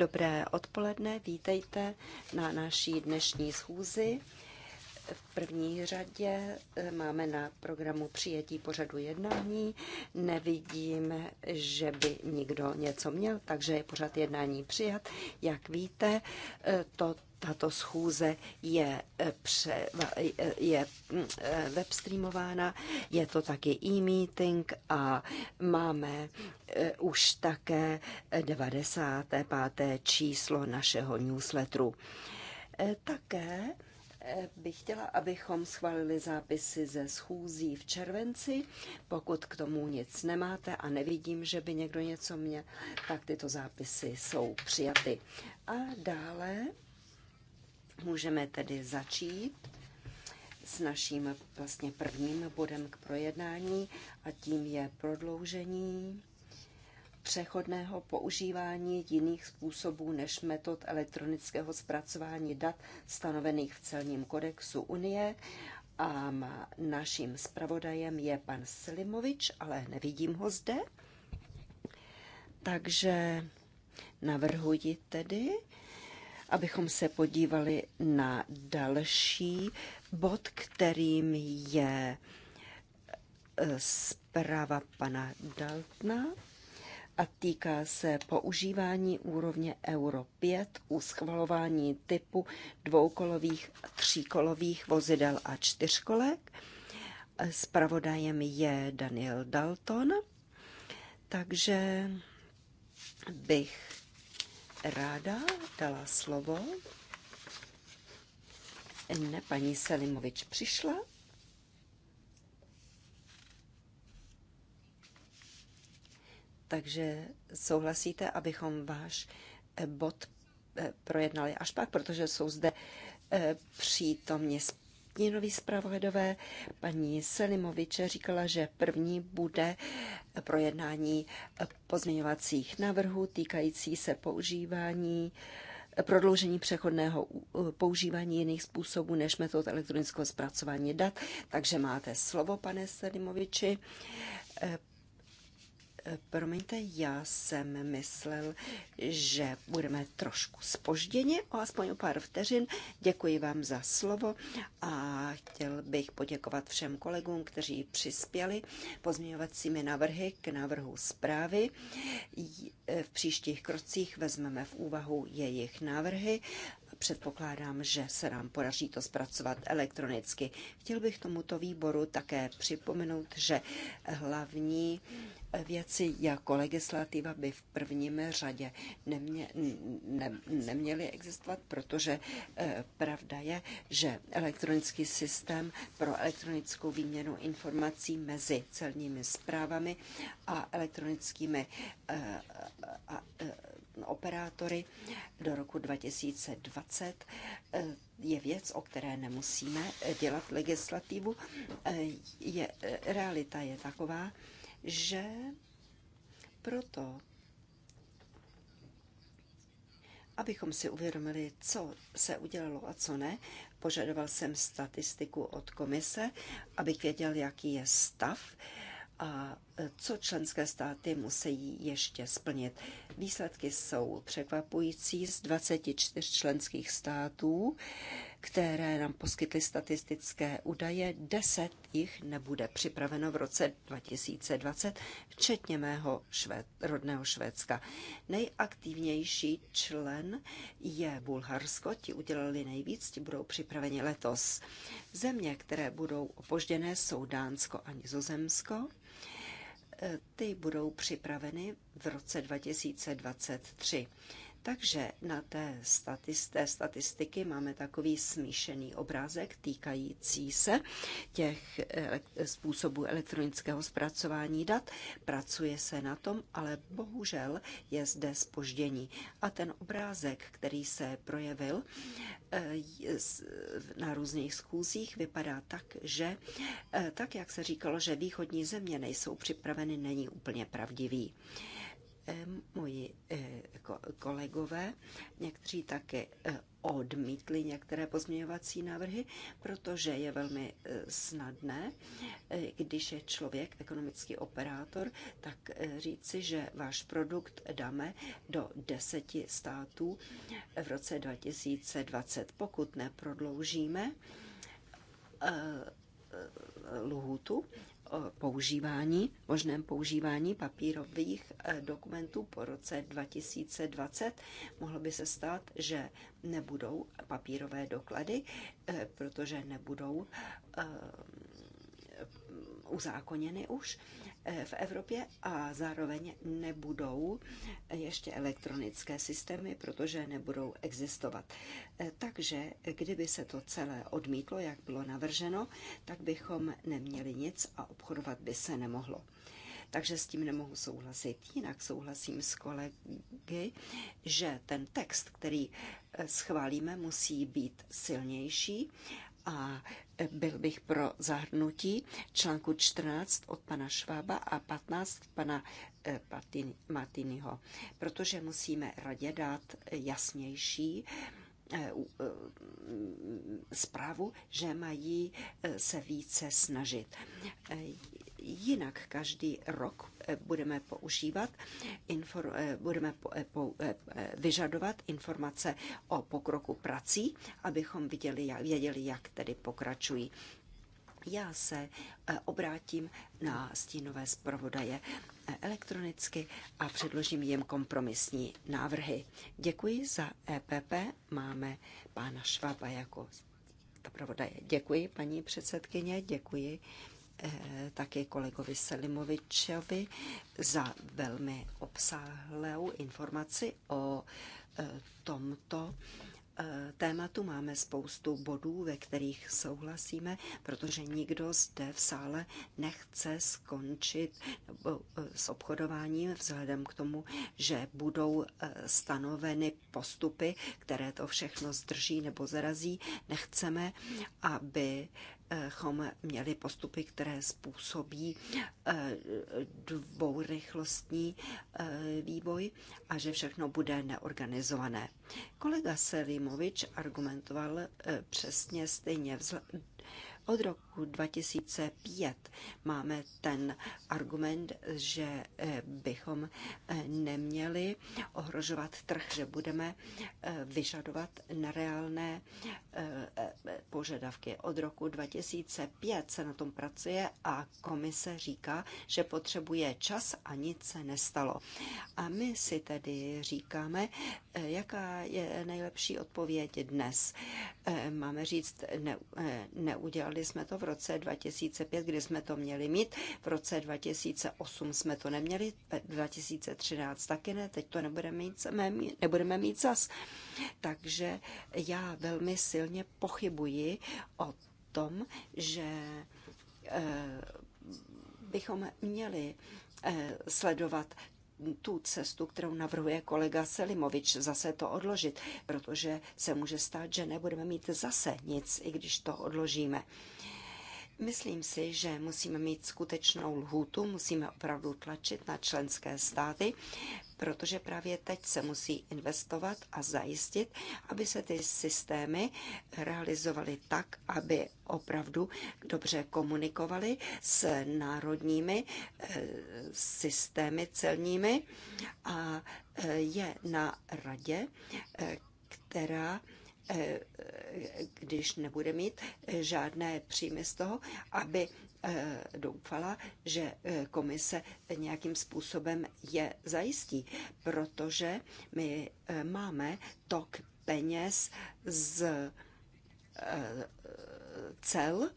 Dobré odpoledne, vítejte na naší dnešní schůzi. V první řadě e, máme na programu přijetí pořadu jednání. Nevidím, že by nikdo něco měl, takže je pořad jednání přijat. Jak víte, toto e, tato schůze je, eh, pře, eh, je mm, eh, webstreamována, je to taky e-meeting a máme už také 95. číslo našeho newsletteru. Také bych chtěla, abychom schválili zápisy ze schůzí v červenci. Pokud k tomu nic nemáte a nevidím, že by někdo něco měl, tak tyto zápisy jsou přijaty. A dále Můžeme tedy začít s naším vlastně prvním bodem k projednání a tím je prodloužení přechodného používání jiných způsobů než metod elektronického zpracování dat stanovených v celním kodexu Unie. A naším zpravodajem je pan Selimovič, ale nevidím ho zde. Takže navrhuji tedy, abychom se podívali na další bod, kterým je eh, zpráva pana Daltna a týká se používání úrovně Euro 5 u schvalování typu dvoukolových, tříkolových vozidel a čtyřkolek. Spravodajem je Daniel Dalton, takže bych ráda dala slovo. Ne, paní Selimovič přišla. Takže souhlasíte, abychom váš eh, bod eh, projednali až pak, protože jsou zde eh, přítomně stínoví zpravodové. Paní Selimoviče říkala, že první bude projednání pozměňovacích návrhů týkající se používání prodloužení přechodného používání jiných způsobů než metod elektronického zpracování dat. Takže máte slovo, pane Selimoviči. Eh, promiňte, já jsem myslel, že budeme trošku spožděni, o aspoň o pár vteřin. Děkuji vám za slovo a chtěl bych poděkovat všem kolegům, kteří přispěli pozměňovacími návrhy k návrhu zprávy. Eh, v příštích krocích vezmeme v úvahu jejich návrhy předpokládám, že se nám podaří to zpracovat elektronicky. Chtěl bych tomuto výboru také připomenout, že hlavní věci jako legislativa by v prvním řadě nemě, ne, neměly existovat, protože eh, pravda je, že elektronický systém pro elektronickou výměnu informací mezi celními zprávami a elektronickými eh, eh, operátory do roku 2020 je věc, o které nemusíme dělat legislativu. Je, realita je taková, že proto, abychom si uvědomili, co se udělalo a co ne, požadoval jsem statistiku od komise, abych věděl, jaký je stav a co členské státy musí ještě splnit. Výsledky jsou překvapující z 24 členských států které nám poskytly statistické údaje. Deset jich nebude připraveno v roce 2020, včetně mého švéd, rodného Švédska. Nejaktivnější člen je Bulharsko, ti udělali nejvíc, ti budou připraveni letos. Země, které budou opožděné, jsou Dánsko a Nizozemsko e, ty budou připraveny v roce 2023. Takže na té, statist, té statistiky máme takový smíšený obrázek týkající se těch eh, způsobů elektronického zpracování dat. Pracuje se na tom, ale bohužel je zde spoždění. A ten obrázek, který se projevil eh, na různých schůzích, vypadá tak, že eh, tak, jak se říkalo, že východní země nejsou připraveny, není úplně pravdivý moji eh, kolegové, někteří taky eh, odmítli některé pozměňovací návrhy, protože je velmi eh, snadné, když je člověk ekonomický operátor, tak říci, že váš produkt dáme do deseti států v roce 2020, pokud neprodloužíme lhůtu používání, možném používání papírových eh, dokumentů po roce 2020. Mohlo by se stát, že nebudou papírové doklady, eh, protože nebudou eh, uzákoněny už eh, v Evropě a zároveň nebudou eh, ještě elektronické systémy, protože nebudou existovat. Eh, takže kdyby se to celé odmítlo, jak bylo navrženo, tak bychom neměli nic a obchodovat by se nemohlo takže s tím nemohu souhlasit. Jinak souhlasím s kolegy, že ten text, který schválíme, musí být silnější a byl bych pro zahrnutí článku 14 od pana Švába a 15 od pana eh, Martiniho, protože musíme radě dát jasnější eh, eh, zprávu, že mají se více snažit jinak každý rok eh, budeme používat, eh, budeme eh, vyžadovat informace o pokroku prací, abychom viděli, věděli, jak tedy pokračují. Já se obrátím na stínové zpravodaje elektronicky a předložím jim kompromisní návrhy. Děkuji za EPP. Máme pána Švaba jako zpravodaje. Děkuji, paní předsedkyně, děkuji Eh, také kolegovi Selimovičovi za velmi obsáhlou informaci o eh, tomto eh, tématu. Máme spoustu bodů, ve kterých souhlasíme, protože nikdo zde v sále nechce skončit s obchodováním vzhledem k tomu, že budou stanoveny postupy, které to všechno zdrží nebo zarazí. Nechceme, aby bychom měli postupy, které způsobí eh, dvourychlostní eh, vývoj a že všechno bude neorganizované. Kolega Selimovič argumentoval eh, přesně stejně vzhledem od roku 2005 máme ten argument, že eh, bychom eh, neměli ohrožovat trh, že budeme eh, vyžadovat nereálné požadavky. Od roku 2005 se na tom pracuje a komise říká, že potřebuje čas a nic se nestalo. A my si tedy říkáme, jaká je nejlepší odpověď dnes. Máme říct, ne, neudělali dělali jsme to v roce 2005, kdy jsme to měli mít. V roce 2008 jsme to neměli, 2013 taky ne, teď to nebudeme mít, nebudeme mít zas. Takže já velmi silně pochybuji o tom, že eh, bychom měli eh, sledovat tu cestu, kterou navrhuje kolega Selimovič, zase to odložit, protože se může stát, že nebudeme mít zase nic, i když to odložíme. Myslím si, že musíme mít skutečnou lhůtu, musíme opravdu tlačit na členské státy, protože právě teď se musí investovat a zajistit, aby se ty systémy realizovaly tak, aby opravdu dobře komunikovaly s národními eh, systémy celními a eh, je na radě, eh, která Eh, když nebude mít eh, žádné příjmy z toho, aby eh, doufala, že komise nějakým způsobem je zajistí, protože my máme tok peněz z cel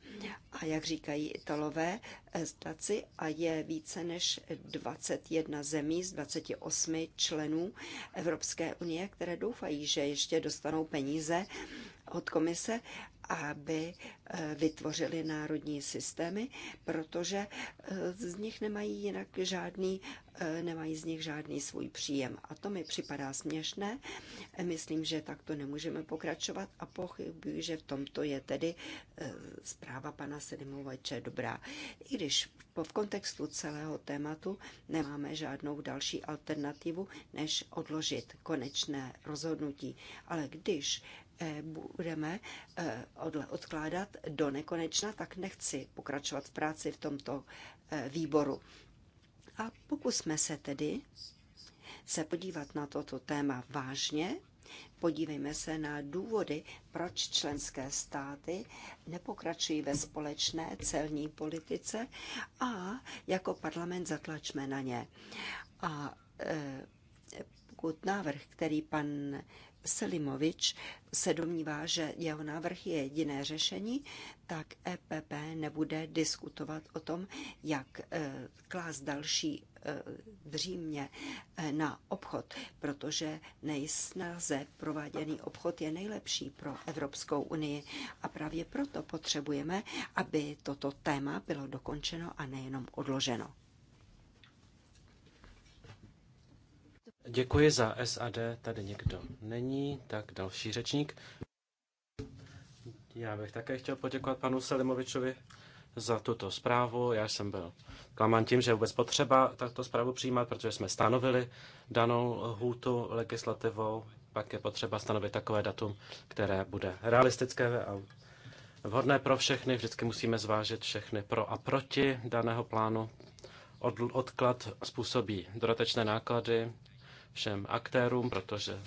a jak říkají Italové, estaci a je více než 21 zemí z 28 členů Evropské unie, které doufají, že ještě dostanou peníze od komise, aby eh, vytvořili národní systémy, protože eh, z nich nemají jinak žádný, eh, nemají z nich žádný svůj příjem. A to mi připadá směšné. Myslím, že takto nemůžeme pokračovat a pochybuji, že v tomto je tedy zpráva pana Sedimovače dobrá. I když když v kontextu celého tématu nemáme žádnou další alternativu, než odložit konečné rozhodnutí. Ale když eh, budeme eh, odkládat do nekonečna, tak nechci pokračovat v práci v tomto eh, výboru. A pokusme se tedy se podívat na toto téma vážně Podívejme se na důvody, proč členské státy nepokračují ve společné celní politice a jako parlament zatlačme na ně. A e, pokud návrh, který pan Selimovič se domnívá, že jeho návrh je jediné řešení, tak EPP nebude diskutovat o tom, jak eh, klás další dřímě eh, eh, na obchod, protože nejsnáze prováděný obchod je nejlepší pro Evropskou unii a právě proto potřebujeme, aby toto téma bylo dokončeno a nejenom odloženo. Děkuji za SAD, tady někdo není, tak další řečník. Já bych také chtěl poděkovat panu Selimovičovi za tuto zprávu. Já jsem byl klamán tím, že je vůbec potřeba takto zprávu přijímat, protože jsme stanovili danou hůtu legislativou. Pak je potřeba stanovit takové datum, které bude realistické a vhodné pro všechny. Vždycky musíme zvážit všechny pro a proti daného plánu. odklad způsobí dodatečné náklady, všem aktérům, protože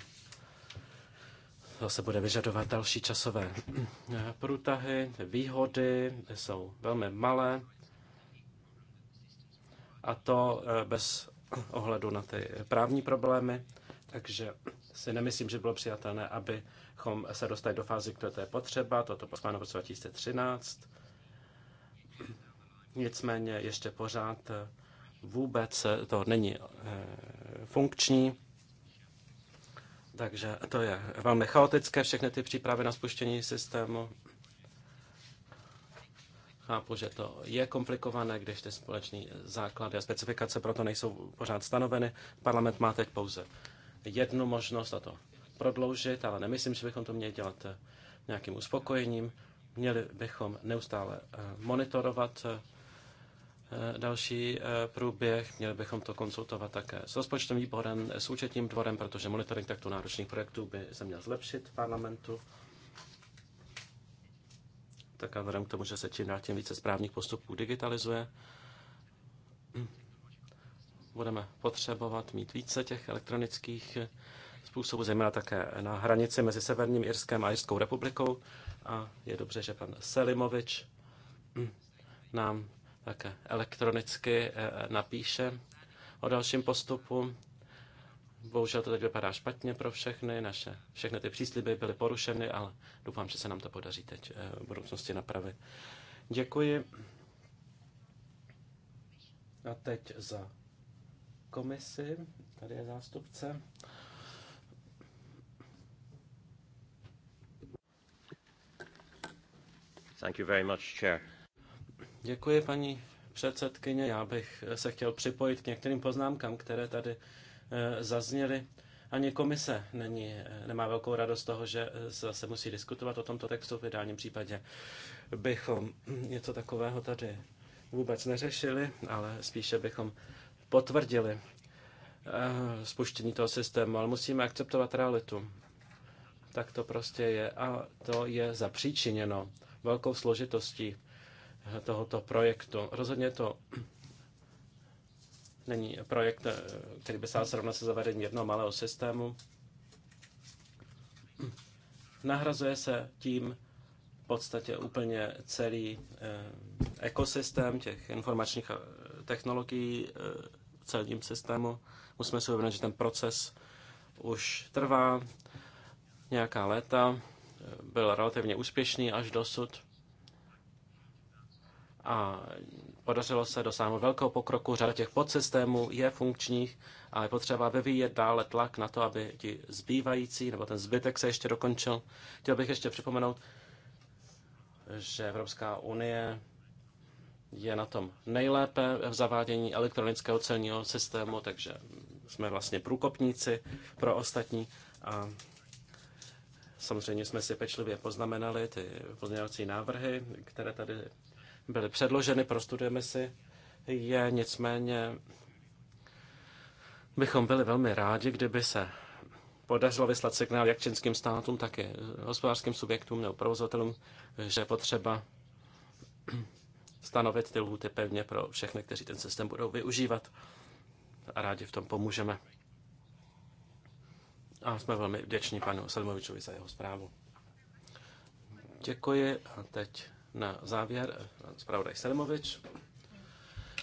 to se bude vyžadovat další časové průtahy. Výhody jsou velmi malé a to eh, bez ohledu na ty právní problémy, takže si nemyslím, že bylo přijatelné, abychom se dostali do fázy, kde to je potřeba. Toto pospáno v roce 2013. Nicméně ještě pořád eh, vůbec eh, to není funkční. Takže to je velmi chaotické, všechny ty přípravy na spuštění systému. Chápu, že to je komplikované, když ty společné základy a specifikace proto nejsou pořád stanoveny. Parlament má teď pouze jednu možnost a to prodloužit, ale nemyslím, že bychom to měli dělat eh, nějakým uspokojením. Měli bychom neustále eh, monitorovat eh, Eh, další eh, průběh. Měli bychom to konzultovat také s rozpočtovým výborem, s účetním dvorem, protože monitoring takto náročných projektů by se měl zlepšit v parlamentu. Tak a vzhledem k tomu, že se čím dál tím více správních postupů digitalizuje, budeme potřebovat mít více těch elektronických způsobů, zejména také na hranici mezi Severním Irskem a Irskou republikou. A je dobře, že pan Selimovič nám také elektronicky eh, napíše o dalším postupu. Bohužel to teď vypadá špatně pro všechny, naše, všechny ty přísliby byly porušeny, ale doufám, že se nám to podaří teď eh, v budoucnosti napravit. Děkuji. A teď za komisi. Tady je zástupce. Thank you very much, Chair. Děkuji, paní předsedkyně. Já bych se chtěl připojit k některým poznámkám, které tady eh, zazněly. Ani komise není, eh, nemá velkou radost toho, že eh, se musí diskutovat o tomto textu. V ideálním případě bychom něco takového tady vůbec neřešili, ale spíše bychom potvrdili spuštění toho systému, ale musíme akceptovat realitu. Tak to prostě je a to je zapříčiněno velkou složitostí tohoto projektu. Rozhodně to není projekt, eh, který by stál srovnat se zavedením jednoho malého systému. Nahrazuje se tím v podstatě úplně celý eh, ekosystém těch informačních eh, technologií v celním systému. Musíme si uvědomit, že ten proces už trvá nějaká léta, byl relativně úspěšný až dosud a podařilo se dosáhnout velkého pokroku. Řada těch podsystémů je funkčních a je potřeba vyvíjet dále tlak na to, aby ti zbývající nebo ten zbytek se ještě dokončil. Chtěl bych ještě připomenout, že Evropská unie je na tom nejlépe v zavádění elektronického celního systému, takže jsme vlastně průkopníci pro ostatní a samozřejmě jsme si pečlivě poznamenali ty pozměňovací návrhy, které tady byly předloženy, prostudujeme si je, nicméně bychom byli velmi rádi, kdyby se podařilo vyslat signál jak čínským státům, tak i hospodářským subjektům nebo provozovatelům, že potřeba stanovit ty lhuty pevně pro všechny, kteří ten systém budou využívat a rádi v tom pomůžeme. A jsme velmi vděční panu Sedmovičovi za jeho zprávu. Děkuji a teď na závěr zpravodaj Selimovič.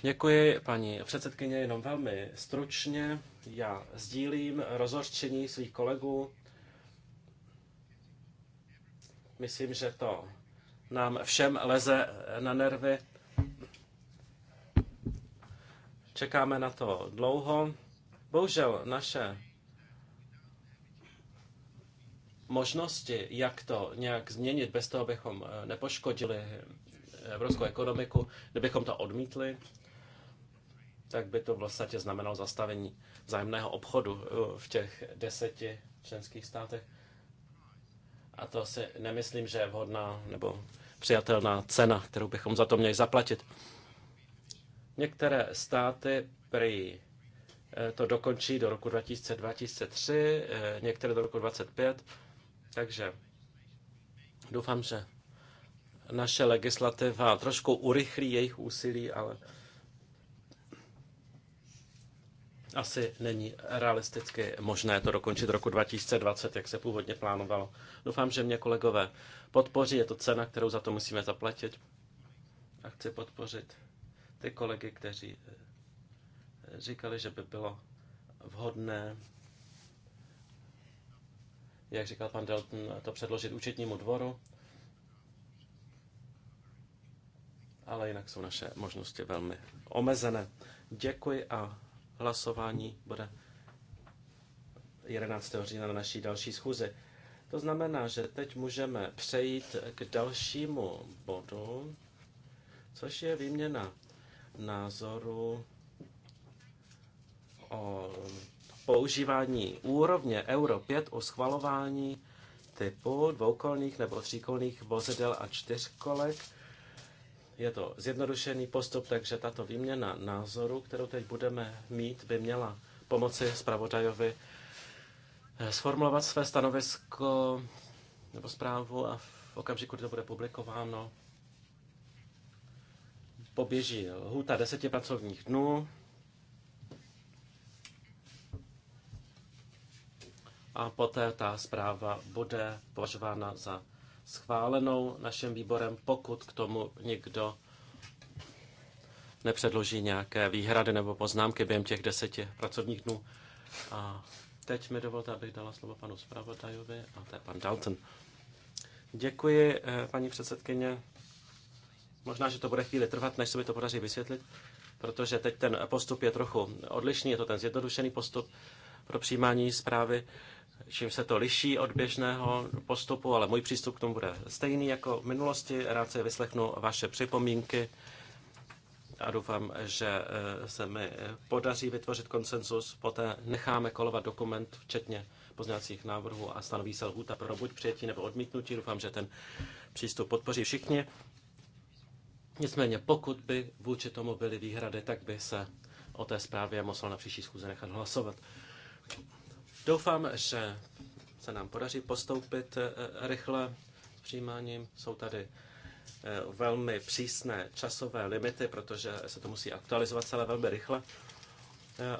Děkuji, paní předsedkyně, jenom velmi stručně. Já sdílím rozhořčení svých kolegů. Myslím, že to nám všem leze na nervy. Čekáme na to dlouho. Bohužel naše možnosti, jak to nějak změnit bez toho, abychom eh, nepoškodili eh, evropskou ekonomiku. Kdybychom to odmítli, tak by to vlastně znamenalo zastavení vzájemného obchodu eh, v těch deseti členských státech. A to si nemyslím, že je vhodná nebo přijatelná cena, kterou bychom za to měli zaplatit. Některé státy prý to dokončí do roku 2023, některé do roku 2025. Takže doufám, že naše legislativa trošku urychlí jejich úsilí, ale asi není realisticky možné to dokončit roku 2020, jak se původně plánovalo. Doufám, že mě kolegové podpoří, je to cena, kterou za to musíme zaplatit. A chci podpořit ty kolegy, kteří eh, říkali, že by bylo vhodné jak říkal pan Dalton, to předložit účetnímu dvoru. Ale jinak jsou naše možnosti velmi omezené. Děkuji a hlasování bude 11. října na naší další schůzi. To znamená, že teď můžeme přejít k dalšímu bodu, což je výměna názoru o používání úrovně Euro 5 o schvalování typu dvoukolných nebo tříkolných vozidel a čtyřkolek. Je to zjednodušený postup, takže tato výměna názoru, kterou teď budeme mít, by měla pomoci zpravodajovi eh, sformulovat své stanovisko nebo zprávu a v okamžiku, kdy to bude publikováno, poběží lhůta deseti pracovních dnů a poté ta zpráva bude považována za schválenou naším výborem, pokud k tomu někdo nepředloží nějaké výhrady nebo poznámky během těch deseti pracovních dnů. A teď mi dovolte, abych dala slovo panu zpravodajovi a to je pan Dalton. Děkuji, eh, paní předsedkyně. Možná, že to bude chvíli trvat, než se mi to podaří vysvětlit, protože teď ten postup je trochu odlišný, je to ten zjednodušený postup pro přijímání zprávy čím se to liší od běžného postupu, ale můj přístup k tomu bude stejný jako v minulosti. Rád si vyslechnu vaše připomínky a doufám, že eh, se mi podaří vytvořit konsenzus. Poté necháme kolovat dokument, včetně pozněcích návrhů a stanoví se lhůta pro buď přijetí nebo odmítnutí. Doufám, že ten přístup podpoří všichni. Nicméně, pokud by vůči tomu byly výhrady, tak by se o té zprávě musel na příští schůze nechat hlasovat. Doufám, že se nám podaří postoupit eh, eh, rychle s přijímáním. Jsou tady eh, velmi přísné časové limity, protože se to musí aktualizovat celé velmi rychle.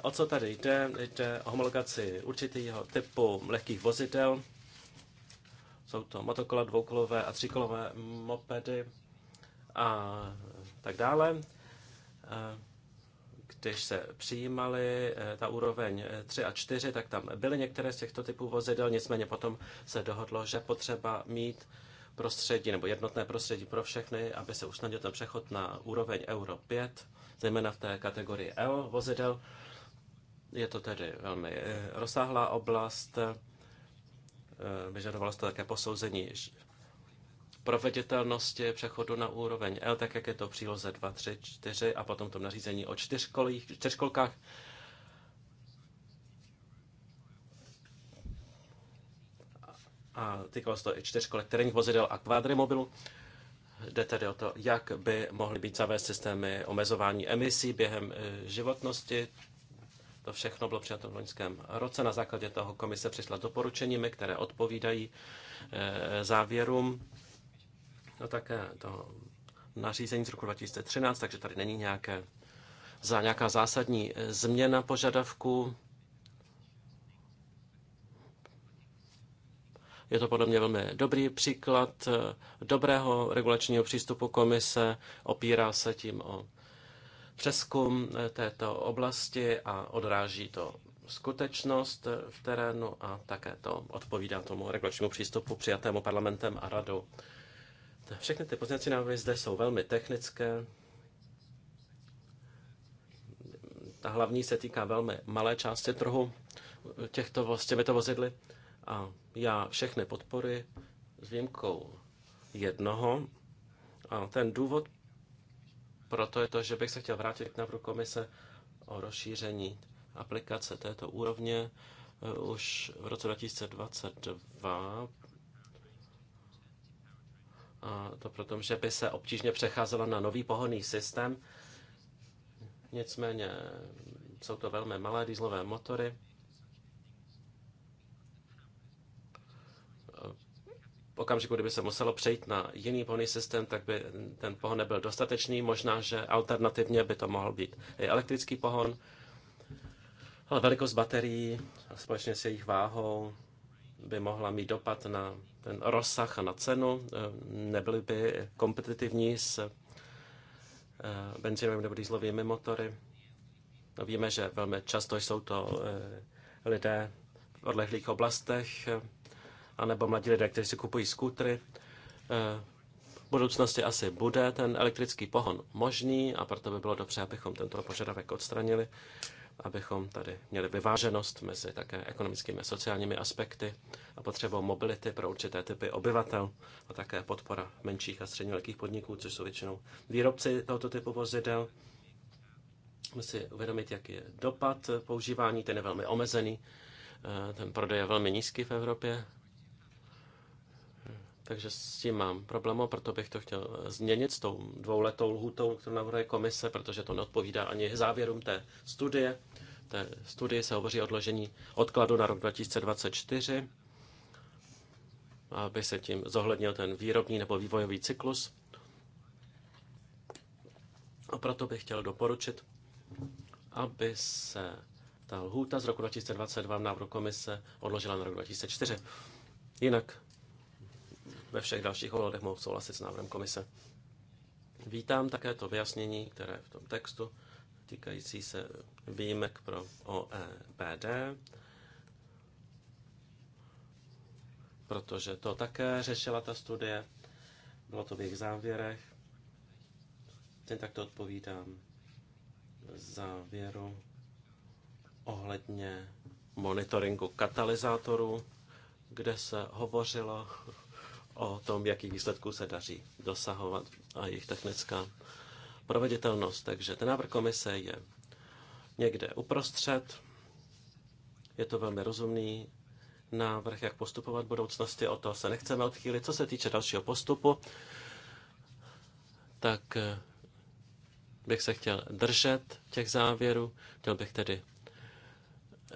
O co tady jde? Jde o homologaci určitého typu lehkých vozidel. Jsou to motokola, dvoukolové a tříkolové mopedy a tak dále když se přijímali eh, ta úroveň 3 eh, a 4, tak tam byly některé z těchto typů vozidel, nicméně potom se dohodlo, že potřeba mít prostředí nebo jednotné prostředí pro všechny, aby se usnadnil ten přechod na úroveň Euro 5, zejména v té kategorii L vozidel. Je to tedy velmi eh, rozsáhlá oblast, vyžadovalo se to také posouzení proveditelnosti přechodu na úroveň L, tak jak je to příloze 2, 3, 4 a potom to nařízení o čtyřkolkách. A týkalo se to i čtyřkolek terénních vozidel a kvádrimobilů. Jde tedy o to, jak by mohly být zavést systémy omezování emisí během eh, životnosti. To všechno bylo přijato v loňském roce. Na základě toho komise přišla doporučeními, které odpovídají eh, závěrům No také eh, to nařízení z roku 2013, takže tady není nějaké, za nějaká zásadní eh, změna požadavku. Je to podle mě velmi dobrý příklad eh, dobrého regulačního přístupu komise. Opírá se tím o přeskum této oblasti a odráží to skutečnost v terénu a také to odpovídá tomu regulačnímu přístupu přijatému parlamentem a radou. Všechny ty pozměňovací návrhy zde jsou velmi technické. Ta hlavní se týká velmi malé části trhu těchto, s vlastně těmito vozidly. A já všechny podpory s výjimkou jednoho. A ten důvod proto je to, že bych se chtěl vrátit k návrhu komise o rozšíření aplikace této úrovně už v roce 2022 a to proto, že by se obtížně přecházela na nový pohonný systém. Nicméně jsou to velmi malé dýzlové motory. V okamžiku, kdyby se muselo přejít na jiný pohonný systém, tak by ten pohon nebyl dostatečný. Možná, že alternativně by to mohl být i elektrický pohon. Ale velikost baterií společně s jejich váhou by mohla mít dopad na ten rozsah a na cenu, nebyly by kompetitivní s eh, benzínovými nebo dýzlovými motory. No, víme, že velmi často jsou to eh, lidé v odlehlých oblastech, eh, anebo mladí lidé, kteří si kupují skútry. V budoucnosti asi bude ten elektrický pohon možný a proto by bylo dobře, abychom tento požadavek odstranili abychom tady měli vyváženost mezi také ekonomickými a sociálními aspekty a potřebou mobility pro určité typy obyvatel a také podpora menších a středně velkých podniků, což jsou většinou výrobci tohoto typu vozidel. Musí si uvědomit, jaký je dopad používání, ten je velmi omezený, eh, ten prodej je velmi nízký v Evropě, takže s tím mám problém, proto bych to chtěl eh, změnit s tou dvouletou lhutou, kterou navrhuje komise, protože to neodpovídá ani závěrům té studie. Té studii se hovoří o odložení odkladu na rok 2024, aby se tím zohlednil ten výrobní nebo vývojový cyklus. A proto bych chtěl doporučit, aby se ta lhůta z roku 2022 v návrhu komise odložila na rok 2004. Jinak ve všech dalších ohledech mohu souhlasit s návrhem komise. Vítám také to vyjasnění, které v tom textu týkající se výjimek pro OEPD, protože to také řešila ta studie, bylo to v jejich závěrech. Ten takto odpovídám závěru ohledně monitoringu katalyzátorů, kde se hovořilo o tom, jakých výsledků se daří dosahovat a jejich technická proveditelnost. Takže ten návrh komise je někde uprostřed. Je to velmi rozumný návrh, jak postupovat v budoucnosti. O to se nechceme odchýlit. Co se týče dalšího postupu, tak eh, bych se chtěl držet těch závěrů. Chtěl bych tedy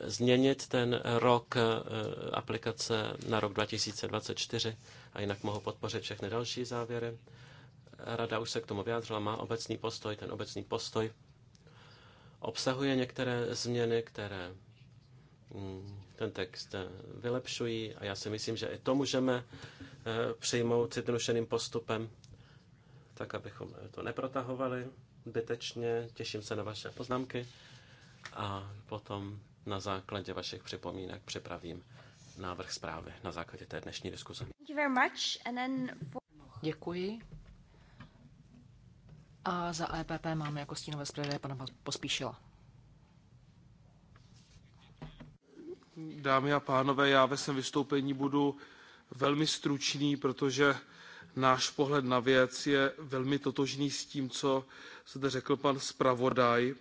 změnit ten rok eh, aplikace na rok 2024 a jinak mohu podpořit všechny další závěry. Rada už se k tomu vyjádřila, má obecný postoj. Ten obecný postoj obsahuje některé změny, které mm, ten text vylepšují a já si myslím, že i to můžeme eh, přijmout jednodušeným postupem, tak abychom to neprotahovali bytečně. Těším se na vaše poznámky a potom na základě vašich připomínek připravím návrh zprávy na základě té dnešní diskuze. Děkuji. A za EPP máme jako stínové zprávy pana Pospíšila. Dámy a pánové, já ve svém vystoupení budu velmi stručný, protože náš pohled na věc je velmi totožný s tím, co zde řekl pan zpravodaj.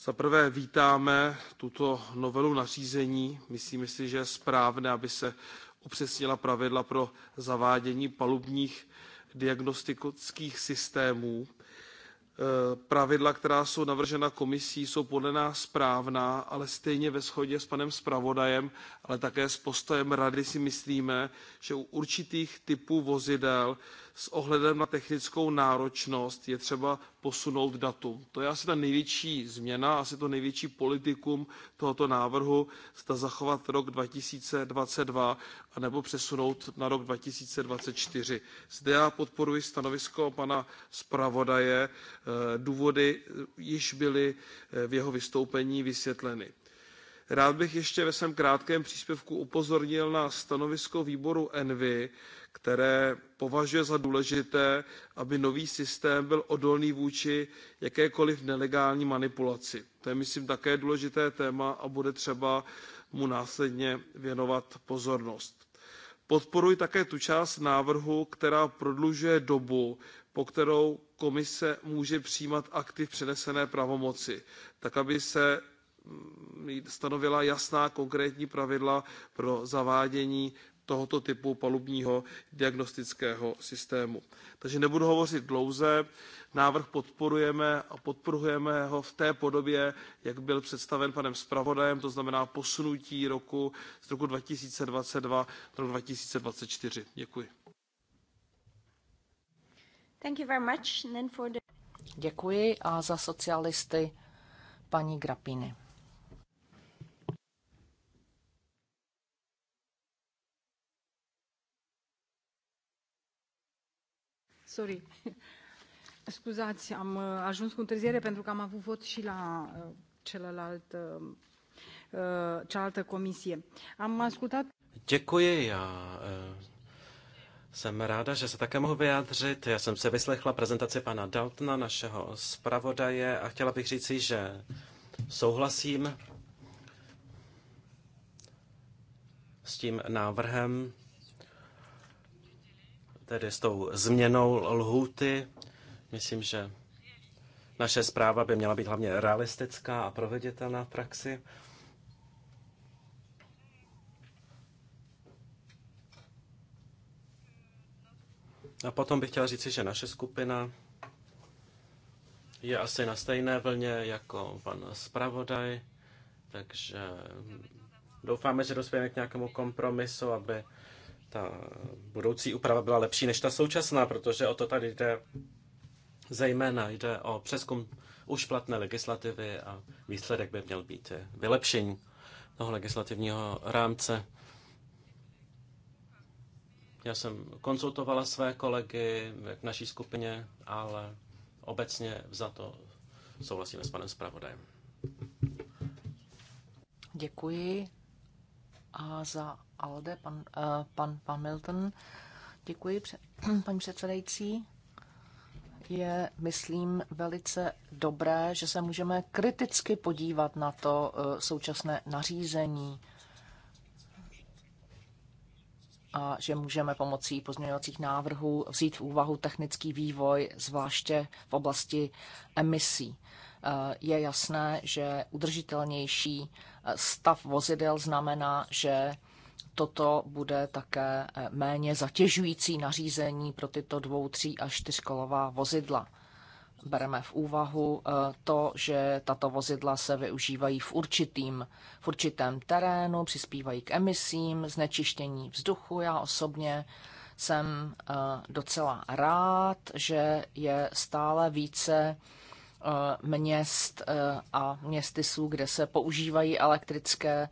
Za prvé vítáme tuto novelu nařízení. Myslíme si, že je správné, aby se upřesnila pravidla pro zavádění palubních diagnostických systémů Eh, pravidla, která jsou navržena komisí, jsou podle nás správná, ale stejně ve shodě s panem zpravodajem, ale také s postojem rady si myslíme, že u určitých typů vozidel s ohledem na technickou náročnost je třeba posunout datum. To je asi ta největší změna, asi to největší politikum tohoto návrhu, zda zachovat rok two anebo přesunout na rok 2024. Zde já podporuji stanovisko pana zpravodaje, Eh, důvody eh, již byly eh, v jeho vystoupení vysvětleny. Rád bych ještě ve svém krátkém příspěvku upozornil na stanovisko výboru ENVI, které považuje za důležité, aby nový systém byl odolný vůči jakékoliv nelegální manipulaci. To je, myslím, také důležité téma a bude třeba mu následně věnovat pozornost. Podporuji také tu část návrhu, která prodlužuje dobu, po kterou komise může přijímat akty v přenesené pravomoci tak aby se mm, stanovila jasná konkrétní pravidla pro zavádění tohoto typu palubního diagnostického systému. Takže nebudu hovořit dlouze. Návrh podporujeme a podporujeme ho v té podobě, jak byl představen panem zpravodajem, to znamená posunutí roku z roku 2022 do roku 2024. Děkuji. Děkuji a za socialisty paní Grapiny. Sorry. Scuzați, am ajuns cu întârziere pentru că am avut vot și la uh, celălalt, uh, uh, cealaltă comisie. Am ascultat... Děkuji, já jsem ráda, že se také mohu vyjádřit. Já jsem se vyslechla prezentaci pana Daltna, našeho zpravodaje, a chtěla bych říci, že souhlasím s tím návrhem, tedy s tou změnou lhůty. Myslím, že naše zpráva by měla být hlavně realistická a proveditelná v praxi. A potom bych chtěl říci, že naše skupina je asi na stejné vlně jako pan zpravodaj, takže doufáme, že dospějeme k nějakému kompromisu, aby ta budoucí úprava byla lepší než ta současná, protože o to tady jde zejména jde o přeskum už platné legislativy a výsledek by měl být vylepšení toho legislativního rámce. Já jsem konzultovala své kolegy v naší skupině, ale obecně za to souhlasíme s panem zpravodajem. Děkuji. A za Alde, pan, eh, pan, pan Milton. Děkuji, paní předsedající. Je, myslím, velice dobré, že se můžeme kriticky podívat na to eh, současné nařízení a že můžeme pomocí pozměňovacích návrhů vzít v úvahu technický vývoj, zvláště v oblasti emisí. Eh, je jasné, že udržitelnější eh, stav vozidel znamená, že toto bude také eh, méně zatěžující nařízení pro tyto dvou, tří a čtyřkolová vozidla bereme v úvahu eh, to, že tato vozidla se využívají v, určitým, v určitém terénu, přispívají k emisím, znečištění vzduchu. Já osobně jsem eh, docela rád, že je stále více eh, měst a jsou, kde se používají elektrické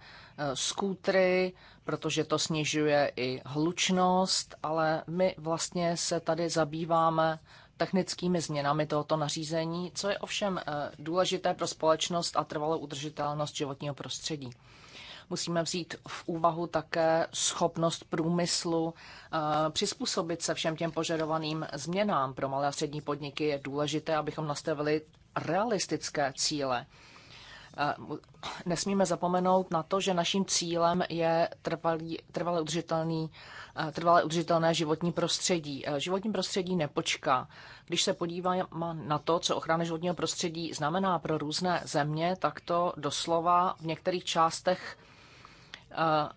skútry, protože to snižuje i hlučnost, ale my vlastně se tady zabýváme technickými změnami tohoto nařízení, co je ovšem eh, důležité pro společnost a trvalou udržitelnost životního prostředí. Musíme vzít v úvahu také schopnost průmyslu eh, přizpůsobit se všem těm požadovaným změnám. Pro malé a střední podniky je důležité, abychom nastavili realistické cíle Nesmíme zapomenout na to, že naším cílem je trvalý, trvalé, udržitelný, eh, trvalé udržitelné životní prostředí. Eh, životní prostředí nepočká. Když se podíváme na to, co ochrana životního prostředí znamená pro různé země, tak to doslova v některých částech eh,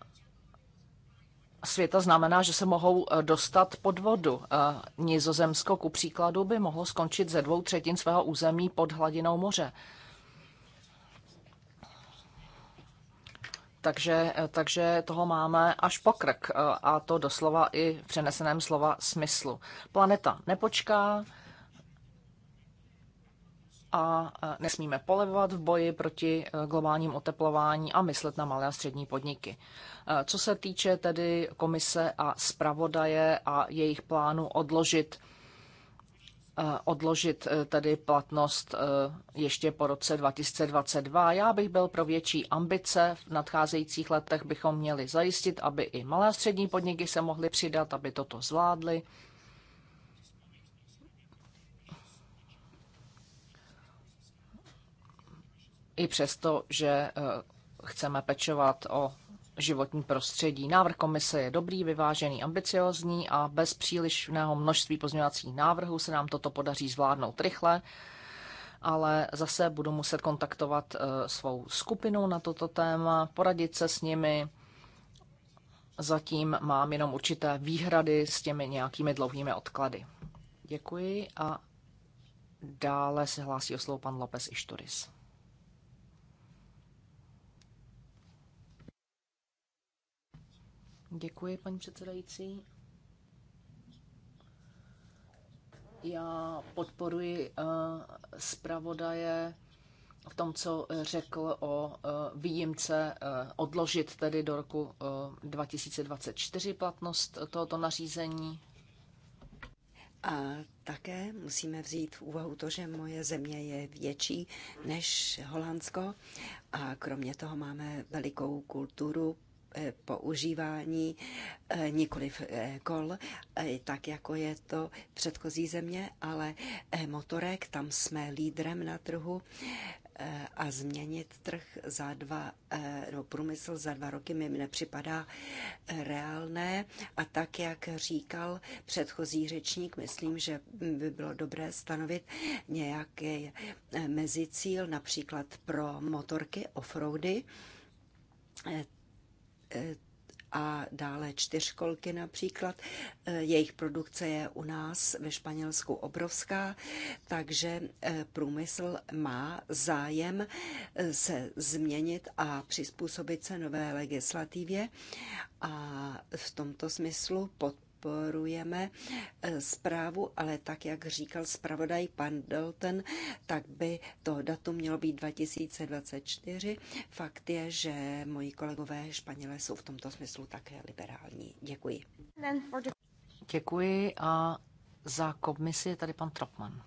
světa znamená, že se mohou dostat pod vodu. Nizozemsko ku příkladu by mohlo skončit ze dvou třetin svého území pod hladinou moře. Takže, takže toho máme až pokrk a to doslova i v přeneseném slova smyslu. Planeta nepočká a e, nesmíme polevovat v boji proti e, globálním oteplování a myslet na malé a střední podniky. E, co se týče tedy komise a zpravodaje a jejich plánu odložit Eh, odložit eh, tedy platnost eh, ještě po roce 2022. Já bych byl pro větší ambice. V nadcházejících letech bychom měli zajistit, aby i malé a střední podniky se mohly přidat, aby toto zvládly. I přesto, že chceme pečovat o životní prostředí. Návrh komise je dobrý, vyvážený, ambiciozní a bez přílišného množství pozměňovacích návrhů se nám toto podaří zvládnout rychle, ale zase budu muset kontaktovat eh, svou skupinu na toto téma, poradit se s nimi. Zatím mám jenom určité výhrady s těmi nějakými dlouhými odklady. Děkuji a dále se hlásí o slovo pan López Išturis. Děkuji, paní předsedající. Já podporuji uh, zpravodaje v tom, co řekl o eh, výjimce eh, odložit tedy do roku 2024 platnost tohoto nařízení. A také musíme vzít v úvahu to, že moje země je větší než Holandsko a kromě toho máme velikou kulturu E, používání e, nikoliv e, kol, tak jako je to předchozí země, ale motorek, tam jsme lídrem na trhu a změnit trh za dva, no průmysl za dva roky mi nepřipadá reálné a tak, jak říkal předchozí řečník, myslím, že by bylo dobré stanovit nějaký mezicíl, například pro motorky offroady, a dále čtyřkolky například. Eh, jejich produkce je u nás ve Španělsku obrovská, takže eh, průmysl má zájem eh, se změnit a přizpůsobit se nové legislativě a v tomto smyslu pod podporujeme eh, zprávu, ale tak, jak říkal zpravodaj pan Dalton, tak by to datum mělo být 2024. Fakt je, že moji kolegové Španělé jsou v tomto smyslu také liberální. Děkuji. Děkuji a za komisi je tady pan Tropman.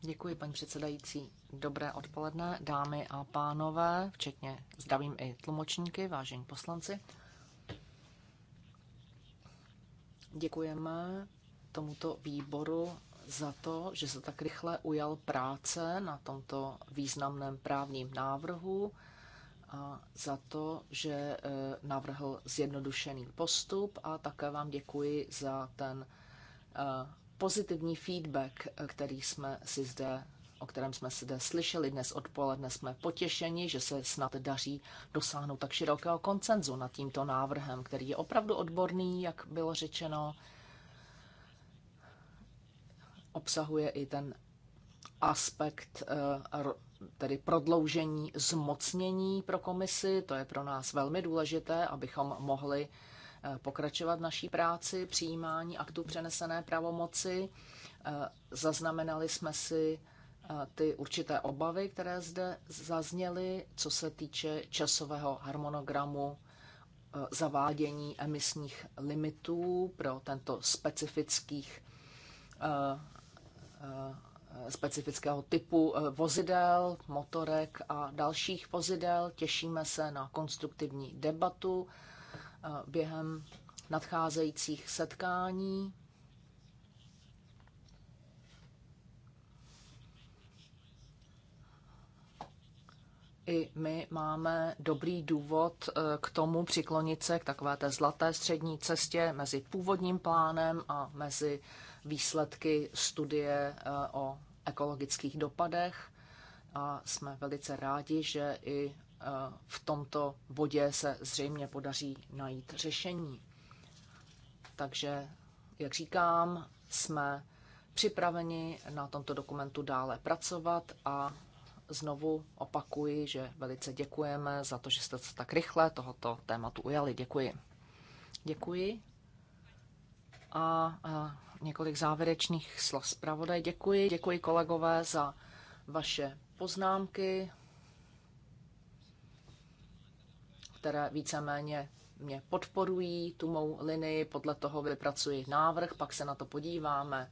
Děkuji, paní předsedající. Dobré odpoledne, dámy a pánové, včetně zdravím i tlumočníky, vážení poslanci. Děkujeme tomuto výboru za to, že se tak rychle ujal práce na tomto významném právním návrhu a za to, že e, navrhl zjednodušený postup a také vám děkuji za ten e, pozitivní feedback, e, který jsme si zde o kterém jsme zde slyšeli dnes odpoledne, jsme potěšeni, že se snad daří dosáhnout tak širokého koncenzu nad tímto návrhem, který je opravdu odborný, jak bylo řečeno. Obsahuje i ten aspekt eh, tedy prodloužení zmocnění pro komisi. To je pro nás velmi důležité, abychom mohli eh, pokračovat v naší práci, přijímání aktu přenesené pravomoci. Eh, zaznamenali jsme si ty určité obavy, které zde zazněly, co se týče časového harmonogramu e, zavádění emisních limitů pro tento specifických e, e, specifického typu vozidel, motorek a dalších vozidel. Těšíme se na konstruktivní debatu během nadcházejících setkání i my máme dobrý důvod eh, k tomu přiklonit se k takové té zlaté střední cestě mezi původním plánem a mezi výsledky studie eh, o ekologických dopadech. A jsme velice rádi, že i eh, v tomto bodě se zřejmě podaří najít řešení. Takže, jak říkám, jsme připraveni na tomto dokumentu dále pracovat a znovu opakuji, že velice děkujeme za to, že jste se tak rychle tohoto tématu ujali. Děkuji. Děkuji. A, a několik závěrečných slov zpravodaj. Děkuji. Děkuji kolegové za vaše poznámky, které víceméně mě podporují, tu mou linii, podle toho vypracuji návrh, pak se na to podíváme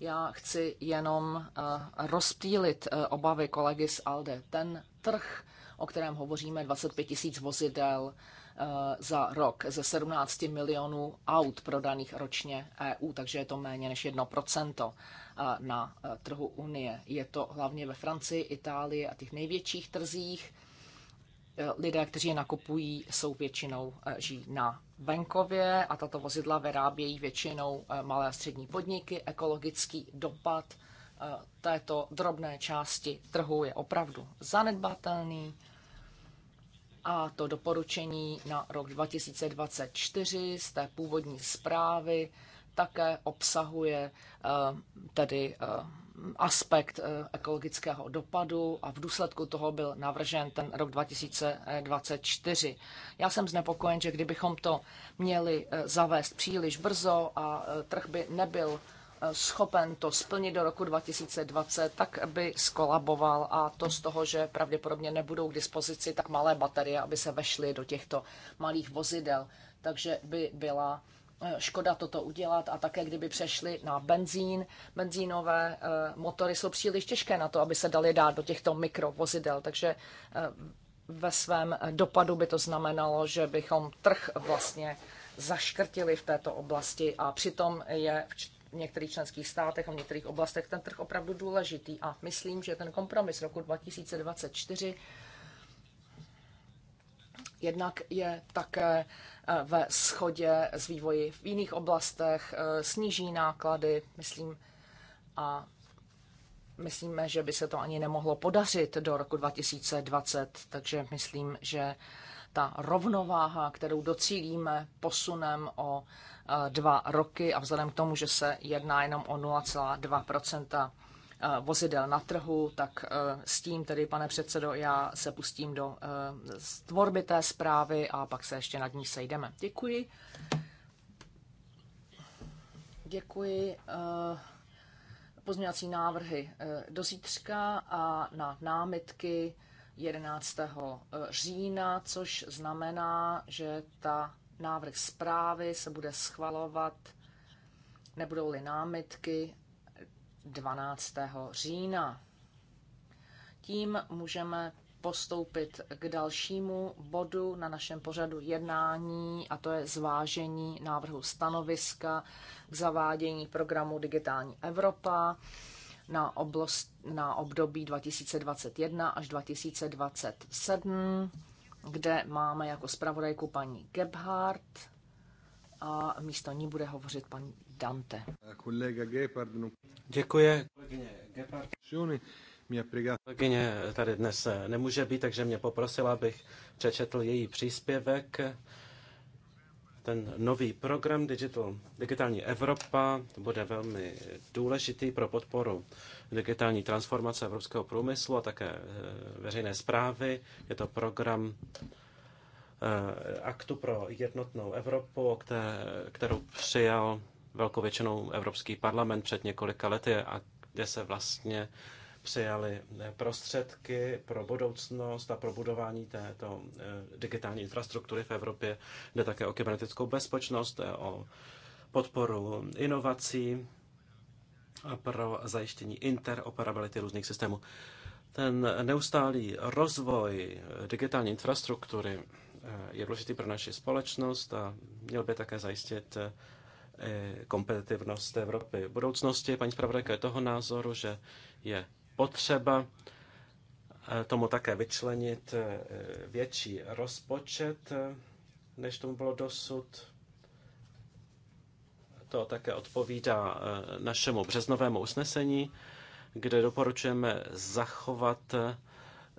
já chci jenom eh, rozptýlit eh, obavy kolegy z ALDE. Ten trh, o kterém hovoříme, 25 tisíc vozidel eh, za rok ze 17 milionů aut prodaných ročně EU, takže je to méně než 1% na trhu Unie. Je to hlavně ve Francii, Itálii a těch největších trzích Eh, lidé, kteří je nakupují, jsou většinou eh, žijí na venkově a tato vozidla vyrábějí většinou eh, malé a střední podniky. Ekologický dopad této drobné části trhu je opravdu zanedbatelný a to doporučení na rok 2024 z té původní zprávy také obsahuje tedy aspekt eh, ekologického dopadu a v důsledku toho byl navržen ten rok 2024. Já jsem znepokojen, že kdybychom to měli eh, zavést příliš brzo a eh, trh by nebyl schopen to splnit do roku 2020, tak by skolaboval a to z toho, že pravděpodobně nebudou k dispozici tak malé baterie, aby se vešly do těchto malých vozidel. Takže by byla Eh, škoda toto udělat a také kdyby přešli na benzín. Benzínové eh, motory jsou příliš těžké na to, aby se dali dát do těchto mikrovozidel, takže eh, ve svém dopadu by to znamenalo, že bychom trh vlastně zaškrtili v této oblasti a přitom je v některých členských státech a v některých oblastech ten trh opravdu důležitý a myslím, že ten kompromis roku 2024 Jednak je také eh, ve schodě s vývoji v jiných oblastech, eh, sníží náklady, myslím, a myslíme, že by se to ani nemohlo podařit do roku 2020, takže myslím, že ta rovnováha, kterou docílíme posunem o eh, dva roky a vzhledem k tomu, že se jedná jenom o 0,2 Eh, vozidel na trhu, tak eh, s tím tedy, pane předsedo, já se pustím do eh, tvorby té zprávy a pak se ještě nad ní sejdeme. Děkuji. Děkuji. Pozměňovací návrhy do zítřka a na námitky 11. října, což znamená, že ta návrh zprávy se bude schvalovat, nebudou-li námitky 12. října. Tím můžeme postoupit k dalšímu bodu na našem pořadu jednání, a to je zvážení návrhu stanoviska k zavádění programu Digitální Evropa na, oblast, na období 2021 až 2027, kde máme jako zpravodajku paní Gebhardt a místo ní bude hovořit pan Dante. No. Děkuji. Kolegyně tady dnes eh, nemůže být, takže mě poprosila, abych přečetl její příspěvek. Ten nový program Digital, Digitální Evropa bude velmi důležitý pro podporu digitální transformace evropského průmyslu a také eh, veřejné zprávy. Je to program Eh, aktu pro jednotnou Evropu, kterou přijal velkou většinou Evropský parlament před několika lety a kde se vlastně přijali eh, prostředky pro budoucnost a pro budování této eh, digitální infrastruktury v Evropě. Jde také o kybernetickou bezpečnost, o podporu inovací a pro zajištění interoperability různých systémů. Ten neustálý rozvoj digitální infrastruktury je důležitý pro naši společnost a měl by také zajistit eh, kompetitivnost Evropy v budoucnosti. Paní zpravodajka je toho názoru, že je potřeba eh, tomu také vyčlenit eh, větší rozpočet, než tomu bylo dosud. To také odpovídá našemu březnovému usnesení, kde doporučujeme zachovat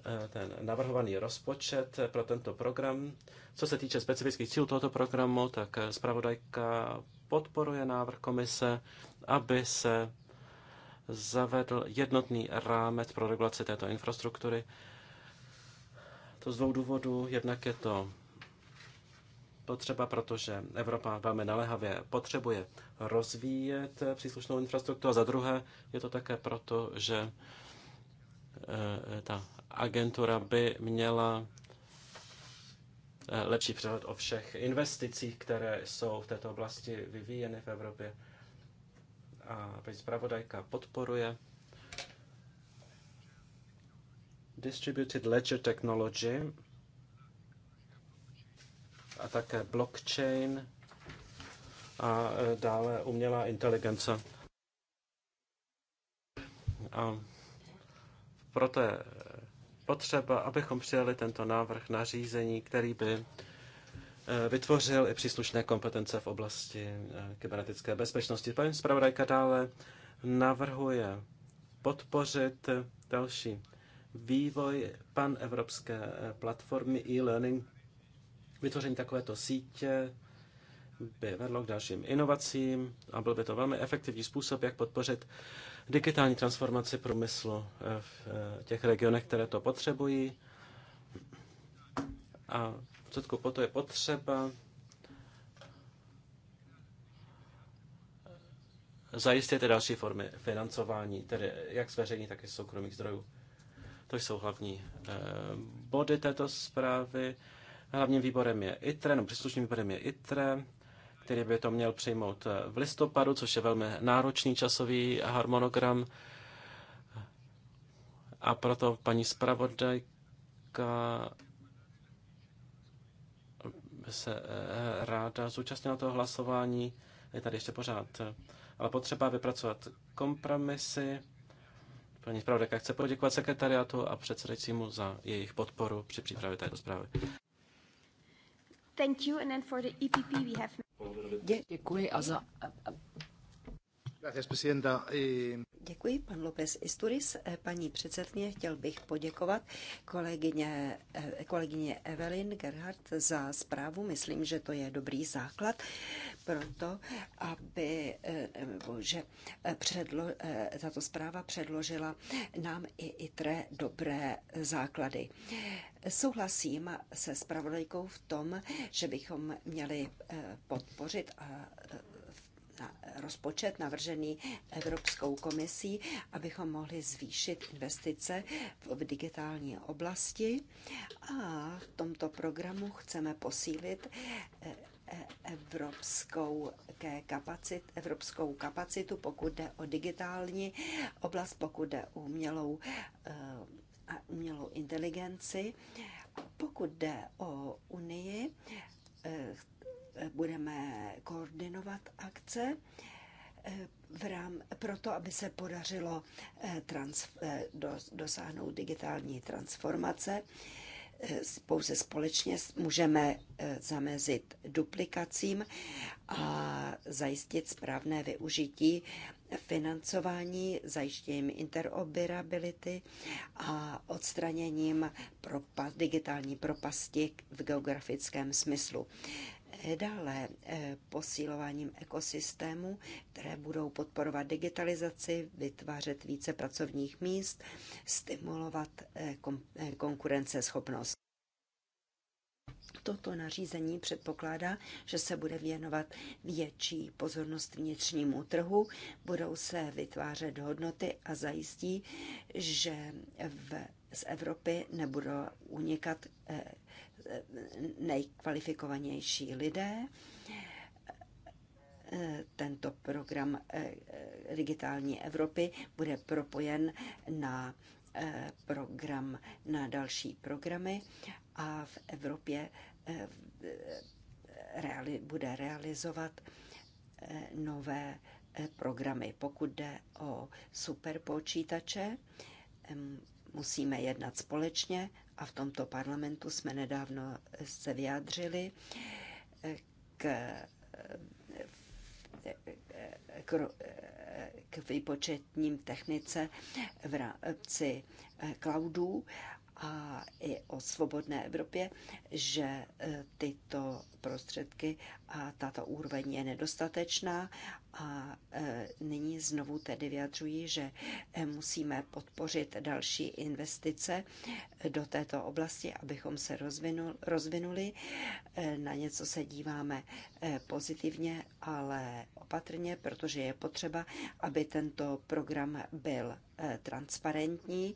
Eh, ten navrhovaný rozpočet pro tento program. Co se týče specifických cílů tohoto programu, tak eh, zpravodajka podporuje návrh komise, aby se zavedl jednotný rámec pro regulaci této infrastruktury. To z dvou důvodů. Jednak je to potřeba, protože Evropa velmi naléhavě potřebuje rozvíjet eh, příslušnou infrastrukturu a za druhé je to také proto, že ta agentura by měla eh, lepší přehled o všech investicích, které jsou v této oblasti vyvíjeny v Evropě. A paní zpravodajka podporuje Distributed Ledger Technology a také blockchain a eh, dále umělá inteligence. A proto je potřeba, abychom přijali tento návrh na řízení, který by eh, vytvořil i příslušné kompetence v oblasti eh, kybernetické bezpečnosti. Paní zpravodajka dále navrhuje podpořit další vývoj pan evropské eh, platformy e-learning. Vytvoření takovéto sítě by vedlo k dalším inovacím a byl by to velmi efektivní způsob, jak podpořit digitální transformaci průmyslu eh, v eh, těch regionech, které to potřebují. A v po to je potřeba zajistit i další formy financování, tedy jak z veřejných, tak i z soukromých zdrojů. To jsou hlavní eh, body této zprávy. Hlavním výborem je ITRE, no příslušným výborem je ITRE který by to měl přijmout v listopadu, což je velmi náročný časový harmonogram. A proto paní zpravodajka se eh, ráda zúčastnila toho hlasování. Je tady ještě pořád eh, ale potřeba vypracovat kompromisy. Paní zpravodajka chce poděkovat sekretariátu a předsedajícímu za jejich podporu při přípravě této zprávy. Děkuji a za Eh, Děkuji, pan López Isturis. Eh, paní předsedkyně, chtěl bych poděkovat kolegyně, eh, kolegyně Evelyn Gerhardt za zprávu. Myslím, že to je dobrý základ pro to, aby že předlo, tato zpráva předložila nám i ITRE dobré základy. Souhlasím se zpravodajkou v tom, že bychom měli podpořit a na eh, rozpočet navržený Evropskou komisí, abychom mohli zvýšit investice v digitální oblasti. A v tomto programu chceme posílit eh, eh, evropskou, kapacit, evropskou kapacitu, pokud jde o digitální oblast, pokud jde o umělou, umělou inteligenci. Pokud jde o Unii, budeme koordinovat akce eh, v rám, proto, aby se podařilo eh, trans, eh, dosáhnout digitální transformace. Pouze společně můžeme zamezit duplikacím a zajistit správné využití financování, zajištěním interoperability a odstraněním propa- digitální propasti v geografickém smyslu. Dále eh, posílováním ekosystému, které budou podporovat digitalizaci, vytvářet více pracovních míst, stimulovat eh, eh, konkurenceschopnost. Toto nařízení předpokládá, že se bude věnovat větší pozornost vnitřnímu trhu, budou se vytvářet hodnoty a zajistí, že v, z Evropy nebudou unikat nejkvalifikovanější lidé. Tento program eh, Digitální Evropy bude propojen na eh, program na další programy a v Evropě eh, bude realizovat nové programy. Pokud jde o superpočítače, musíme jednat společně a v tomto parlamentu jsme nedávno se vyjádřili k, k, k výpočetním technice v rámci cloudů a i o svobodné Evropě, že e, tyto prostředky a tato úroveň je nedostatečná a e, nyní znovu tedy vyjadřují, že e, musíme podpořit další investice do této oblasti, abychom se rozvinuli. Na něco se díváme pozitivně, ale opatrně, protože je potřeba, aby tento program byl transparentní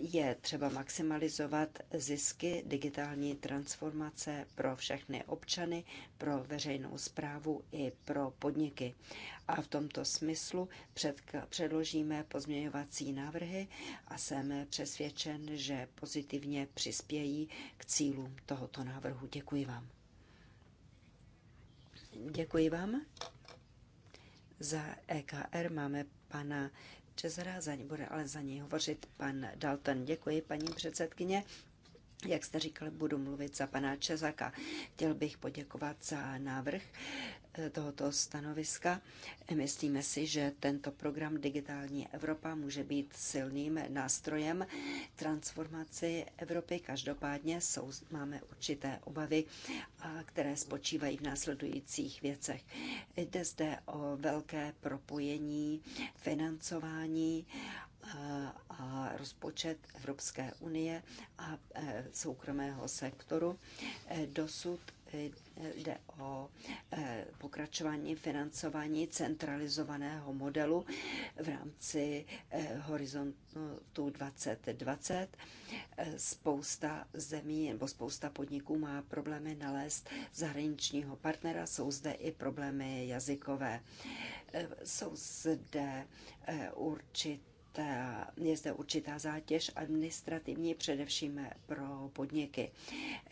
je třeba maximalizovat zisky digitální transformace pro všechny občany, pro veřejnou zprávu i pro podniky. A v tomto smyslu předložíme pozměňovací návrhy a jsem přesvědčen, že pozitivně přispějí k cílům tohoto návrhu. Děkuji vám. Děkuji vám. Za EKR máme pana Čezera, za, bude ale za něj hovořit pan Dalton. Děkuji, paní předsedkyně. Jak jste říkal, budu mluvit za pana Čezaka. Chtěl bych poděkovat za návrh tohoto stanoviska. E, myslíme si, že tento program Digitální Evropa může být silným nástrojem transformaci Evropy. Každopádně jsou, máme určité obavy, které spočívají v následujících věcech. Jde zde o velké propojení financování a rozpočet Evropské unie a e, soukromého sektoru. E, dosud jde o eh, pokračování financování centralizovaného modelu v rámci eh, horizontu 2020. Eh, spousta zemí nebo spousta podniků má problémy nalézt zahraničního partnera, jsou zde i problémy jazykové. Jsou zde určit ta, je zde určitá zátěž administrativní, především pro podniky.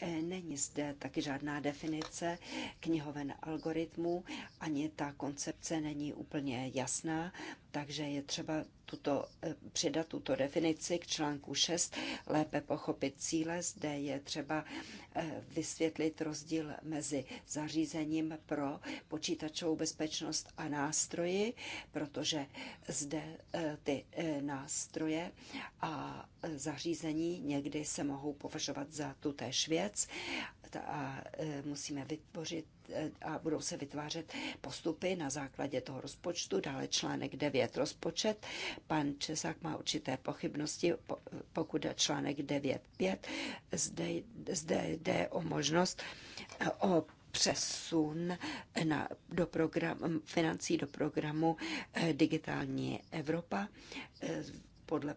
E, není zde taky žádná definice knihoven algoritmů, ani ta koncepce není úplně jasná. Takže je třeba tuto, eh, přidat tuto definici k článku 6, lépe pochopit cíle. Zde je třeba eh, vysvětlit rozdíl mezi zařízením pro počítačovou bezpečnost a nástroji, protože zde eh, ty nástroje a zařízení někdy se mohou považovat za tutéž věc a e, musíme vytvořit e, a budou se vytvářet postupy na základě toho rozpočtu. Dále článek 9 rozpočet. Pan Česák má určité pochybnosti, pokud je článek 9.5. Zde, zde jde o možnost e, o přesun na, do program, financí do programu Digitální Evropa podle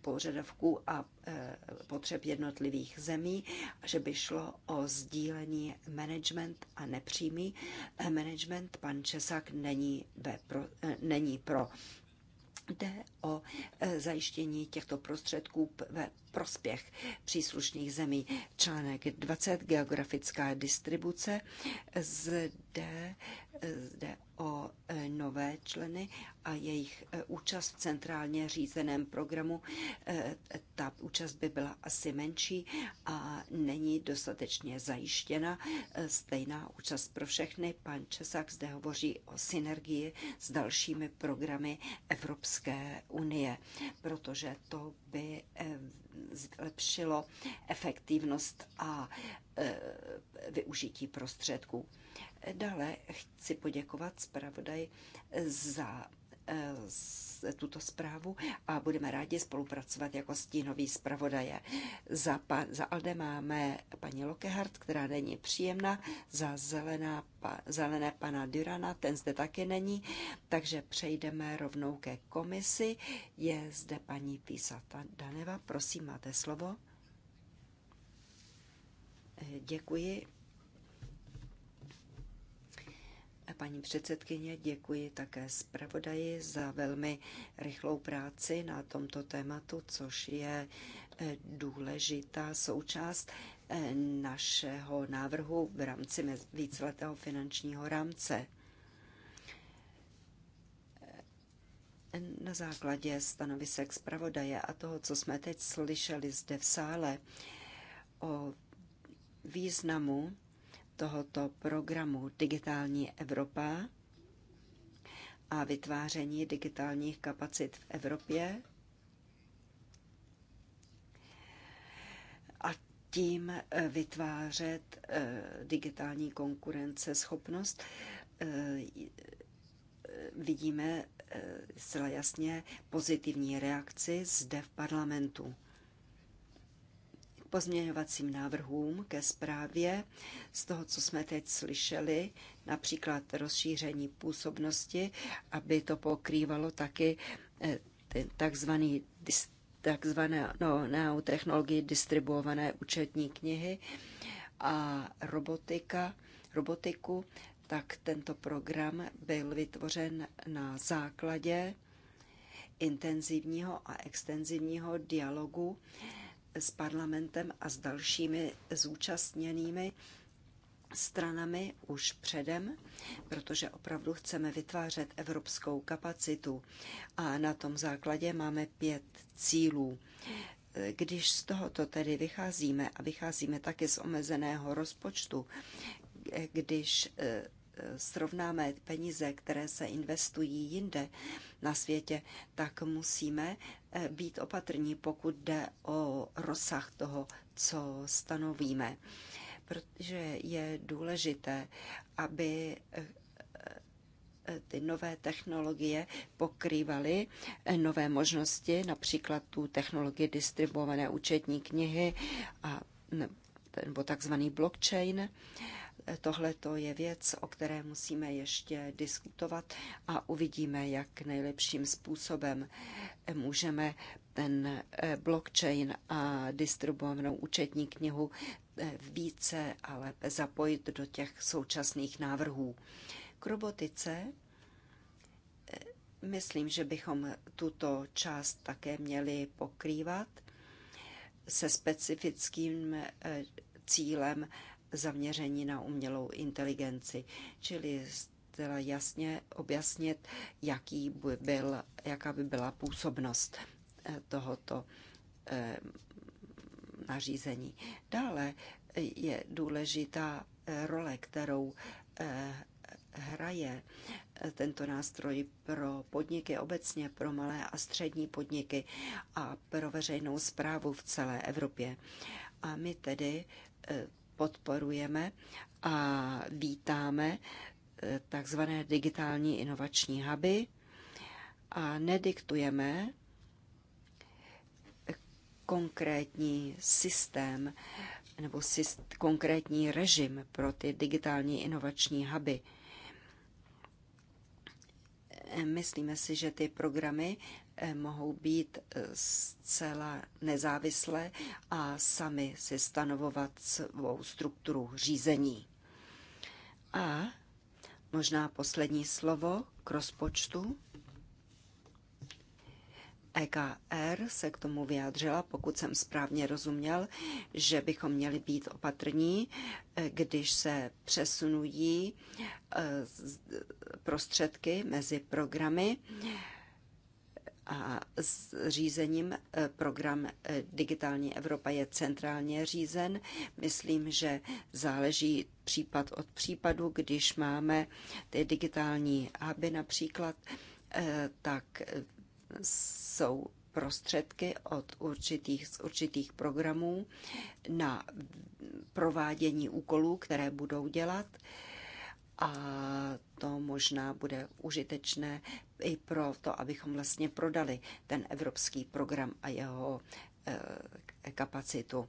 požadavků a e, potřeb jednotlivých zemí, že by šlo o sdílení management a nepřímý e, management. Pan Česák není, pro, e, není pro. Jde o zajištění těchto prostředků ve prospěch příslušných zemí. Článek 20, geografická distribuce. Zde, zde o e, nové členy a jejich e, účast v centrálně řízeném programu. E, ta účast by byla asi menší a není dostatečně zajištěna. Stejná účast pro všechny. Pan Česák zde hovoří o synergii s dalšími programy Evropské unie, protože to by zlepšilo efektivnost a využití prostředků. Dále chci poděkovat zpravodaj za eh, tuto zprávu a budeme rádi spolupracovat jako stínový zpravodaje. Za, pa, za Alde máme paní Lokehart, která není příjemná, za zelená, pa, zelené pana Durana, ten zde taky není, takže přejdeme rovnou ke komisi. Je zde paní Písata Daneva, prosím, máte slovo. Eh, děkuji. Paní předsedkyně, děkuji také zpravodaji za velmi rychlou práci na tomto tématu, což je e, důležitá součást e, našeho návrhu v rámci víceletého finančního rámce. E, na základě stanovisek zpravodaje a toho, co jsme teď slyšeli zde v sále o významu tohoto programu Digitální Evropa a vytváření digitálních kapacit v Evropě. A tím eh, vytvářet eh, digitální konkurenceschopnost. Eh, vidíme zcela jasně pozitivní reakci zde v parlamentu pozměňovacím návrhům ke zprávě. Z toho, co jsme teď slyšeli, například rozšíření působnosti, aby to pokrývalo taky eh, takzvaný takzvané no, neotechnologii distribuované účetní knihy a robotika, robotiku, tak tento program byl vytvořen na základě intenzivního a extenzivního dialogu s parlamentem a s dalšími zúčastněnými stranami už předem, protože opravdu chceme vytvářet evropskou kapacitu. A na tom základě máme pět cílů. Když z tohoto tedy vycházíme a vycházíme také z omezeného rozpočtu, když e, srovnáme peníze, které se investují jinde na světě, tak musíme být opatrní, pokud jde o rozsah toho, co stanovíme. Protože je důležité, aby eh, ty nové technologie pokrývaly eh, nové možnosti, například tu technologii distribuované účetní knihy a nebo takzvaný blockchain Tohle to je věc, o které musíme ještě diskutovat a uvidíme, jak nejlepším způsobem můžeme ten eh, blockchain a distribuovanou účetní knihu eh, více a lépe zapojit do těch současných návrhů. K robotice eh, myslím, že bychom tuto část také měli pokrývat se specifickým cílem zaměření na umělou inteligenci, čili zcela jasně objasnit, jaký by byl, jaká by byla působnost eh, tohoto eh, nařízení. Dále eh, je důležitá role, kterou hraje tento nástroj pro podniky obecně, pro malé a střední podniky a pro veřejnou zprávu v celé Evropě. A my tedy podporujeme a vítáme eh, takzvané digitální inovační huby a nediktujeme konkrétní systém nebo syst, konkrétní režim pro ty digitální inovační huby. Myslíme si, že ty programy Eh, mohou být eh, zcela nezávislé a sami si stanovovat svou strukturu řízení. A možná poslední slovo k rozpočtu. EKR se k tomu vyjádřila, pokud jsem správně rozuměl, že bychom měli být opatrní, eh, když se přesunují prostředky mezi programy a s řízením eh, program eh, Digitální Evropa je centrálně řízen. Myslím, že záleží případ od případu, když máme ty digitální huby například, eh, tak jsou prostředky od určitých, z určitých programů na provádění úkolů, které budou dělat a to možná bude užitečné i pro to, abychom vlastně prodali ten evropský program a jeho eh, kapacitu.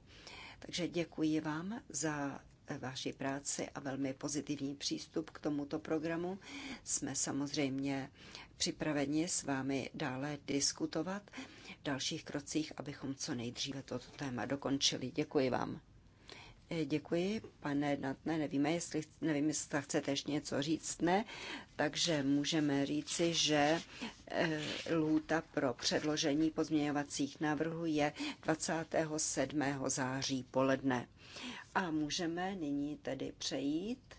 Takže děkuji vám za vaši práci a velmi pozitivní přístup k tomuto programu. Jsme samozřejmě připraveni s vámi dále diskutovat v dalších krocích, abychom co nejdříve toto téma dokončili. Děkuji vám. Eh, děkuji, pane Natne. Nevíme, jestli, nevím, jestli chcete ještě něco říct. Ne, takže můžeme říci, že eh, lhůta pro předložení pozměňovacích návrhů je 27. září poledne. A můžeme nyní tedy přejít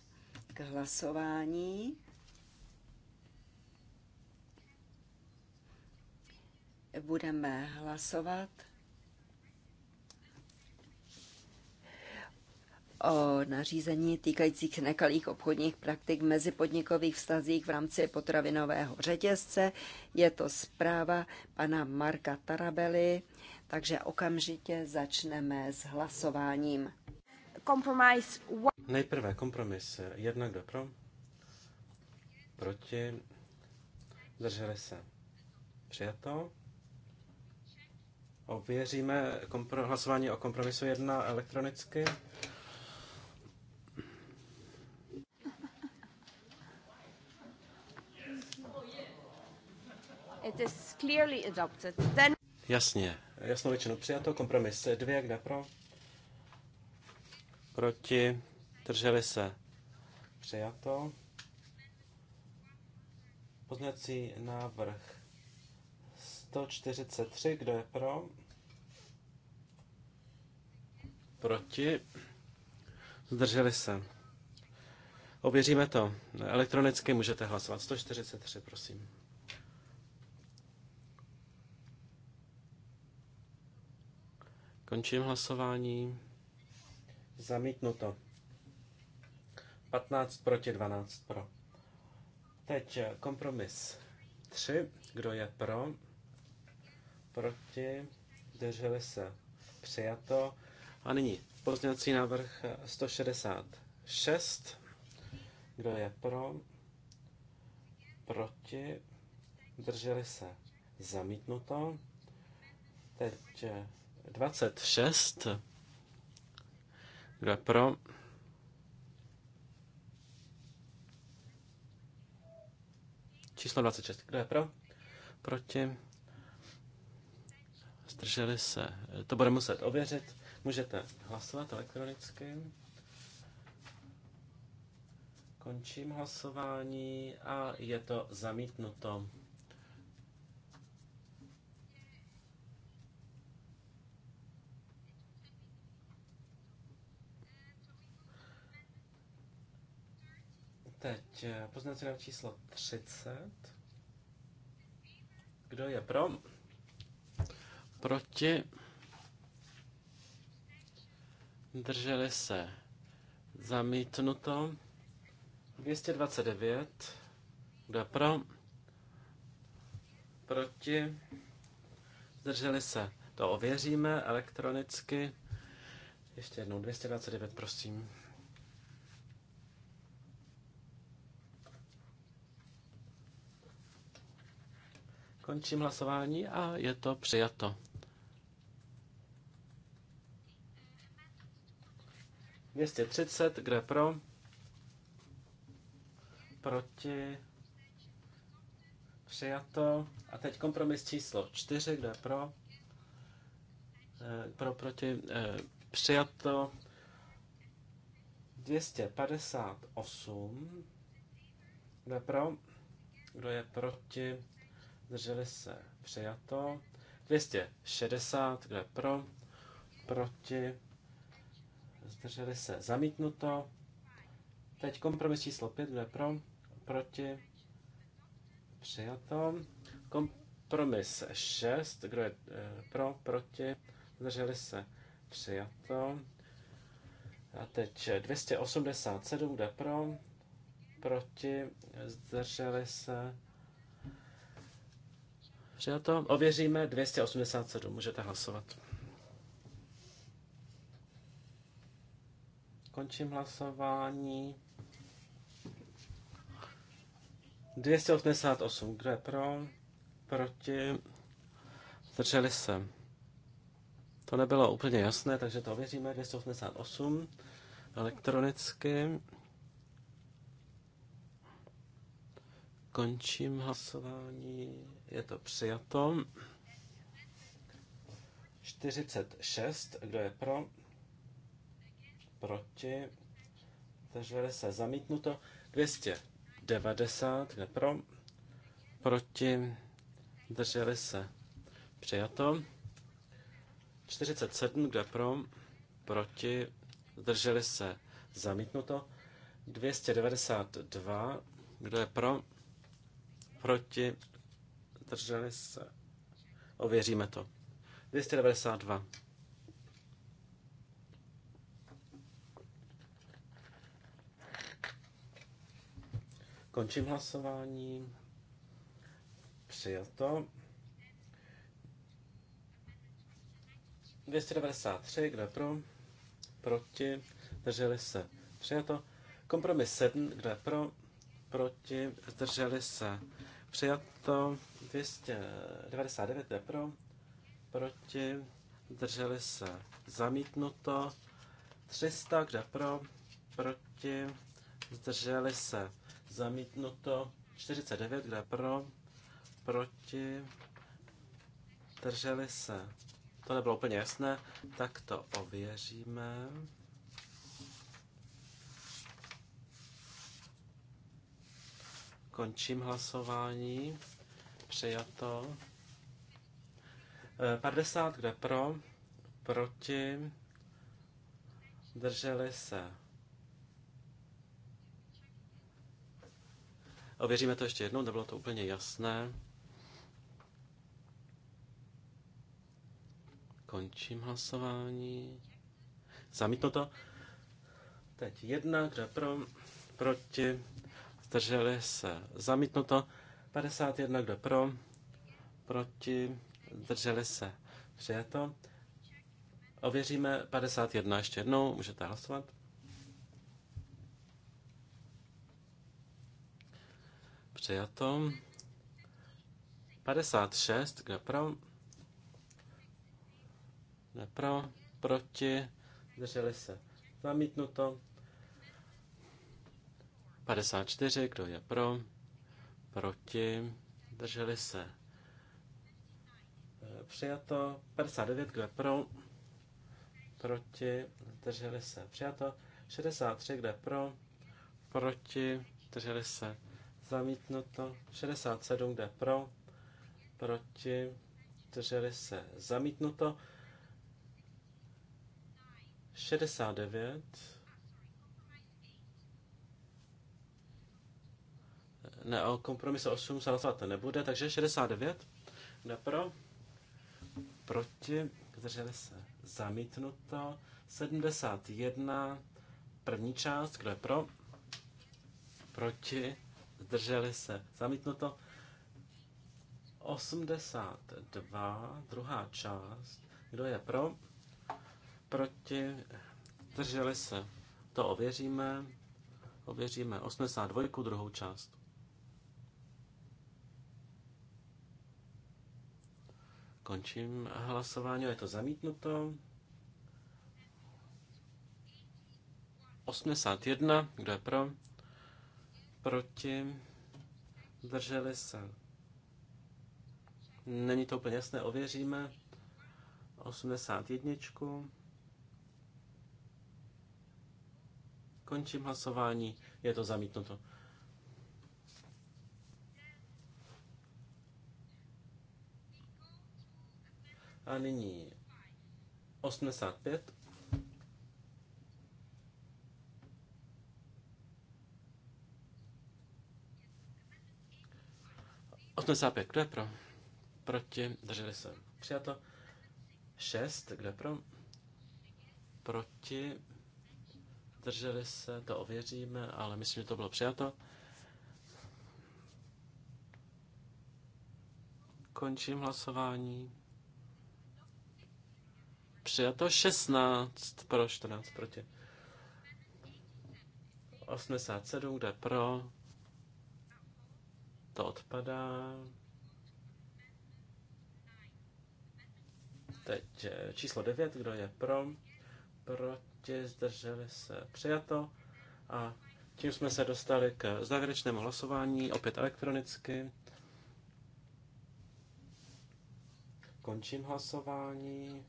k hlasování. Budeme hlasovat o nařízení týkajících nekalých obchodních praktik mezi podnikových vztazích v rámci potravinového řetězce. Je to zpráva pana Marka Tarabely, takže okamžitě začneme s hlasováním. Kompromis. Nejprve kompromis. Jedna kdo pro? Proti? Drželi se. Přijato. Ověříme kompro- hlasování o kompromisu jedna elektronicky. clearly adopted. Then... Jasně, jasnou většinu přijato, kompromis dvě, jak pro? Proti, drželi se. Přijato. Poznací návrh 143, kdo je pro? Proti. Zdrželi se. Ověříme to. Elektronicky můžete hlasovat. 143, prosím. Končím hlasování. Zamítnuto. 15 proti 12 pro. Teď eh, kompromis 3. Kdo je pro? Proti? Drželi se? Přijato. A nyní pozměňovací návrh 166. Eh, Kdo je pro? Proti? Drželi se? Zamítnuto. Teď eh, 26. Kdo je pro? Číslo 26. Kdo je pro? Proti? Zdrželi se. To bude muset ověřit. Můžete hlasovat elektronicky. Končím hlasování a je to zamítnuto. Teď eh, poznací na číslo 30. Kdo je pro? Proti? Drželi se. Zamítnuto. 229. Kdo je pro? Proti? Drželi se. To ověříme elektronicky. Ještě jednou 229, prosím. Končím hlasování a je to přijato. Městě 30, kde pro? Proti? Přijato. A teď kompromis číslo 4, kde pro? Eh, pro, proti? Eh, přijato. 258. kde je pro? Kdo je proti? zdrželi se přijato. 260, je pro, proti, zdrželi se zamítnuto. Teď kompromis číslo 5, je pro, proti, přijato. Kompromis 6, kdo je eh, pro, proti, zdrželi se přijato. A teď 287, je pro, proti, zdrželi se Přijato. Ověříme 287. Můžete hlasovat. Končím hlasování. 288. Kdo je pro? Proti? Zdrželi se. To nebylo úplně jasné, takže to ověříme. 288 elektronicky. Končím hlasování. Je to přijato. 46. Kdo je pro? Proti. Zdrželi se. Zamítnuto. 290. Kdo je pro? Proti. Zdrželi se. Přijato. 47. Kdo je pro? Proti. Zdrželi se. Zamítnuto. 292. Kdo je pro? proti, drželi se, ověříme to. 292. Končím hlasování. Přijato. 293, kdo je pro? Proti. Zdrželi se. Přijato. Kompromis 7, kdo je pro? Proti. Zdrželi se. Přijato 299 je pro, proti, drželi se zamítnuto, 300 kde pro, proti, zdrželi se zamítnuto, 49 kde pro, proti, drželi se, to nebylo úplně jasné, tak to ověříme. Končím hlasování. Přijato. 50, eh, kde pro, proti, drželi se. Ověříme to ještě jednou, nebylo to úplně jasné. Končím hlasování. Zamítnu to. Teď jedna, kde pro, proti, zdrželi se zamítnuto, 51 kdo pro, proti, zdrželi se přijato. Ověříme 51 ještě jednou, můžete hlasovat. Přijato. 56, kdo pro? Kde pro? Proti? Drželi se. Zamítnuto. 54, e, kdo je pro, proti, drželi se. Přijato 59, kdo je pro, proti, drželi se. Přijato 63, kdo je pro, proti, drželi se. Zamítnuto 67, kdo je pro, proti, drželi se. Zamítnuto 69, Ne, o kompromise 8 se hlasovat nebude, takže 69. Ne, pro? Proti? Zdrželi se. Zamítnuto. 71. První část. Kdo je pro? Proti? Zdrželi se. Zamítnuto. 82. Druhá část. Kdo je pro? Proti? Zdrželi se. To ověříme. Ověříme 82. druhou část. Končím hlasování, je to zamítnuto. 81, kdo je pro? Proti? Drželi se. Není to úplně jasné, ověříme. 81. Končím hlasování, je to zamítnuto. A nyní 85. Osmdesát pět, kdo je pro? Proti, drželi se. Přijato. Šest, kdo je pro? Proti, drželi se, to ověříme, ale myslím, že to bylo přijato. Končím hlasování. Přijato 16 pro, 14 proti. 87, kde pro. To odpadá. Teď eh, číslo 9, kdo je pro. Proti, zdrželi se. Přijato. A tím jsme se dostali k závěrečnému hlasování, opět elektronicky. Končím hlasování.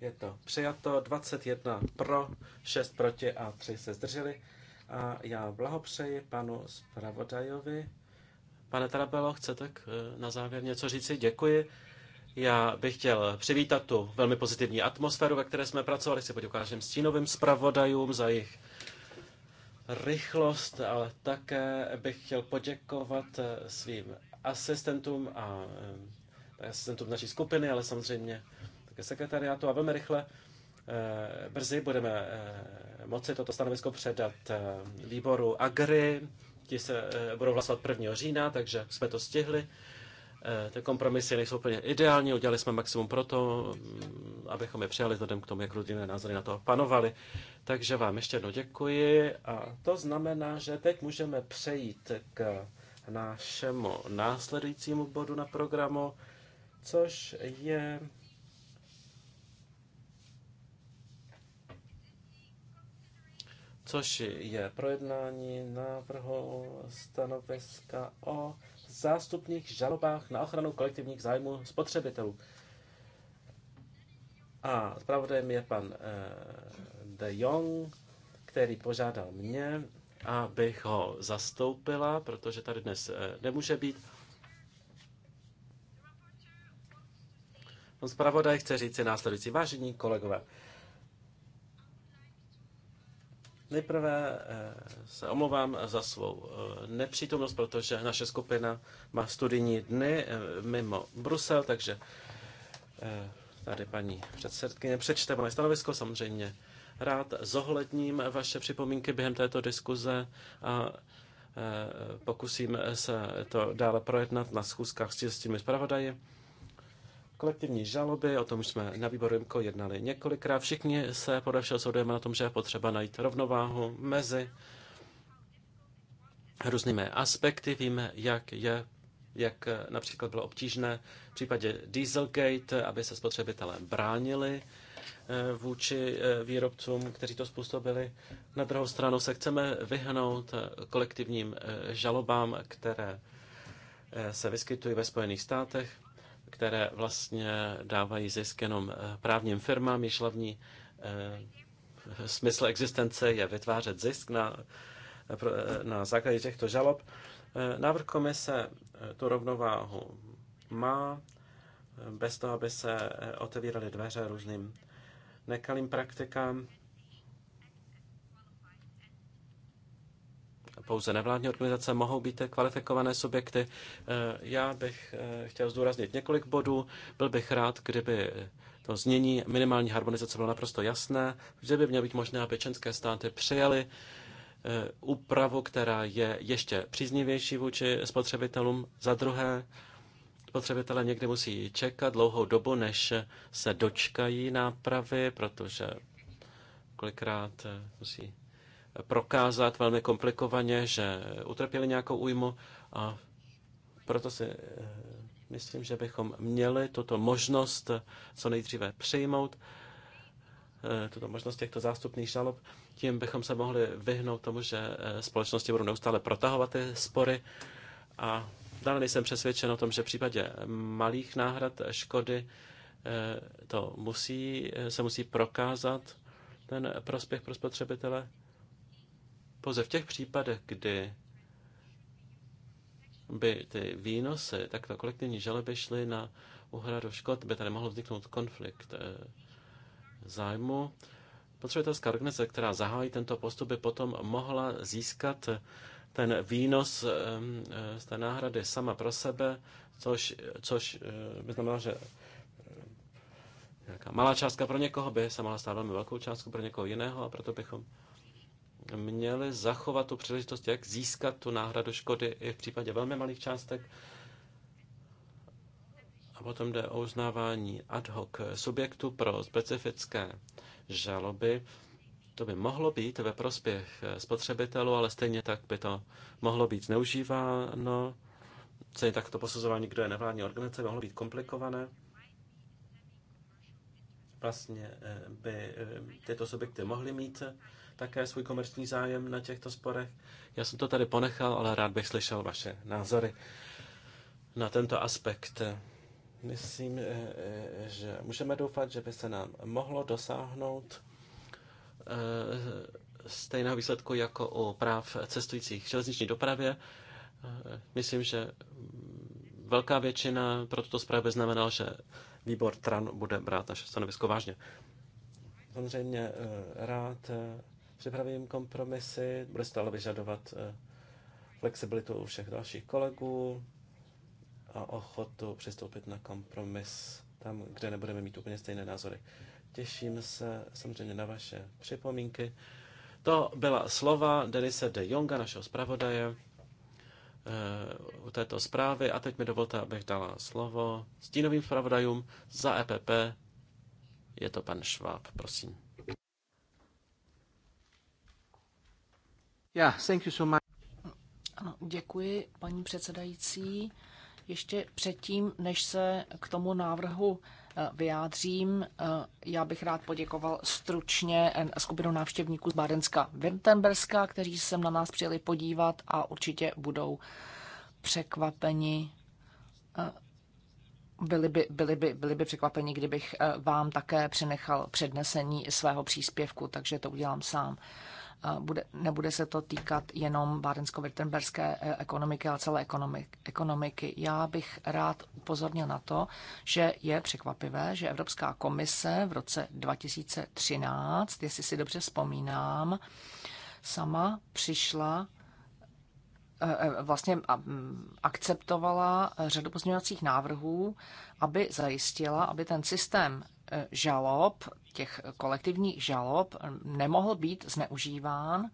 Je to přijato 21 pro, 6 proti a 3 se zdrželi. A já blahopřeji panu zpravodajovi. Pane Tarabelo, chcete tak eh, na závěr něco říci? Děkuji. Já bych chtěl přivítat tu velmi pozitivní atmosféru, ve které jsme pracovali. Chci poděkovat všem stínovým zpravodajům za jejich rychlost, ale také bych chtěl poděkovat eh, svým asistentům a eh, asistentům naší skupiny, ale samozřejmě ke sekretariátu a velmi rychle eh, brzy budeme eh, moci toto stanovisko předat eh, výboru Agri. Ti se budou hlasovat 1. října, takže jsme to stihli. Ty kompromisy nejsou úplně ideální, udělali jsme maximum pro to, mm, abychom je přijali vzhledem k tomu, jak rodinné názory na to panovaly. Takže vám ještě jednou děkuji a to znamená, že teď můžeme přejít k našemu následujícímu bodu na programu, což je což je projednání návrhu stanoviska o zástupných žalobách na ochranu kolektivních zájmů spotřebitelů. A zpravodajem je pan eh, De Jong, který požádal mě, abych ho zastoupila, protože tady dnes eh, nemůže být. Pan zpravodaj chce říct si následující. Vážení kolegové, Nejprve eh, se omlouvám za svou eh, nepřítomnost, protože naše skupina má studijní dny eh, mimo Brusel, takže tady paní předsedkyně přečte moje stanovisko. Samozřejmě rád zohledním vaše připomínky během této diskuze a pokusím se to dále projednat na schůzkách s těmi zpravodaji kolektivní žaloby, o tom jsme na výboru IMCO jednali několikrát. Všichni se podle všeho shodujeme na tom, že je potřeba najít rovnováhu mezi různými aspekty. Víme, jak je jak například bylo obtížné v případě Dieselgate, aby se spotřebitelé bránili eh, vůči eh, výrobcům, kteří to způsobili. Na druhou stranu se chceme vyhnout eh, kolektivním žalobám, které se vyskytují ve Spojených státech které vlastně dávají zisk jenom eh, právním firmám, jež hlavní eh, smysl existence je vytvářet zisk na, eh, na základě těchto žalob. Návrh komise tu rovnováhu má, bez toho, aby se otevíraly dveře různým nekalým praktikám. pouze nevládní organizace, mohou být kvalifikované subjekty. Eh, já bych eh, chtěl zdůraznit několik bodů. Byl bych rád, kdyby to znění minimální harmonizace bylo naprosto jasné, že by mělo být možné, aby členské státy přijaly eh, úpravu, která je ještě příznivější vůči spotřebitelům. Za druhé, spotřebitelé někdy musí čekat dlouhou dobu, než se dočkají nápravy, protože kolikrát musí prokázat velmi komplikovaně, že utrpěli nějakou újmu a proto si eh, myslím, že bychom měli tuto možnost eh, co nejdříve přijmout, eh, tuto možnost těchto zástupných žalob. Tím bychom se mohli vyhnout tomu, že společnosti budou neustále protahovat ty spory a dále nejsem přesvědčen o tom, že v případě malých náhrad škody to musí, se musí prokázat ten prospěch pro spotřebitele. Pouze v těch případech, kdy by ty výnosy takto kolektivní žaloby šly na uhradu škod, by tady mohl vzniknout konflikt eh, zájmu. Potřebitelská organizace, která zahájí tento postup, by potom mohla získat ten výnos eh, eh, z té náhrady sama pro sebe, což, což by znamenalo, že nějaká malá částka pro někoho by se mohla stát velmi velkou částku pro někoho jiného a proto bychom měli zachovat tu příležitost, jak získat tu náhradu škody i v případě velmi malých částek. A potom jde o uznávání ad hoc subjektu pro specifické žaloby. To by mohlo být ve prospěch spotřebitelů, ale stejně tak by to mohlo být zneužíváno. Stejně tak to posuzování, kdo je nevládní organizace, by mohlo být komplikované. Vlastně eh, by eh, tyto subjekty mohly mít také svůj komerční zájem na těchto sporech. Já jsem to tady ponechal, ale rád bych slyšel vaše názory na tento aspekt. Myslím, eh, eh, že můžeme doufat, že by se nám mohlo dosáhnout eh, stejného výsledku jako u práv cestujících v železniční dopravě. Myslím, že velká většina pro tuto zprávu znamenala, že výbor TRAN bude brát naše stanovisko vážně. Samozřejmě rád připravím kompromisy, bude stále vyžadovat eh, flexibilitu u všech dalších kolegů a ochotu přistoupit na kompromis tam, kde nebudeme mít úplně stejné názory. Těším se samozřejmě na vaše připomínky. To byla slova Denise de Jonga, našeho zpravodaje eh, u této zprávy. A teď mi dovolte, abych dala slovo stínovým zpravodajům za EPP. Je to pan Šváb, prosím. Yeah, thank you so much. Ano, děkuji, paní předsedající. Ještě předtím, než se k tomu návrhu eh, vyjádřím, eh, já bych rád poděkoval stručně eh, skupinu návštěvníků z Bádenska Württemberska, kteří se na nás přijeli podívat a určitě budou překvapeni byli by, byli, by, byli by překvapeni, kdybych vám také přenechal přednesení svého příspěvku, takže to udělám sám bude, nebude se to týkat jenom bádensko-württemberské eh, ekonomiky, ale celé ekonomiky. Já bych rád upozornil na to, že je překvapivé, že Evropská komise v roce 2013, jestli si dobře vzpomínám, sama přišla eh, eh, vlastně mm, akceptovala řadu pozměňovacích návrhů, aby zajistila, aby ten systém žalob, těch kolektivních žalob, nemohl být zneužíván,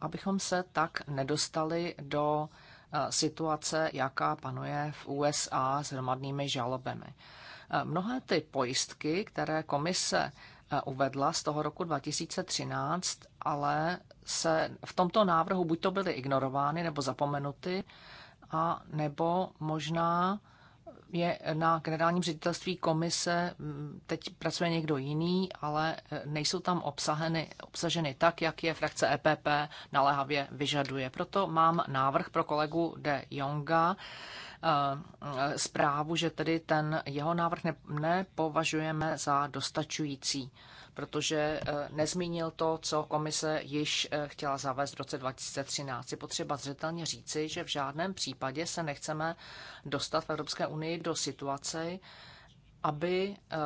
abychom se tak nedostali do eh, situace, jaká panuje v USA s hromadnými žalobami. Eh, mnohé ty pojistky, které komise eh, uvedla z toho roku 2013, ale se v tomto návrhu buď to byly ignorovány nebo zapomenuty, a nebo možná je na generálním ředitelství komise, teď pracuje někdo jiný, ale e, nejsou tam obsaheny, obsaženy tak, jak je frakce EPP naléhavě vyžaduje. Proto mám návrh pro kolegu de Jonga, e, e, zprávu, že tedy ten jeho návrh nepovažujeme za dostačující protože eh, nezmínil to, co komise již eh, chtěla zavést v roce 2013. Je potřeba zřetelně říci, že v žádném případě se nechceme dostat v Evropské unii do situace, aby eh,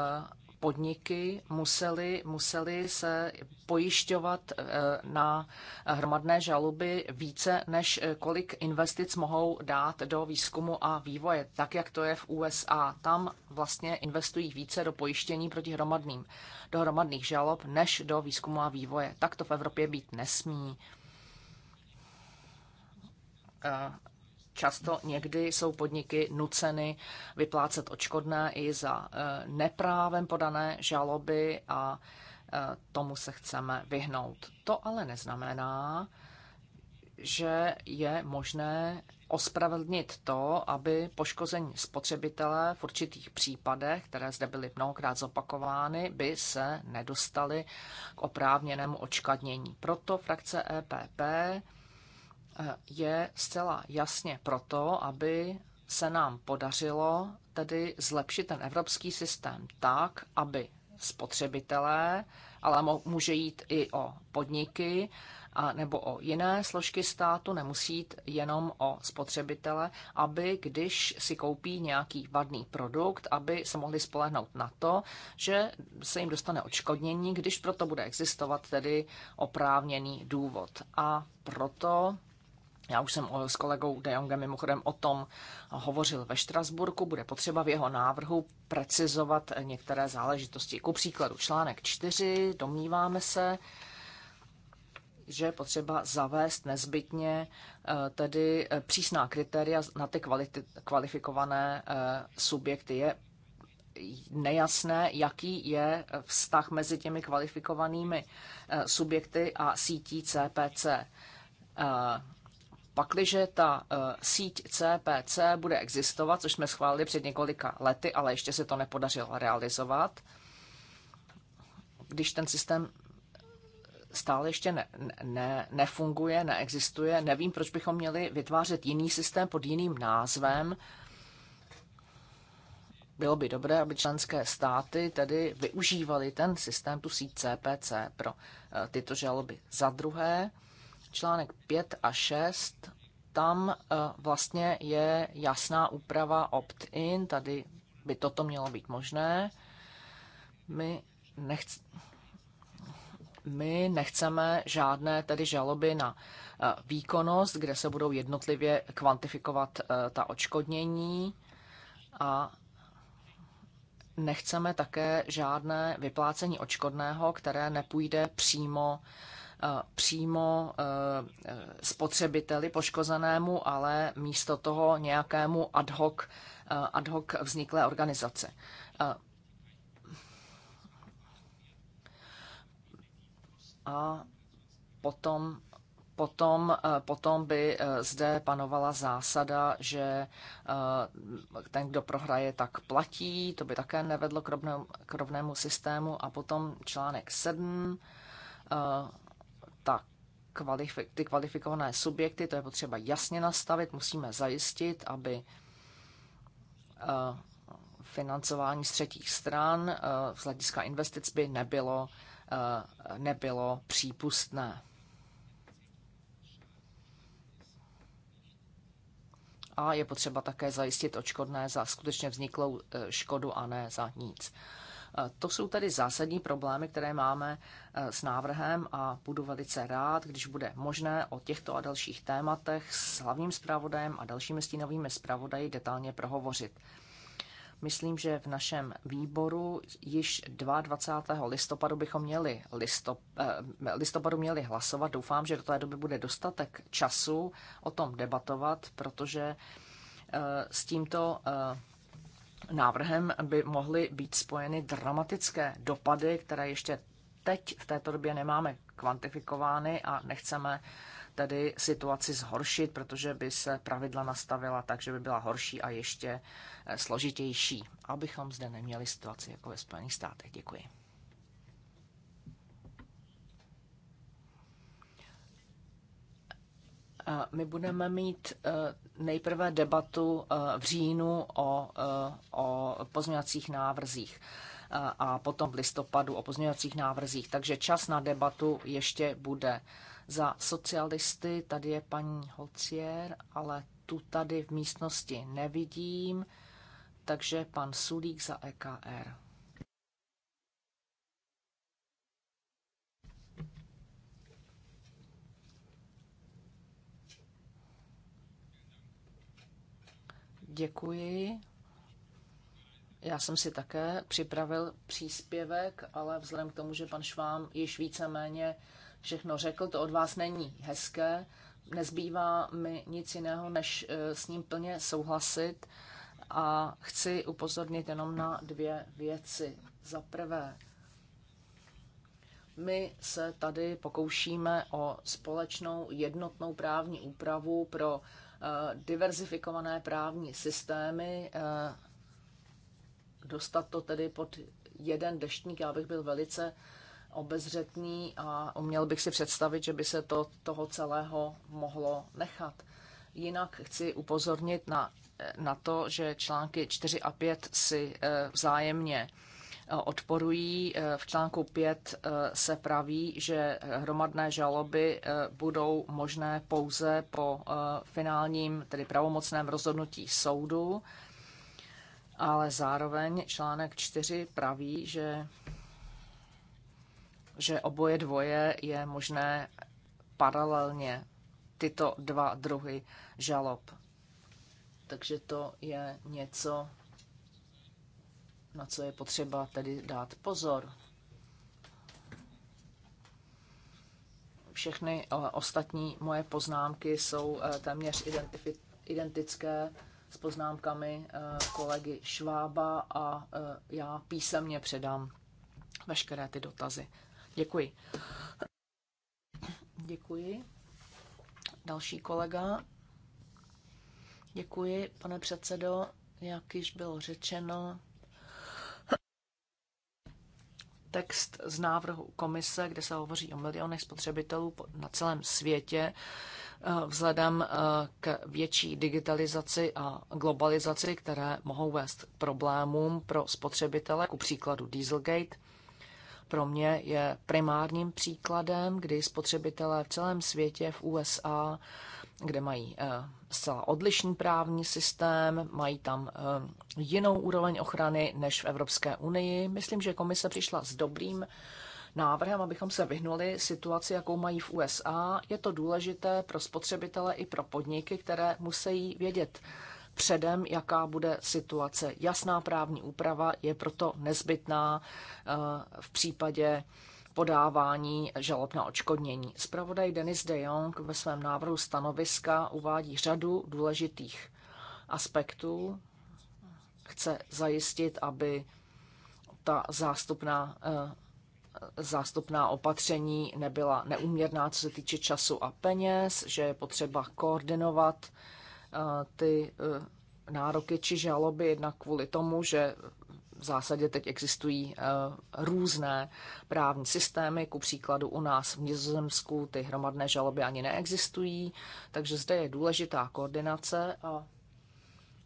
podniky musely, museli se pojišťovat eh, na hromadné žaloby více, než eh, kolik investic mohou dát do výzkumu a vývoje, tak jak to je v USA. Tam vlastně investují více do pojištění proti hromadným, do hromadných žalob, než do výzkumu a vývoje. Tak to v Evropě být nesmí eh, Často někdy jsou podniky nuceny vyplácet očkodné i za eh, neprávem podané žaloby a eh, tomu se chceme vyhnout. To ale neznamená, že je možné ospravedlnit to, aby poškození spotřebitele v určitých případech, které zde byly mnohokrát zopakovány, by se nedostali k oprávněnému očkadnění. Proto frakce EPP je zcela jasně proto, aby se nám podařilo tedy zlepšit ten evropský systém tak, aby spotřebitelé, ale může jít i o podniky a nebo o jiné složky státu, nemusí jít jenom o spotřebitele, aby když si koupí nějaký vadný produkt, aby se mohli spolehnout na to, že se jim dostane odškodnění, když proto bude existovat tedy oprávněný důvod. A proto já už jsem s kolegou De Jongem mimochodem o tom hovořil ve Štrasburku. Bude potřeba v jeho návrhu precizovat některé záležitosti. Ku příkladu článek 4, domníváme se, že potřeba zavést nezbytně e, tedy e, přísná kritéria na ty kvality, kvalifikované e, subjekty. Je nejasné, jaký je vztah mezi těmi kvalifikovanými subjekty a sítí CPC Pakliže ta eh, síť CPC bude existovat, což jsme schválili před několika lety, ale ještě se to nepodařilo realizovat, když ten systém stále ještě ne, ne, nefunguje, neexistuje. Nevím, proč bychom měli vytvářet jiný systém pod jiným názvem. Bylo by dobré, aby členské státy tedy využívaly ten systém, tu síť CPC pro eh, tyto žaloby. Za druhé, článek 5 a 6, tam eh, vlastně je jasná úprava opt-in, tady by toto mělo být možné. My, nechc- my nechceme žádné tedy žaloby na eh, výkonnost, kde se budou jednotlivě kvantifikovat eh, ta očkodnění a nechceme také žádné vyplácení očkodného, které nepůjde přímo Eh, přímo eh, spotřebiteli poškozenému, ale místo toho nějakému ad hoc, eh, ad hoc vzniklé organizace. A potom potom, potom by zde panovala zásada, že ten, kdo prohraje, tak platí. To by také nevedlo k rovnému, systému. A potom článek 7 ta kvalifik, ty kvalifikované subjekty, to je potřeba jasně nastavit, musíme zajistit, aby eh, financování z třetích stran eh, z hlediska investic by nebylo, eh, nebylo přípustné. A je potřeba také zajistit očkodné za skutečně vzniklou škodu a ne za nic. To jsou tedy zásadní problémy, které máme e, s návrhem a budu velice rád, když bude možné o těchto a dalších tématech s hlavním zpravodajem a dalšími stínovými zpravodaji detailně prohovořit. Myslím, že v našem výboru již 22. listopadu bychom měli, listop, e, listopadu měli hlasovat. Doufám, že do té doby bude dostatek času o tom debatovat, protože e, s tímto návrhem by mohly být spojeny dramatické dopady, které ještě teď v této době nemáme kvantifikovány a nechceme tedy situaci zhoršit, protože by se pravidla nastavila tak, že by byla horší a ještě eh, složitější, abychom zde neměli situaci jako ve Spojených státech. Děkuji. My budeme mít eh, nejprve debatu eh, v říjnu o, eh, o pozměňovacích návrzích a potom v listopadu o pozměňovacích návrzích. Takže čas na debatu ještě bude. Za socialisty tady je paní Holcier, ale tu tady v místnosti nevidím, takže pan Sulík za EKR. Děkuji. Já jsem si také připravil příspěvek, ale vzhledem k tomu, že pan Švám již víceméně všechno řekl, to od vás není hezké. Nezbývá mi nic jiného, než eh, s ním plně souhlasit a chci upozornit jenom na dvě věci. Za prvé, my se tady pokoušíme o společnou jednotnou právní úpravu pro Eh, diverzifikované právní systémy, eh, dostat to tedy pod jeden deštník, já bych byl velice obezřetný a uměl bych si představit, že by se to toho celého mohlo nechat. Jinak chci upozornit na, na to, že články 4 a 5 si eh, vzájemně odporují. Eh, v článku 5 eh, se praví, že hromadné žaloby eh, budou možné pouze po finálním, tedy pravomocném rozhodnutí soudu, ale zároveň článek 4 praví, že že oboje dvoje je možné paralelně tyto dva druhy žalob. Takže to je něco, na co je potřeba tedy dát pozor. Všechny ostatní moje poznámky jsou eh, téměř identické s poznámkami eh, kolegy Švába a eh, já písemně předám veškeré ty dotazy. Děkuji. Děkuji. Další kolega. Děkuji, pane předsedo. Jak již bylo řečeno, text z návrhu komise, kde se hovoří o milionech spotřebitelů na celém světě, eh, vzhledem eh, k větší digitalizaci a globalizaci, které mohou vést k problémům pro spotřebitele, ku příkladu Dieselgate. Pro mě je primárním příkladem, kdy spotřebitelé v celém světě v USA kde mají eh, zcela odlišný právní systém, mají tam eh, jinou úroveň ochrany než v Evropské unii. Myslím, že komise přišla s dobrým návrhem, abychom se vyhnuli situaci, jakou mají v USA. Je to důležité pro spotřebitele i pro podniky, které musí vědět předem, jaká bude situace. Jasná právní úprava je proto nezbytná eh, v případě podávání žalob na očkodnění. Spravodaj Denis de Jong ve svém návrhu stanoviska uvádí řadu důležitých aspektů. Chce zajistit, aby ta zástupná, eh, zástupná opatření nebyla neuměrná, co se týče času a peněz, že je potřeba koordinovat eh, ty eh, nároky či žaloby jednak kvůli tomu, že v zásadě teď existují eh, různé právní systémy. Ku příkladu u nás v Nizozemsku ty hromadné žaloby ani neexistují, takže zde je důležitá koordinace a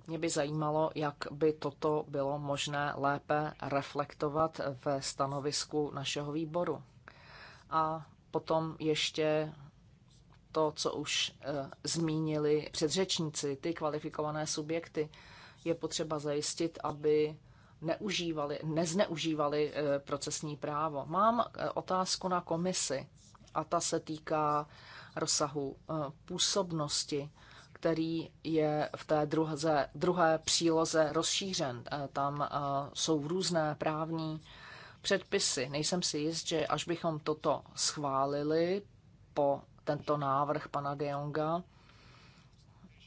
mě by zajímalo, jak by toto bylo možné lépe reflektovat ve stanovisku našeho výboru. A potom ještě to, co už e, zmínili předřečníci, ty kvalifikované subjekty. Je potřeba zajistit, aby neužívali, nezneužívali eh, procesní právo. Mám eh, otázku na komisi a ta se týká rozsahu eh, působnosti, který je v té druhé, druhé příloze rozšířen. Tam jsou různé právní předpisy. Nejsem si jist, že až bychom toto schválili po tento návrh pana De Jonga,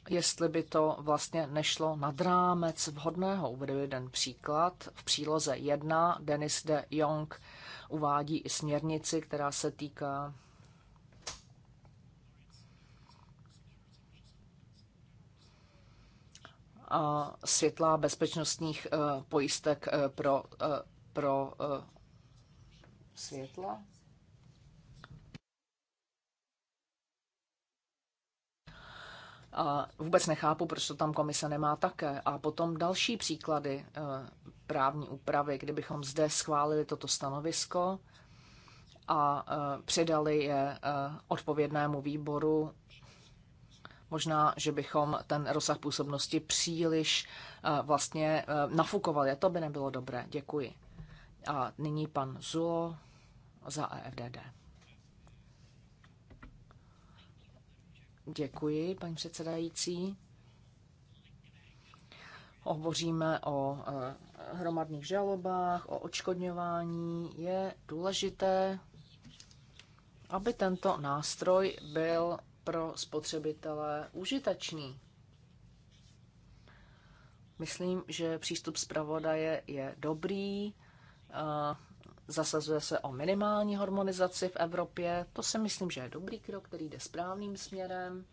jestli by to vlastně nešlo nad rámec vhodného. Uvedu jeden příklad. V příloze 1 Denis de Jong uvádí i směrnici, která se týká světla bezpečnostních eh, pojistek eh, pro, eh, pro světla. Vůbec nechápu, proč to tam komise nemá také. A potom další příklady eh, právní úpravy, kdybychom zde schválili toto stanovisko a eh, předali je eh, odpovědnému výboru, možná, že bychom ten rozsah působnosti příliš vlastně nafukovali. To by nebylo dobré. Děkuji. A nyní pan Zulo za EFDD. Děkuji, paní předsedající. Hovoříme o e, hromadných žalobách, o očkodňování. Je důležité, aby tento nástroj byl pro spotřebitele užitečný. Myslím, že přístup zpravodaje je dobrý. Zasazuje se o minimální harmonizaci v Evropě. To si myslím, že je dobrý krok, který jde správným směrem.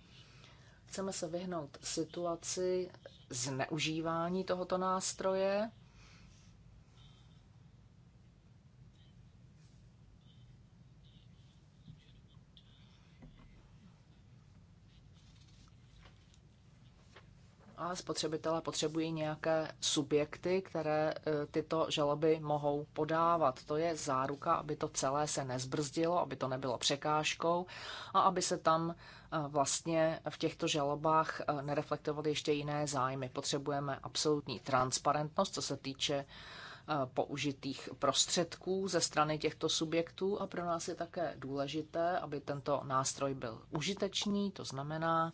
Chceme se vyhnout situaci zneužívání tohoto nástroje a spotřebitelé potřebují nějaké subjekty, které e, tyto žaloby mohou podávat. To je záruka, aby to celé se nezbrzdilo, aby to nebylo překážkou a aby se tam e, vlastně v těchto žalobách e, nereflektovaly ještě jiné zájmy. Potřebujeme absolutní transparentnost, co se týče použitých prostředků ze strany těchto subjektů a pro nás je také důležité, aby tento nástroj byl užitečný, to znamená,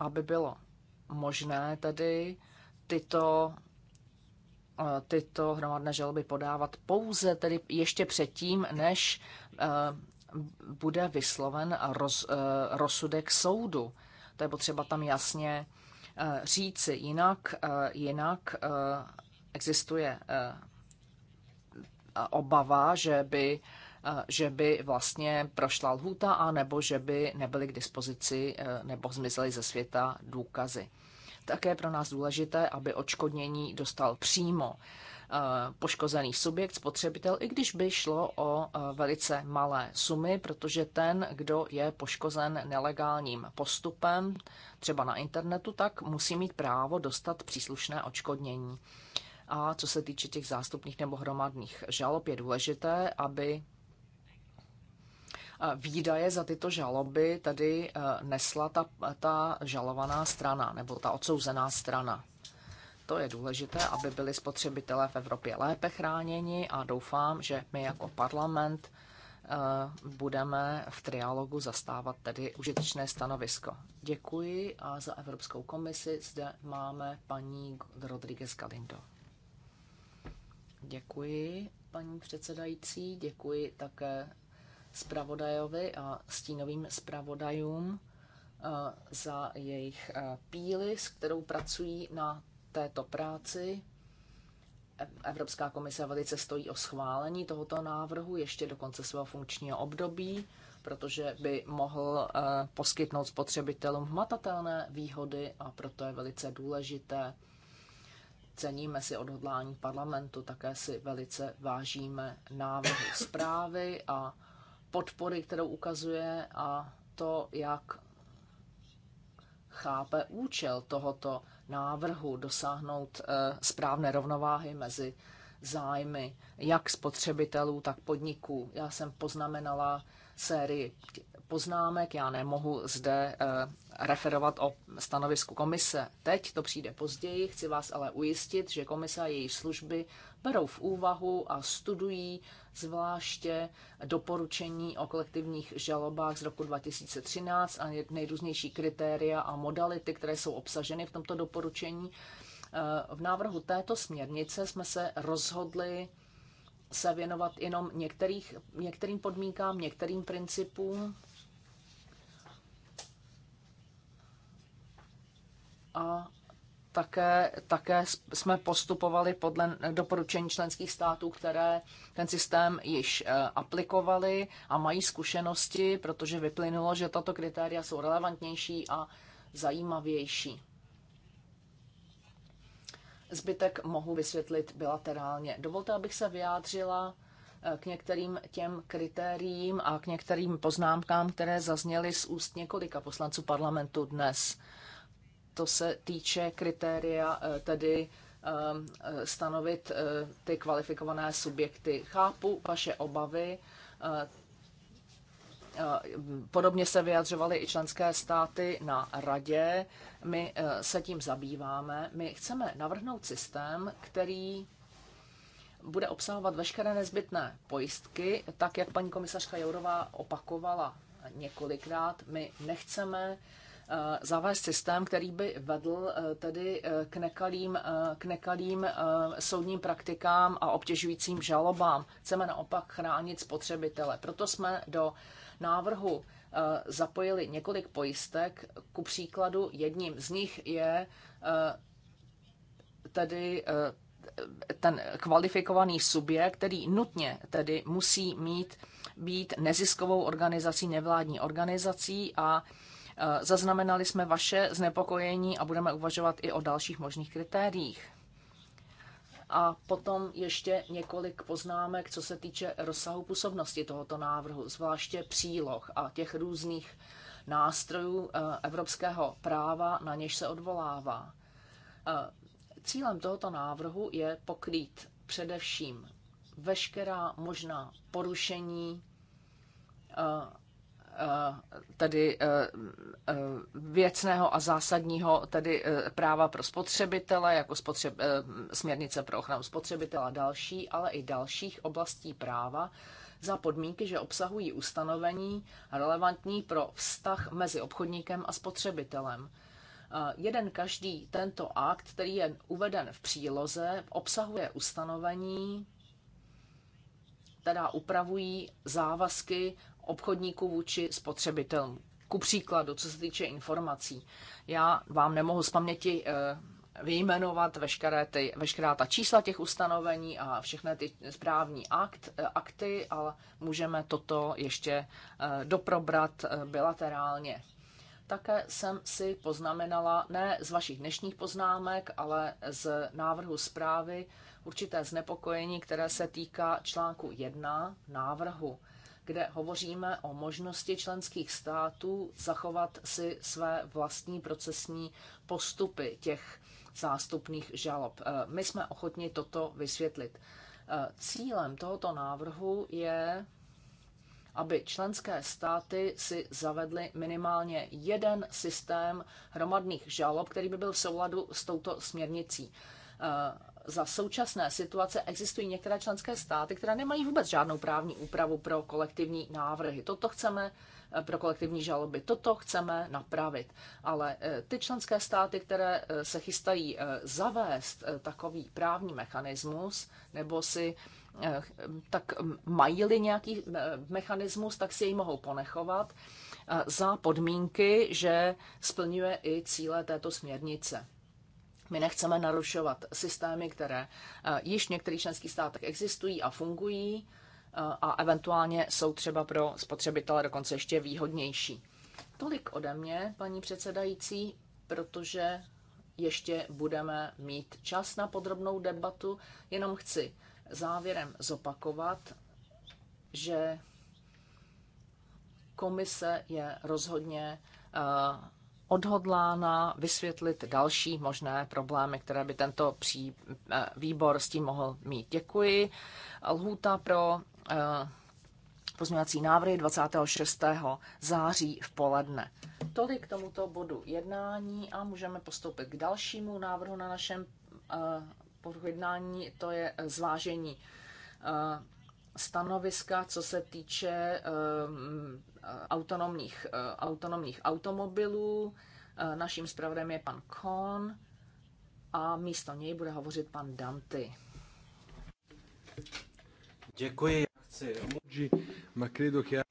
aby bylo možné tedy tyto eh, tyto hromadné žaloby podávat pouze tedy ještě předtím, než eh, bude vysloven roz, eh, rozsudek soudu. To je potřeba tam jasně říci. Jinak, jinak existuje obava, že by Eh, že by vlastně prošla lhůta, a nebo že by nebyly k dispozici eh, nebo zmizely ze světa důkazy. Také pro nás důležité, aby očkodnění dostal přímo eh, poškozený subjekt, spotřebitel, i když by šlo o velice malé sumy, protože ten, kdo je poškozen nelegálním postupem, třeba na internetu, tak musí mít právo dostat příslušné očkodnění. A co se týče těch zástupných nebo hromadných žalob, je důležité, aby Eh, výdaje za tyto žaloby tedy eh, nesla ta, ta žalovaná strana nebo ta odsouzená strana. To je důležité, aby byli spotřebitelé v Evropě lépe chráněni a doufám, že my jako parlament eh, budeme v triálogu zastávat tedy užitečné stanovisko. Děkuji a za Evropskou komisi zde máme paní Rodriguez Galindo. Děkuji, paní předsedající, děkuji také zpravodajovi a stínovým zpravodajům eh, za jejich eh, píly, s kterou pracují na této práci. Evropská komise velice stojí o schválení tohoto návrhu ještě do konce svého funkčního období, protože by mohl eh, poskytnout spotřebitelům hmatatelné výhody a proto je velice důležité. Ceníme si odhodlání parlamentu, také si velice vážíme návrhu zprávy a podpory, kterou ukazuje a to, jak chápe účel tohoto návrhu dosáhnout eh, správné rovnováhy mezi zájmy jak spotřebitelů, tak podniků. Já jsem poznamenala sérii poznámek, já nemohu zde eh, referovat o stanovisku komise. Teď to přijde později, chci vás ale ujistit, že komise a její služby berou v úvahu a studují zvláště doporučení o kolektivních žalobách z roku 2013 a nejrůznější kritéria a modality, které jsou obsaženy v tomto doporučení. Eh, v návrhu této směrnice jsme se rozhodli se věnovat jenom některých, některým podmínkám, některým principům. A také, také jsme postupovali podle doporučení členských států, které ten systém již eh, aplikovali a mají zkušenosti, protože vyplynulo, že tato kritéria jsou relevantnější a zajímavější. Zbytek mohu vysvětlit bilaterálně. Dovolte, abych se vyjádřila eh, k některým těm kritériím a k některým poznámkám, které zazněly z úst několika poslanců parlamentu dnes to se týče kritéria eh, tedy eh, eh, stanovit ty kvalifikované subjekty. Chápu vaše obavy. Podobně se vyjadřovaly i členské státy na radě. My se tím zabýváme. My chceme navrhnout systém, který bude obsahovat veškeré nezbytné pojistky, tak jak paní komisařka Jourová opakovala několikrát. My nechceme Eh, zavést systém, který by vedl eh, tedy eh, k nekalým, k nekalým soudním praktikám a obtěžujícím žalobám. Chceme naopak chránit spotřebitele. Proto jsme do návrhu zapojili několik pojistek. Ku příkladu jedním z nich je tedy ten kvalifikovaný subjekt, který nutně tedy musí mít být neziskovou organizací, nevládní organizací a Eh, zaznamenali jsme vaše znepokojení a budeme uvažovat i o dalších možných kritériích. A potom ještě několik poznámek, co se týče rozsahu působnosti tohoto návrhu, zvláště příloh a těch různých nástrojů eh, evropského práva, na něž se odvolává. Eh, cílem tohoto návrhu je pokrýt především veškerá možná porušení Eh, tedy eh, eh, věcného a zásadního tedy práva pro spotřebitele, jako spotřeb, směrnice pro ochranu spotřebitele a další, ale i dalších oblastí práva za podmínky, že obsahují ustanovení relevantní pro vztah mezi obchodníkem a spotřebitelem. Jeden každý tento akt, který je uveden v příloze, obsahuje ustanovení, která upravují závazky obchodníků vůči spotřebitelům. Ku příkladu, co se týče informací, já vám nemohu z paměti eh, vyjmenovat veškeré ty, veškerá ta čísla těch ustanovení a všechny ty správní akt, eh, akty, ale můžeme toto ještě eh, doprobrat bilaterálně. Také jsem si poznamenala, ne z vašich dnešních poznámek, ale z návrhu zprávy, určité znepokojení, které se týká článku 1 návrhu kde hovoříme o možnosti členských států zachovat si své vlastní procesní postupy těch zástupných žalob. Eh, my jsme ochotni toto vysvětlit. Eh, cílem tohoto návrhu je, aby členské státy si zavedly minimálně jeden systém hromadných žalob, který by byl v souladu s touto směrnicí eh, za současné situace existují některé členské státy, které nemají vůbec žádnou právní úpravu pro kolektivní návrhy. Toto chceme eh, pro kolektivní žaloby. Toto chceme napravit. Ale eh, ty členské státy, které eh, se chystají zavést takový právní mechanismus, nebo si tak mají-li nějaký mechanismus, tak si jej mohou ponechovat za podmínky, že splňuje i cíle této směrnice. My nechceme narušovat systémy, které eh, již v některých členských státech existují a fungují eh, a eventuálně jsou třeba pro spotřebitele dokonce ještě výhodnější. Tolik ode mě, paní předsedající, protože ještě budeme mít čas na podrobnou debatu. Jenom chci závěrem zopakovat, že komise je rozhodně eh, odhodlána vysvětlit další možné problémy, které by tento pří, eh, výbor s tím mohl mít. Děkuji. Lhůta pro eh, pozměňovací návrhy 26. září v poledne. Tolik k tomuto bodu jednání a můžeme postoupit k dalšímu návrhu na našem eh, pojednání, to je zvážení stanoviska, co se týče eh, autonomních, eh, autonomních automobilů. Eh, naším zpravodajem je pan Kohn a místo něj bude hovořit pan Danty. Děkuji.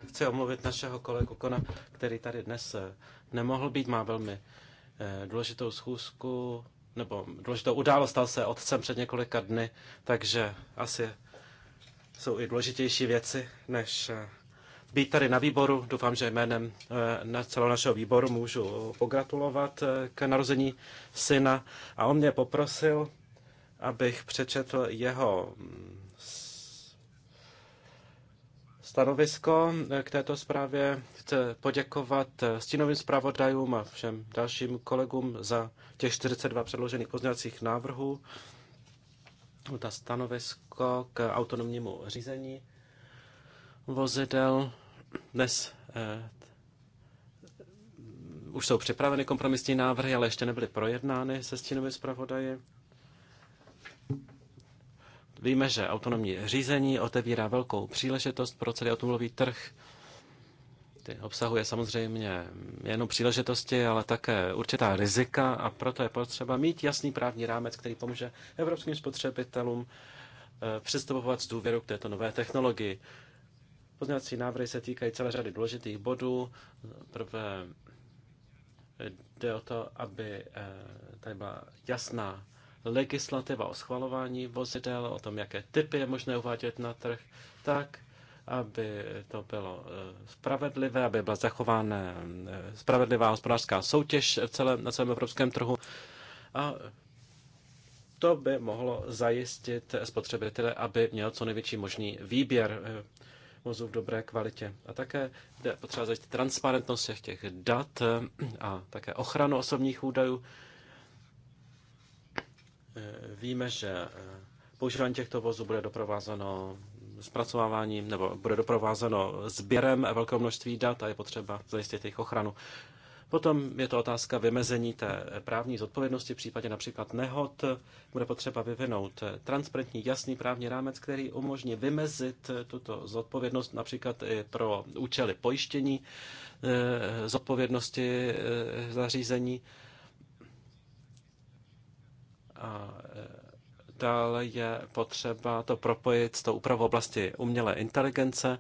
Chci omluvit našeho kolegu Kona, který tady dnes nemohl být, má velmi důležitou schůzku, nebo důležitou událost, stal se otcem před několika dny, takže asi jsou i důležitější věci, než eh, být tady na výboru. Doufám, že jménem eh, na celého našeho výboru můžu pogratulovat eh, k narození syna. A on mě poprosil, abych přečetl jeho mm, stanovisko k této zprávě. Chci poděkovat stínovým zpravodajům a všem dalším kolegům za těch 42 předložených pozměňovacích návrhů ta stanovisko k autonomnímu řízení vozidel. Dnes eh, už jsou připraveny kompromisní návrhy, ale ještě nebyly projednány se stínovými zpravodaji. Víme, že autonomní řízení otevírá velkou příležitost pro celý automobilový trh projekty. obsahuje samozřejmě jenom příležitosti, ale také určitá rizika a proto je potřeba mít jasný právní rámec, který pomůže evropským spotřebitelům eh, přistupovat z důvěru k této nové technologii. Pozměňovací návrhy se týkají celé řady důležitých bodů. Prvé jde o to, aby eh, tady byla jasná legislativa o schvalování vozidel, o tom, jaké typy je možné uvádět na trh, tak, aby to bylo eh, spravedlivé, aby byla zachována eh, spravedlivá hospodářská soutěž v celém, na celém evropském trhu. A to by mohlo zajistit spotřebitele, aby měl co největší možný výběr eh, vozů v dobré kvalitě. A také jde potřeba zajistit transparentnost všech těch dat a také ochranu osobních údajů. Víme, že používání těchto vozů bude doprovázeno zpracováváním nebo bude doprovázeno sběrem velkého množství dat a je potřeba zajistit jejich ochranu. Potom je to otázka vymezení té právní zodpovědnosti v případě například nehod. Bude potřeba vyvinout transparentní, jasný právní rámec, který umožní vymezit tuto zodpovědnost například i pro účely pojištění eh, zodpovědnosti eh, zařízení. A eh, Dále je potřeba to propojit s tou úpravou oblasti umělé inteligence.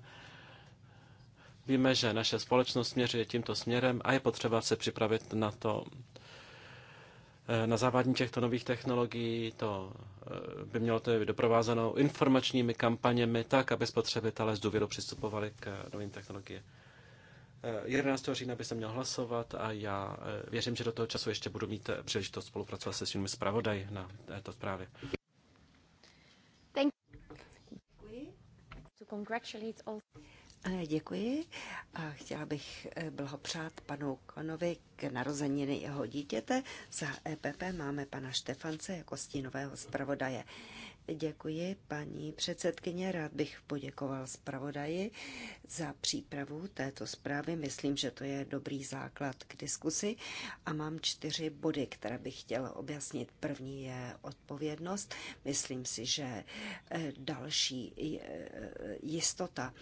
Víme, že naše společnost směřuje tímto směrem a je potřeba se připravit na to, eh, na závadní těchto nových technologií. To eh, by mělo to být doprovázeno informačními kampaněmi, tak, aby spotřebitelé z důvěru přistupovali k eh, novým technologiím. 11. října by se měl hlasovat a já věřím, že do toho času ještě budu mít příležitost spolupracovat se svými zpravodaj na této zprávě. Thank Děkuji. To congratulate all... Děkuji a chtěla bych eh, blahopřát panu Konovi k narozeniny jeho dítěte. Za EPP máme pana Štefance jako stínového zpravodaje. Děkuji, paní předsedkyně. Rád bych poděkoval zpravodaji za přípravu této zprávy. Myslím, že to je dobrý základ k diskusi a mám čtyři body, které bych chtěla objasnit. První je odpovědnost. Myslím si, že eh, další eh, jistota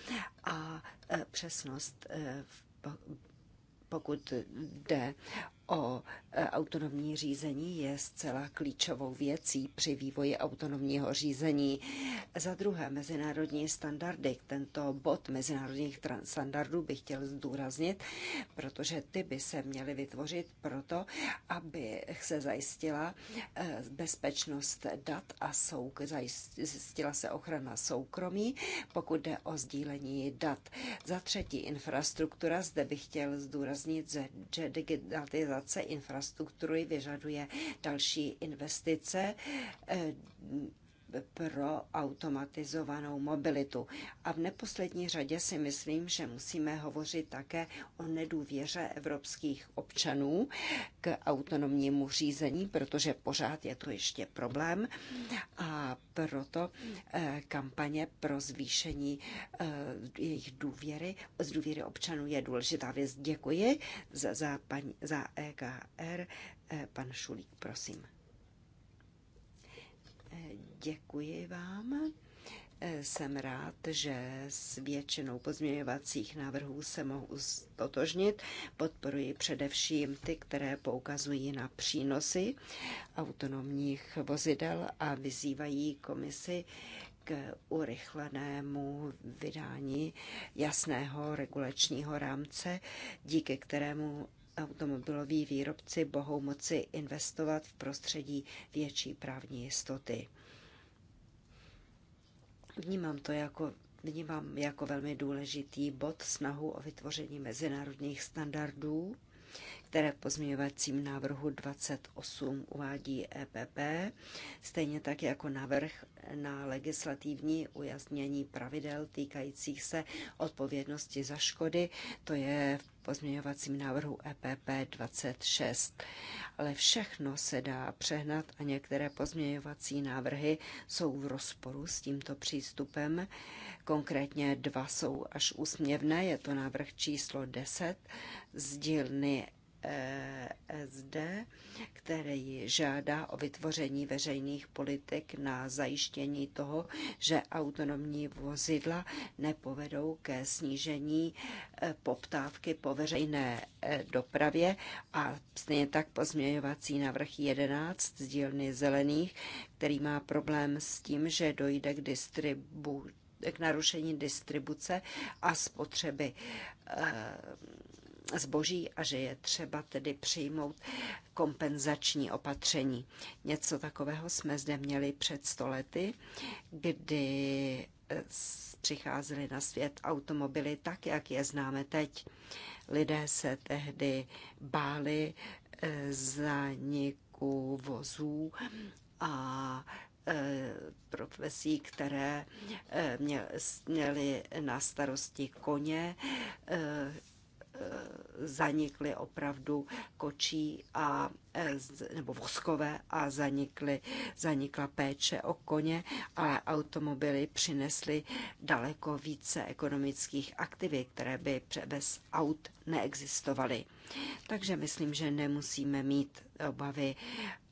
a eh, přesnost v pokud jde o e, autonomní řízení je zcela klíčovou věcí při vývoji autonomního řízení. Za druhé, mezinárodní standardy. Tento bod mezinárodních standardů bych chtěl zdůraznit, protože ty by se měly vytvořit proto, aby se zajistila e, bezpečnost dat a souk, zajistila se ochrana soukromí, pokud jde o sdílení dat. Za třetí, infrastruktura. Zde bych chtěl zdůraznit, že digitalizace modernizace infrastruktury vyžaduje další investice pro automatizovanou mobilitu. A v neposlední řadě si myslím, že musíme hovořit také o nedůvěře evropských občanů k autonomnímu řízení, protože pořád je to ještě problém a proto eh, kampaně pro zvýšení eh, jejich důvěry, z důvěry občanů je důležitá věc. Děkuji za, za, paní, za EKR. Eh, pan Šulík, prosím. Děkuji vám. Eh, Jsem rád, že s většinou pozměňovacích návrhů se mohu totožnit. Podporuji především ty, které poukazují na přínosy autonomních vozidel a vyzývají komisi k urychlenému vydání jasného regulačního rámce, díky kterému automobiloví výrobci mohou moci investovat v prostředí větší právní jistoty. Vnímám to jako, vnímám jako velmi důležitý bod snahu o vytvoření mezinárodních standardů, které v pozměňovacím návrhu 28 uvádí EPP, stejně tak jako návrh na legislativní ujasnění pravidel týkajících se odpovědnosti za škody, to je v pozměňovacím návrhu EPP 26. Ale všechno se dá přehnat a některé pozměňovací návrhy jsou v rozporu s tímto přístupem. Konkrétně dva jsou až úsměvné, je to návrh číslo 10 z dílny E SD, který žádá o vytvoření veřejných politik na zajištění toho, že autonomní vozidla nepovedou ke snížení e, poptávky po veřejné e, dopravě a stejně tak pozměňovací návrh 11 z dílny zelených, který má problém s tím, že dojde k distribu k narušení distribuce a spotřeby zboží a že je třeba tedy přijmout kompenzační opatření. Něco takového jsme zde měli před stolety, kdy eh, přicházely na svět automobily tak, jak je známe teď. Lidé se tehdy báli eh, zaniku vozů a eh, profesí, které měly na starosti koně, Eh, zanikly opravdu kočí a, eh, nebo voskové a zanikly, zanikla péče o koně, ale automobily přinesly daleko více ekonomických aktivit, které by bez aut neexistovaly. Takže myslím, že nemusíme mít obavy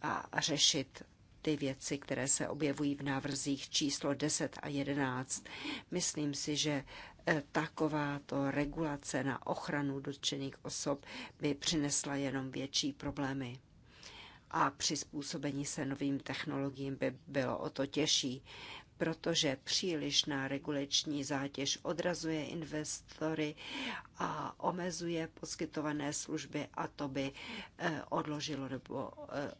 a řešit ty věci, které se objevují v návrzích číslo 10 a 11. Myslím si, že Eh, takováto regulace na ochranu dotčených osob by přinesla jenom větší problémy. A přizpůsobení se novým technologiím by bylo o to těžší protože přílišná regulační zátěž odrazuje investory a omezuje poskytované služby a to by eh, odložilo nebo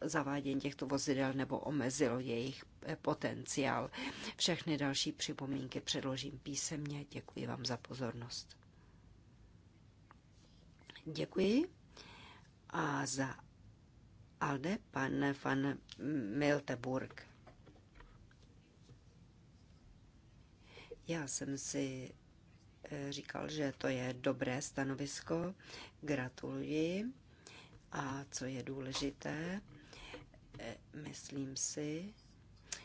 eh, zavádění těchto vozidel nebo omezilo jejich eh, potenciál. Všechny další připomínky předložím písemně. Děkuji vám za pozornost. Děkuji. A za Alde pan van Milteburg. Já jsem si eh, říkal, že to je dobré stanovisko, gratuluji. A co je důležité, eh, myslím si,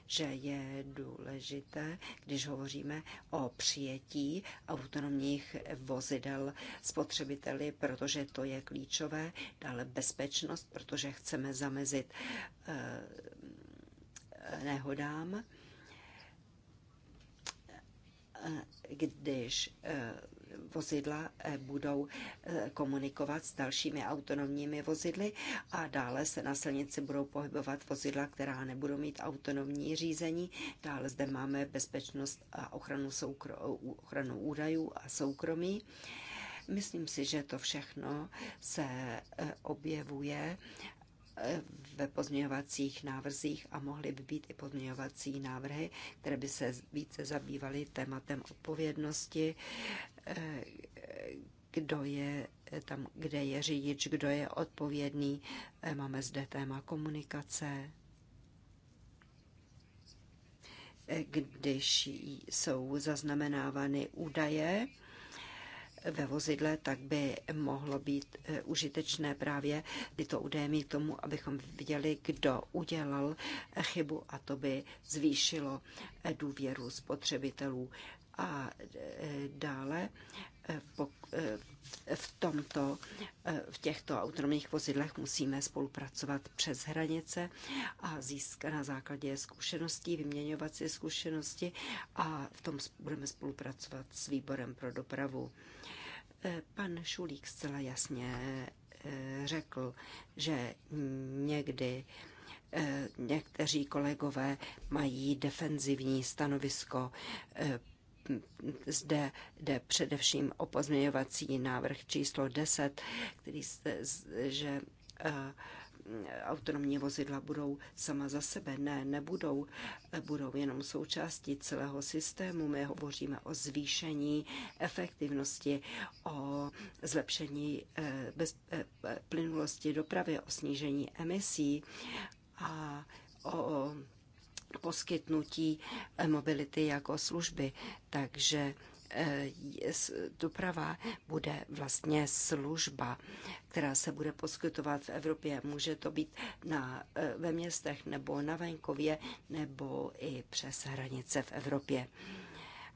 že je důležité, když hovoříme o přijetí autonomních vozidel spotřebiteli, protože to je klíčové, dále bezpečnost, protože chceme zamezit eh, nehodám když eh, vozidla eh, budou eh, komunikovat s dalšími autonomními vozidly a dále se na silnici budou pohybovat vozidla, která nebudou mít autonomní řízení. Dále zde máme bezpečnost a ochranu, soukro- ochranu údajů a soukromí. Myslím si, že to všechno se objevuje ve pozměňovacích návrzích a mohly by být i pozměňovací návrhy, které by se více zabývaly tématem odpovědnosti, eh, kdo je tam, kde je řidič, kdo je odpovědný. Eh, máme zde téma komunikace, eh, když jsou zaznamenávány údaje ve vozidle, tak by mohlo být eh, užitečné právě tyto údaje mít k tomu, abychom viděli, kdo udělal eh, chybu a to by zvýšilo eh, důvěru spotřebitelů. A dále Eh, eh, v, tomto, eh, v těchto autonomních vozidlech musíme spolupracovat přes hranice a získat na základě zkušeností, vyměňovat si zkušenosti a v tom budeme spolupracovat s výborem pro dopravu. Pan Šulík zcela jasně řekl, že někdy někteří kolegové mají defenzivní stanovisko zde jde především o pozměňovací návrh číslo 10, který jste, že eh, autonomní vozidla budou sama za sebe. Ne, nebudou. Budou jenom součástí celého systému. My hovoříme o zvýšení efektivnosti, o zlepšení eh, bez, eh, plynulosti dopravy, o snížení emisí a o poskytnutí eh, mobility jako služby. Takže eh, doprava bude vlastně služba, která se bude poskytovat v Evropě. Může to být na, eh, ve městech nebo na venkově nebo i přes hranice v Evropě.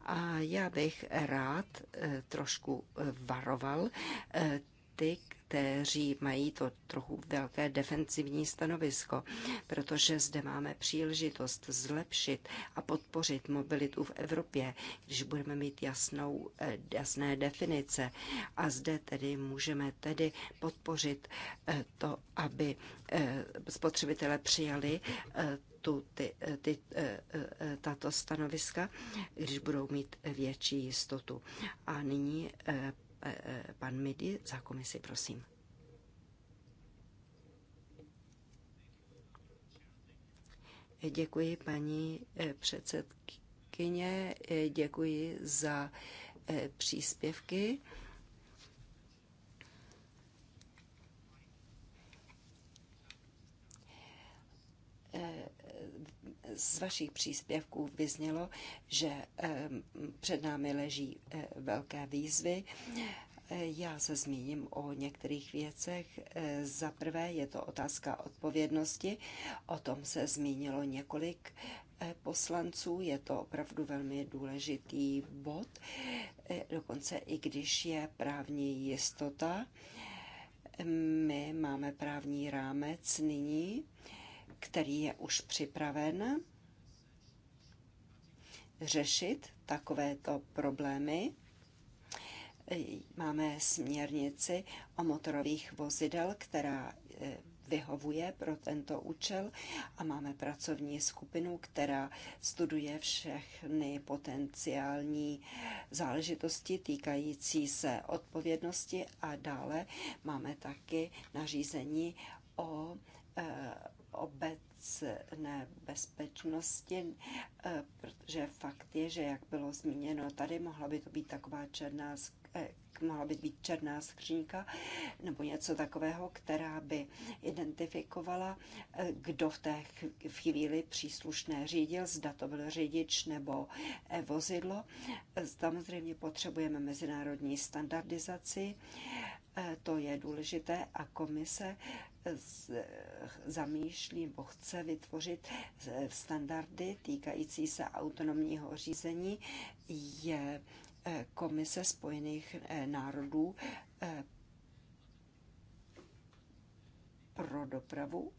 A já bych rád trošku varoval ty, kteří mají to trochu velké defensivní stanovisko, protože zde máme příležitost zlepšit a podpořit mobilitu v Evropě, když budeme mít jasnou, eh, jasné definice. A zde tedy můžeme tedy podpořit eh, to, aby eh, spotřebitele přijali tu, ty, ty, tato stanoviska, když budou mít větší jistotu. A nyní Eh, eh, pan Midi za komisi, prosím. Eh, děkuji, paní předsedkyně, děkuji za příspěvky. z vašich příspěvků vyznělo, že před námi leží e, velké výzvy. E, já se zmíním o některých věcech. E, za prvé je to otázka odpovědnosti. O tom se zmínilo několik poslanců. Je to opravdu velmi důležitý bod, dokonce i když je právní jistota. My máme právní rámec nyní, který je už připraven řešit takovéto problémy. Máme směrnici o motorových vozidel, která eh, vyhovuje pro tento účel a máme pracovní skupinu, která studuje všechny potenciální záležitosti týkající se odpovědnosti a dále máme taky nařízení o eh, obecné bezpečnosti, eh, protože fakt je, že jak bylo zmíněno tady, mohla by to být taková černá eh, mohla by být černá skřínka nebo něco takového, která by identifikovala, eh, kdo v té chvíli příslušné řídil, zda to byl řidič nebo vozidlo. Samozřejmě potřebujeme mezinárodní standardizaci, to je důležité a komise zamýšlí nebo chce vytvořit standardy týkající se autonomního řízení, je eh, Komise Spojených eh, národů eh, pro dopravu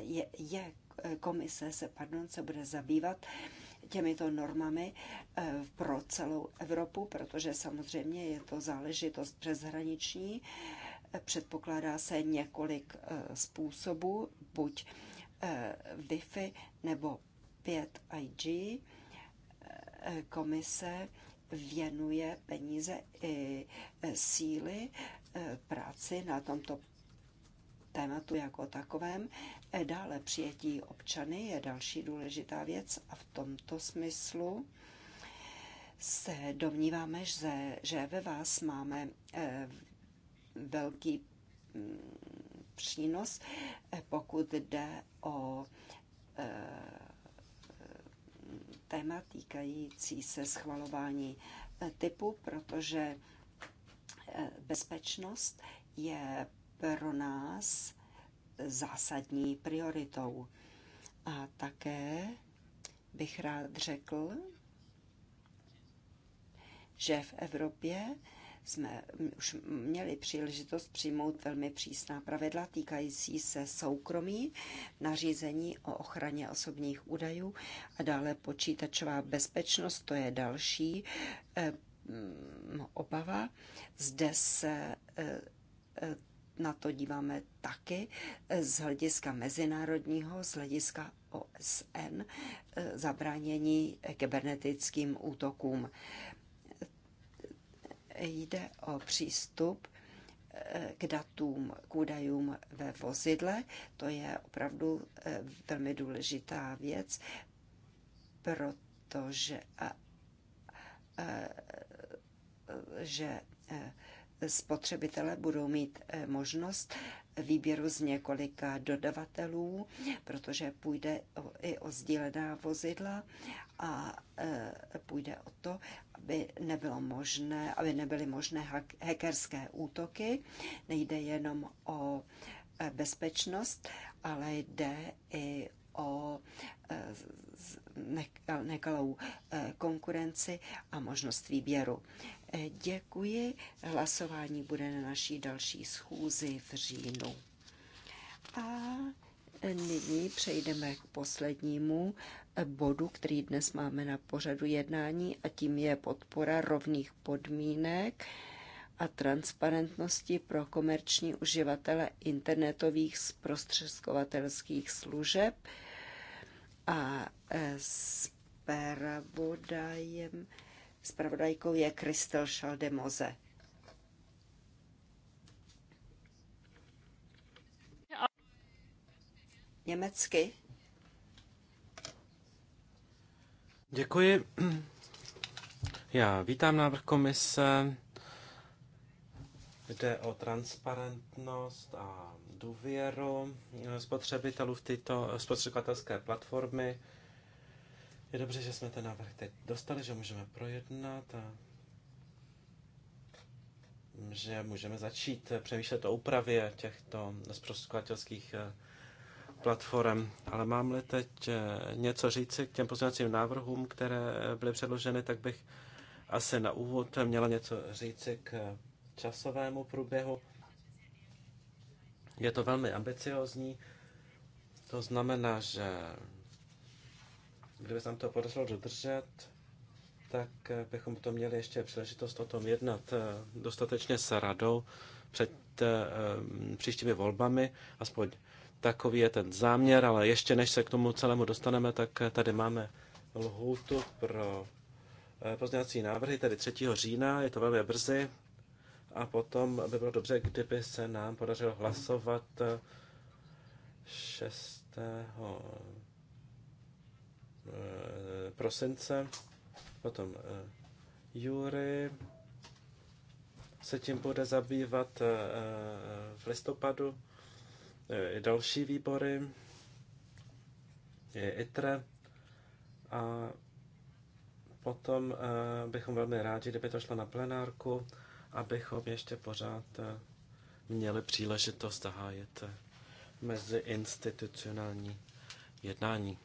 je, je komise se, pardon, se bude zabývat těmito normami eh, pro celou Evropu, protože samozřejmě je to záležitost přeshraniční. Eh, předpokládá se několik eh, způsobů, buď Wi-Fi nebo 5IG. Komise věnuje peníze i síly práci na tomto tématu jako takovém. E, dále přijetí občany je další důležitá věc a v tomto smyslu se domníváme, že, že ve vás máme e, velký mm, přínos, e, pokud jde o téma týkající se schvalování typu, protože bezpečnost je pro nás zásadní prioritou. A také bych rád řekl, že v Evropě jsme už měli příležitost přijmout velmi přísná pravidla týkající se soukromí, nařízení o ochraně osobních údajů a dále počítačová bezpečnost, to je další eh, obava. Zde se eh, eh, na to díváme taky z hlediska mezinárodního, z hlediska OSN, eh, zabránění kybernetickým útokům. Jde o přístup eh, k datům, k údajům ve vozidle. To je opravdu eh, velmi důležitá věc, protože že spotřebitele budou mít eh, možnost výběru z několika dodavatelů, protože půjde i o sdílená vozidla a eh, půjde o to, aby, nebylo možné, aby nebyly možné hackerské útoky. Nejde jenom o eh, bezpečnost, ale jde i o nekalou konkurenci a možnost výběru. Děkuji. Hlasování bude na naší další schůzi v říjnu. A nyní přejdeme k poslednímu bodu, který dnes máme na pořadu jednání a tím je podpora rovných podmínek a transparentnosti pro komerční uživatele internetových zprostředkovatelských služeb a eh, zpravodajem Spravodajkou je Kristel Šaldemoze. Německy. Děkuji. Já vítám návrh komise. Jde o transparentnost a důvěru spotřebitelů v tyto spotřebitelské platformy. Je dobře, že jsme ten návrh teď dostali, že můžeme projednat a že můžeme začít přemýšlet o úpravě těchto zprostředkovatelských eh, platform. Ale mám-li teď eh, něco říci k těm pozměňovacím návrhům, které eh, byly předloženy, tak bych asi na úvod měla něco říci k časovému průběhu. Je to velmi ambiciozní, to znamená, že kdyby se nám to podařilo dodržet, tak eh, bychom to měli ještě příležitost o tom jednat eh, dostatečně s radou před eh, příštími volbami, aspoň takový je ten záměr, ale ještě než se k tomu celému dostaneme, tak tady máme lhůtu pro pozněvací návrhy, tedy 3. října, je to velmi brzy, a potom by bylo dobře, kdyby se nám podařilo hlasovat 6. Eh, prosince, potom eh, Jury se tím bude zabývat eh, v listopadu, i další výbory, je ITRE a potom bychom velmi rádi, kdyby to šlo na plenárku, abychom ještě pořád měli příležitost zahájit mezi institucionální jednání.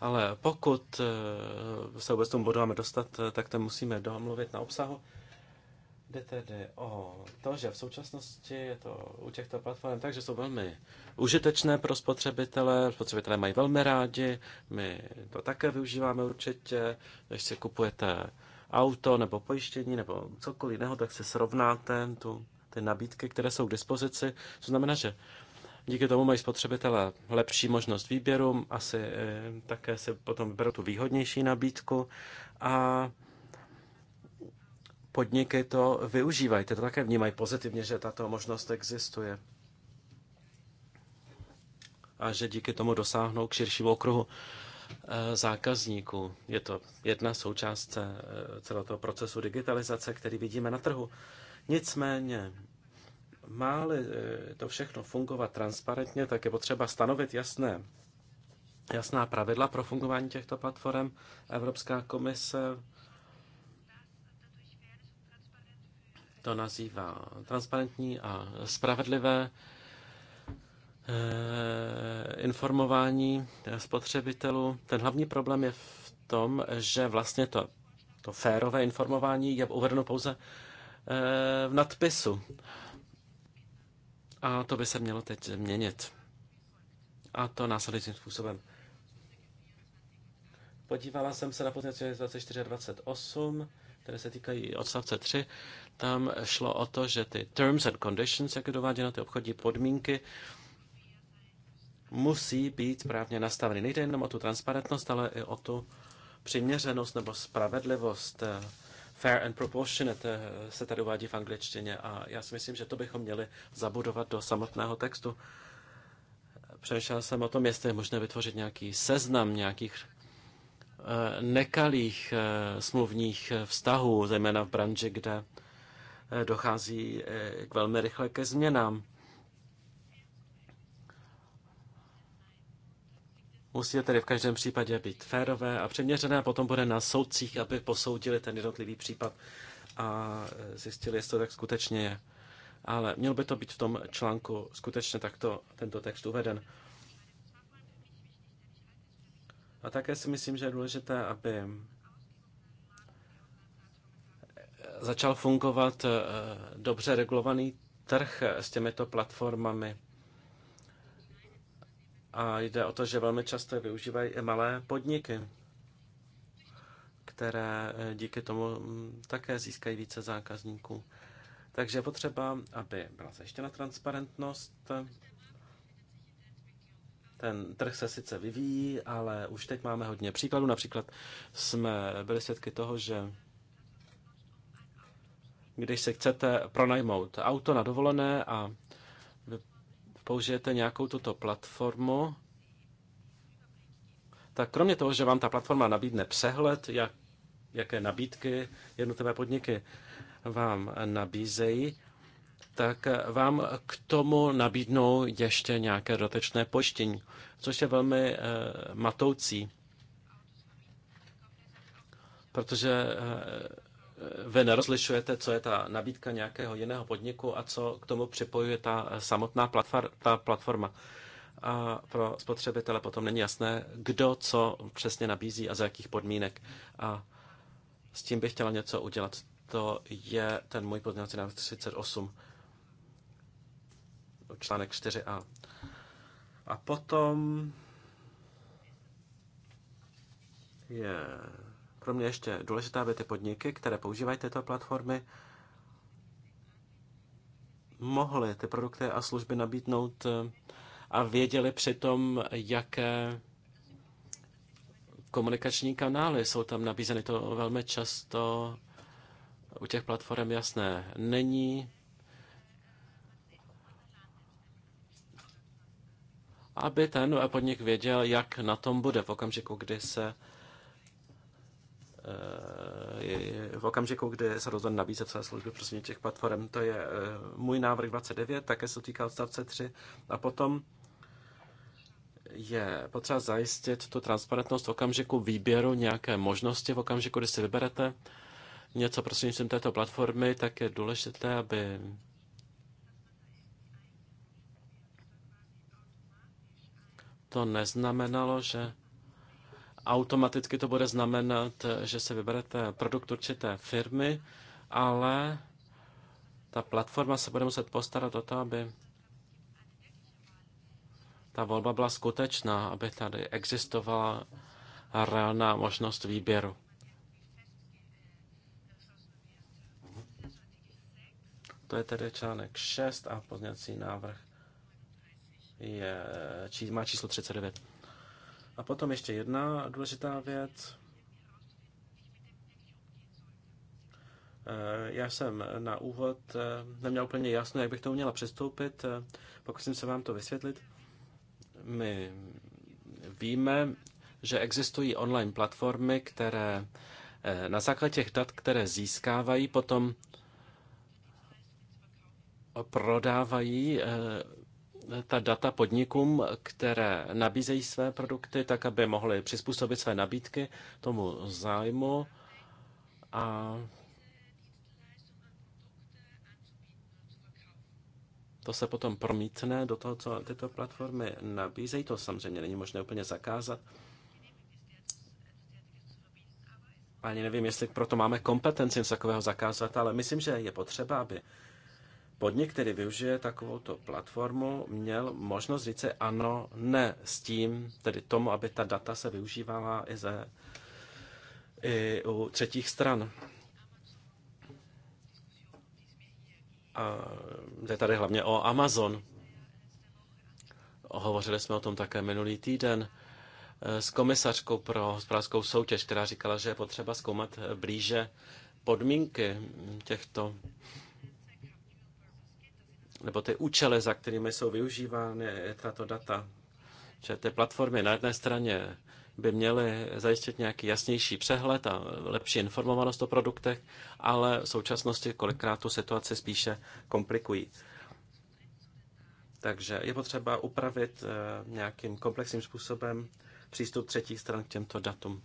ale pokud eh, se vůbec tomu bodu máme dostat, eh, tak to musíme domluvit na obsahu. Jde tedy o to, že v současnosti je to u těchto platform tak, že jsou velmi užitečné pro spotřebitele, spotřebitelé mají velmi rádi, my to také využíváme určitě, když si kupujete auto nebo pojištění nebo cokoliv jiného, tak si srovnáte tu, ty nabídky, které jsou k dispozici. To znamená, že Díky tomu mají spotřebitelé lepší možnost výběru, asi eh, také si potom vyberou tu výhodnější nabídku a podniky to využívají, ty to také vnímají pozitivně, že tato možnost existuje a že díky tomu dosáhnou k širšímu okruhu eh, zákazníků. Je to jedna součást eh, celého toho procesu digitalizace, který vidíme na trhu. Nicméně Máli eh, to všechno fungovat transparentně, tak je potřeba stanovit jasné, jasná pravidla pro fungování těchto platform. Evropská komise to nazývá transparentní a spravedlivé eh, informování spotřebitelů. Ten hlavní problém je v tom, že vlastně to, to férové informování je uvedeno pouze eh, v nadpisu. A to by se mělo teď změnit. A to následujícím způsobem. Podívala jsem se na potenciální 24 a 28, které se týkají odstavce 3. Tam šlo o to, že ty terms and conditions, jak je dováděno, na ty obchodní podmínky, musí být právně nastaveny. Nejde jenom o tu transparentnost, ale i o tu přiměřenost nebo spravedlivost eh, fair and proportionate eh, se tady uvádí v angličtině a já si myslím, že to bychom měli zabudovat do samotného textu. Přemýšlel jsem o tom, jestli je možné vytvořit nějaký seznam nějakých eh, nekalých eh, smluvních vztahů, zejména v branži, kde dochází k velmi rychle ke změnám. Musíte tedy v každém případě být férové a přiměřené a potom bude na soudcích, aby posoudili ten jednotlivý případ a e, zjistili, jestli to tak skutečně je. Ale měl by to být v tom článku skutečně takto tento text uveden. A také si myslím, že je důležité, aby e, začal fungovat e, dobře regulovaný trh s těmito platformami a jde o to, že velmi často využívají i malé podniky, které eh, díky tomu mm, také získají více zákazníků. Takže je potřeba, aby byla zajištěna transparentnost. Ten trh se sice vyvíjí, ale už teď máme hodně příkladů. Například jsme byli svědky toho, že když si chcete pronajmout auto na dovolené a použijete nějakou tuto platformu, tak kromě toho, že vám ta platforma nabídne přehled, jak, jaké nabídky jednotlivé podniky vám nabízejí, tak vám k tomu nabídnou ještě nějaké dotečné poštění, což je velmi eh, matoucí, protože eh, vy nerozlišujete, co je ta nabídka nějakého jiného podniku a co k tomu připojuje ta samotná platform, ta platforma. A pro spotřebitele potom není jasné, kdo co přesně nabízí a za jakých podmínek. A s tím bych chtěla něco udělat. To je ten můj pozměňovací návrh 38, článek 4a. A potom je yeah pro mě ještě důležité, aby ty podniky, které používají tyto platformy, mohly ty produkty a služby nabídnout eh, a věděli přitom, jaké komunikační kanály jsou tam nabízeny. To velmi často u těch platform jasné není. Aby ten podnik věděl, jak na tom bude v okamžiku, kdy se Eh, v okamžiku, kdy se rozhodne nabízet své služby prostřednictvím těch platform. To je eh, můj návrh 29, také se týká odstavce 3. A potom je potřeba zajistit tu transparentnost v okamžiku výběru nějaké možnosti, v okamžiku, kdy si vyberete něco prostřednictvím této platformy, tak je důležité, aby to neznamenalo, že Automaticky to bude znamenat, že se vyberete produkt určité firmy, ale ta platforma se bude muset postarat o to, aby ta volba byla skutečná, aby tady existovala reálná možnost výběru. To je tedy článek 6 a pozněcí návrh je, má číslo 39. A potom ještě jedna důležitá věc. Eh, já jsem na úvod eh, neměl úplně jasno, jak bych to měla přistoupit. Eh, pokusím se vám to vysvětlit. My víme, že existují online platformy, které na základě těch dat, které získávají, potom prodávají ta data podnikům, které nabízejí své produkty, tak aby mohly přizpůsobit své nabídky tomu zájmu a to se potom promítne do toho, co tyto platformy nabízejí. To samozřejmě není možné úplně zakázat. Ani nevím, jestli proto máme kompetenci takového zakázat, ale myslím, že je potřeba, aby podnik, který využije takovouto platformu, měl možnost říct ano, ne s tím, tedy tomu, aby ta data se využívala i, ze, i u třetích stran. A jde tady hlavně o Amazon. Hovořili jsme o tom také minulý týden eh, s komisařkou pro hospodářskou soutěž, která říkala, že je potřeba zkoumat eh, blíže podmínky těchto nebo ty účely, za kterými jsou využívány tato data. Že ty platformy na jedné straně by měly zajistit nějaký jasnější přehled a lepší informovanost o produktech, ale v současnosti kolikrát tu situaci spíše komplikují. Takže je potřeba upravit eh, nějakým komplexním způsobem přístup třetích stran k těmto datům.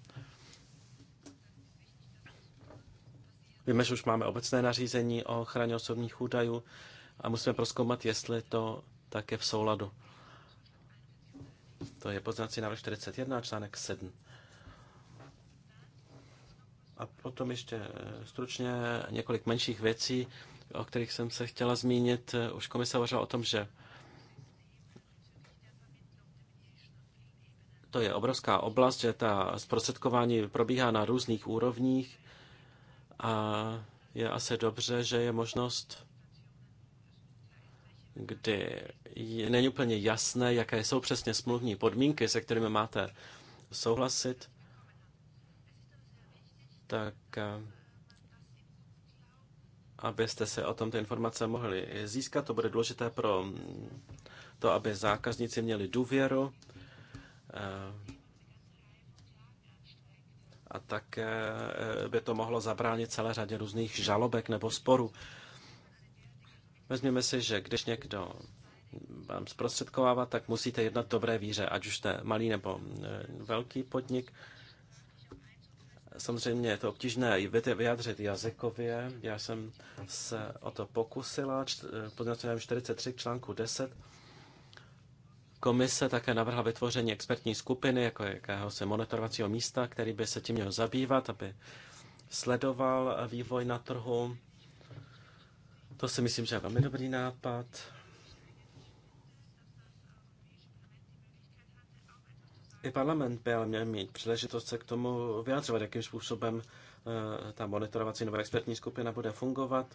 Víme, že už máme obecné nařízení o ochraně osobních údajů, a musíme proskoumat, jestli to tak je v souladu. To je poznací návrh 41 článek 7. A potom ještě eh, stručně několik menších věcí, o kterých jsem se chtěla zmínit. Eh, už komise hovořila o tom, že to je obrovská oblast, že ta zprostředkování probíhá na různých úrovních a je asi dobře, že je možnost kdy není úplně jasné, jaké jsou přesně smluvní podmínky, se kterými máte souhlasit, tak eh, abyste se o tom ty informace mohli získat. To bude důležité pro mm, to, aby zákazníci měli důvěru eh, a také eh, by to mohlo zabránit celé řadě různých žalobek nebo sporů. Vezměme si, že když někdo vám zprostředkovává, tak musíte jednat dobré víře, ať už jste malý nebo e, velký podnik. Samozřejmě je to obtížné vyjádřit jazykově. Já jsem se o to pokusila e, pod 43 k článku 10. Komise také navrhla vytvoření expertní skupiny, jako jakéhosi monitorovacího místa, který by se tím měl zabývat, aby sledoval vývoj na trhu to si myslím, že je velmi dobrý nápad. I parlament by ale měl mít příležitost se k tomu vyjadřovat, jakým způsobem eh, ta monitorovací nebo expertní skupina bude fungovat.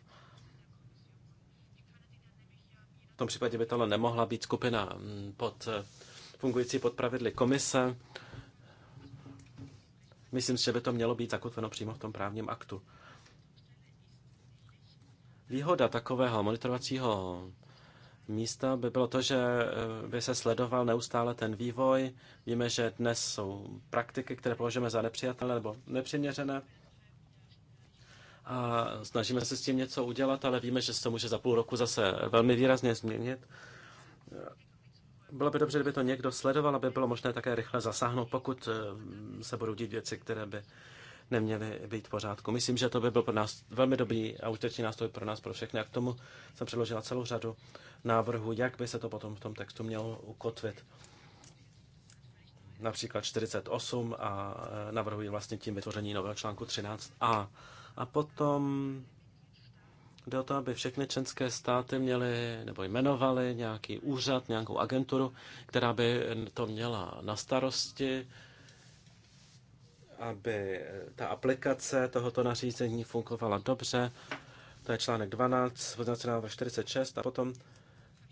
V tom případě by tohle nemohla být skupina mm, pod, eh, fungující pod pravidly komise. Myslím, že by to mělo být zakotveno přímo v tom právním aktu. Výhoda takového monitorovacího místa by bylo to, že eh, by se sledoval neustále ten vývoj. Víme, že dnes jsou praktiky, které považujeme za nepřijatelné nebo nepřiměřené. A snažíme se s tím něco udělat, ale víme, že se to může za půl roku zase velmi výrazně změnit. Bylo by dobře, kdyby to někdo sledoval, aby bylo možné také rychle zasáhnout, pokud eh, se budou dít věci, které by neměly být v pořádku. Myslím, že to by byl pro nás velmi dobrý a užitečný nástroj pro nás, pro všechny. A k tomu jsem předložila celou řadu návrhů, jak by se to potom v tom textu mělo ukotvit. Například 48 a e, navrhuji vlastně tím vytvoření nového článku 13a. A potom jde o to, aby všechny členské státy měly nebo jmenovaly nějaký úřad, nějakou agenturu, která by to měla na starosti aby eh, ta aplikace tohoto nařízení fungovala dobře. To je článek 12, poznací návrh 46 a potom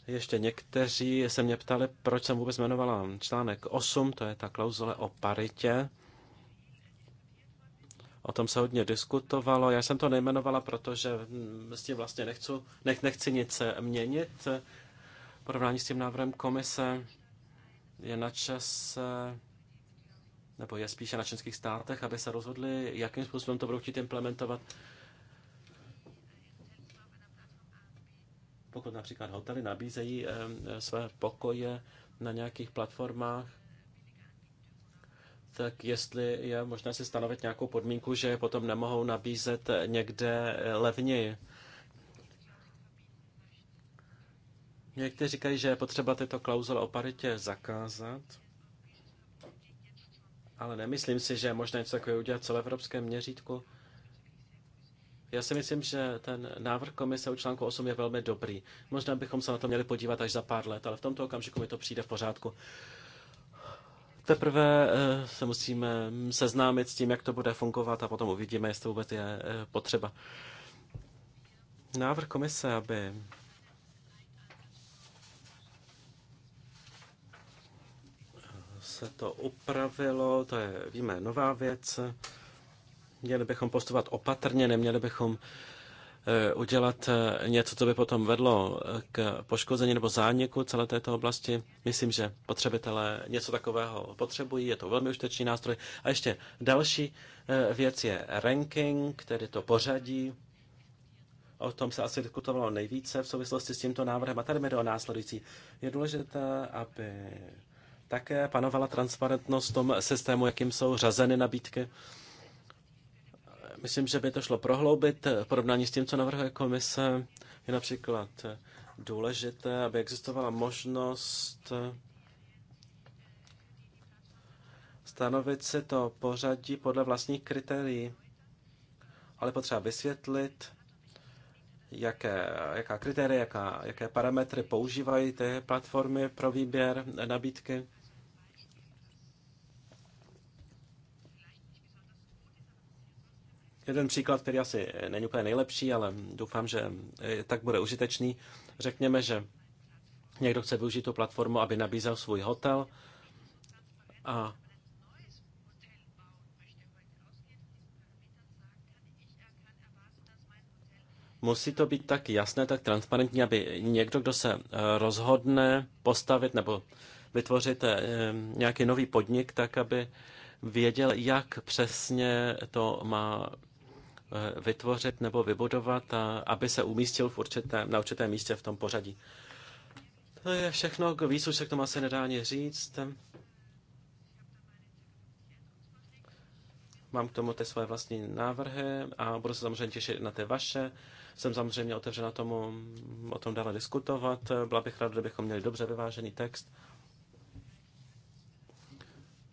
ještě někteří se mě ptali, proč jsem vůbec jmenovala článek 8, to je ta klauzule o paritě. O tom se hodně diskutovalo. Já jsem to nejmenovala, protože hm, s tím vlastně nechci, nech, nechci nic měnit. V porovnání s tím návrhem komise je na čase nebo je spíše na členských státech, aby se rozhodli, jakým způsobem to budou chtít implementovat. Pokud například hotely nabízejí eh, eh, své pokoje na nějakých platformách, tak jestli je možné si stanovit nějakou podmínku, že je potom nemohou nabízet někde levněji. Někteří říkají, že je potřeba tyto klauzule o paritě zakázat. Ale nemyslím si, že je možné něco takového udělat celoevropském měřítku. Já si myslím, že ten návrh komise u článku 8 je velmi dobrý. Možná bychom se na to měli podívat až za pár let, ale v tomto okamžiku mi to přijde v pořádku. Teprve eh, se musíme seznámit s tím, jak to bude fungovat a potom uvidíme, jestli to vůbec je eh, potřeba. Návrh komise, aby se to upravilo, to je, víme, nová věc. Měli bychom postupovat opatrně, neměli bychom eh, udělat eh, něco, co by potom vedlo eh, k poškození nebo zániku celé této oblasti. Myslím, že potřebitelé něco takového potřebují, je to velmi užitečný nástroj. A ještě další věc je ranking, tedy to pořadí. O tom se asi diskutovalo nejvíce v souvislosti s tímto návrhem. A tady mi jde o následující. Je důležité, aby také panovala transparentnost v tom systému, jakým jsou řazeny nabídky. Myslím, že by to šlo prohloubit. V porovnání s tím, co navrhuje komise, je například důležité, aby existovala možnost stanovit si to pořadí podle vlastních kritérií, ale potřeba vysvětlit, jaké, jaká kritéria, jaká, jaké parametry používají ty platformy pro výběr nabídky. Jeden příklad, který asi není úplně nejlepší, ale doufám, že tak bude užitečný. Řekněme, že někdo chce využít tu platformu, aby nabízel svůj hotel a musí to být tak jasné, tak transparentní, aby někdo, kdo se eh, rozhodne postavit nebo vytvořit eh, nějaký nový podnik, tak aby věděl, jak přesně to má Eh, vytvořit nebo vybudovat, aby se umístil v určité, na určitém místě v tom pořadí. To je všechno, víc už se k tomu asi nedá ani říct. Mám k tomu ty svoje vlastní návrhy a budu se samozřejmě těšit na ty vaše. Jsem samozřejmě otevřena tomu o tom dále diskutovat. Byla bych ráda, kdybychom měli dobře vyvážený text.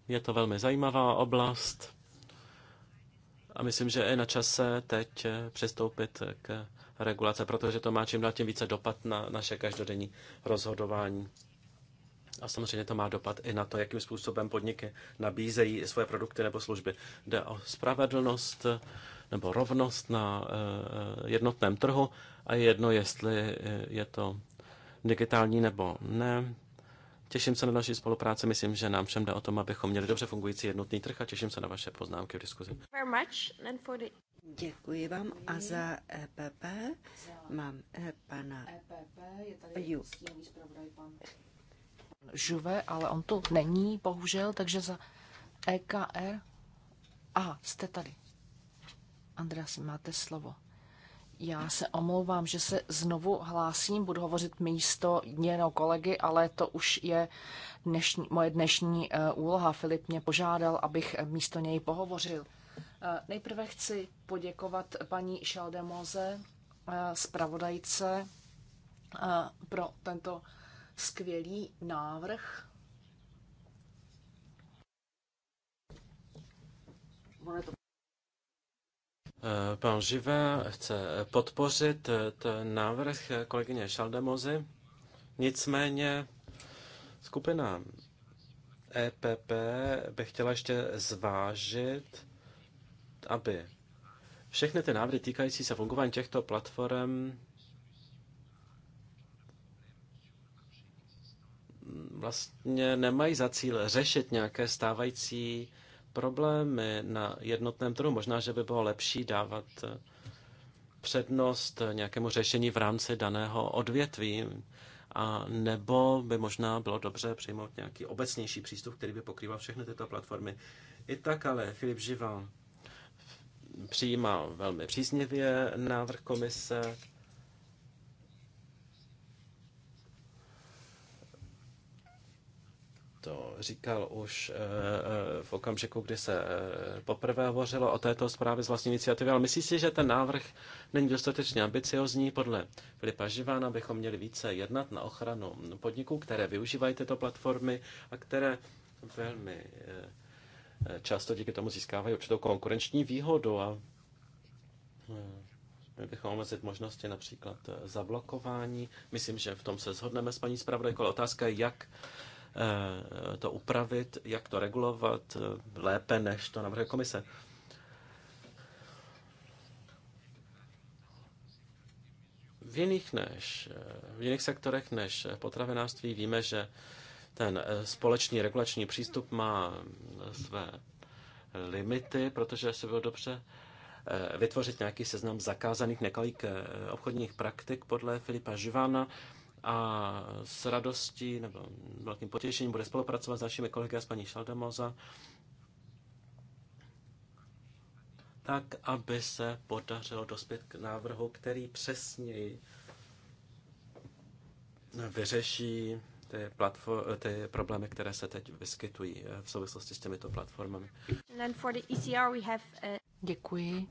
Je to velmi zajímavá oblast. A myslím, že je na čase teď eh, přistoupit eh, k regulace, protože to má čím dál tím více dopad na naše každodenní rozhodování. A samozřejmě to má dopad i na to, jakým způsobem podniky nabízejí svoje produkty nebo služby. Jde o spravedlnost eh, nebo rovnost na jednotném trhu a je jedno, jestli je to digitální nebo ne. Těším se na naši spolupráci. Myslím, že nám všem jde o tom, abychom měli dobře fungující jednotný trh a těším se na vaše poznámky v diskuzi. Děkuji vám a za EPP mám eh, pana e Ju. Žuve, ale on tu není, bohužel, takže za EKR. A jste tady. Andreas, máte slovo. Já se omlouvám, že se znovu hlásím, budu hovořit místo jiného kolegy, ale to už je dnešní, moje dnešní eh, úloha. Filip mě požádal, abych eh, místo něj pohovořil. Eh, nejprve chci poděkovat paní Šaldemoze, zpravodajce, pro tento skvělý návrh. Ono je to Eh, pan Živé chce podpořit eh, ten návrh kolegyně Šaldemozy, nicméně skupina EPP by chtěla ještě zvážit, aby všechny ty návrhy týkající se fungování těchto platform mm, vlastně nemají za cíl řešit nějaké stávající problémy na jednotném trhu. Možná, že by bylo lepší dávat eh, přednost eh, nějakému řešení v rámci daného odvětví, a nebo by možná bylo dobře přijmout nějaký obecnější přístup, který by pokrýval všechny tyto platformy. I tak ale Filip Živa přijímá velmi příznivě návrh komise, to říkal už eh, eh, v okamžiku, kdy se eh, poprvé hovořilo o této zprávě z vlastní iniciativy, ale myslím si, že ten návrh není dostatečně ambiciozní. Podle Filipa Živána bychom měli více jednat na ochranu podniků, které využívají tyto platformy a které velmi často díky tomu získávají určitou konkurenční výhodu a Měli bychom omezit možnosti například zablokování. Myslím, že v tom se shodneme s paní zpravodajkou. Otázka je, jak Eh, to upravit, jak to regulovat eh, lépe, než to navrhuje komise. V jiných, než, eh, v jiných sektorech než potravinářství víme, že ten společný regulační přístup má své limity, protože se bylo dobře vytvořit nějaký seznam zakázaných nekalých obchodních praktik podle Filipa Živana a s radostí nebo velkým potěšením bude spolupracovat s našimi kolegy a s paní Šaldamoza, tak, aby se podařilo dospět k návrhu, který přesněji vyřeší ty, platform, ty problémy, které se teď vyskytují eh, v souvislosti s těmito platformami. E eh, Děkuji.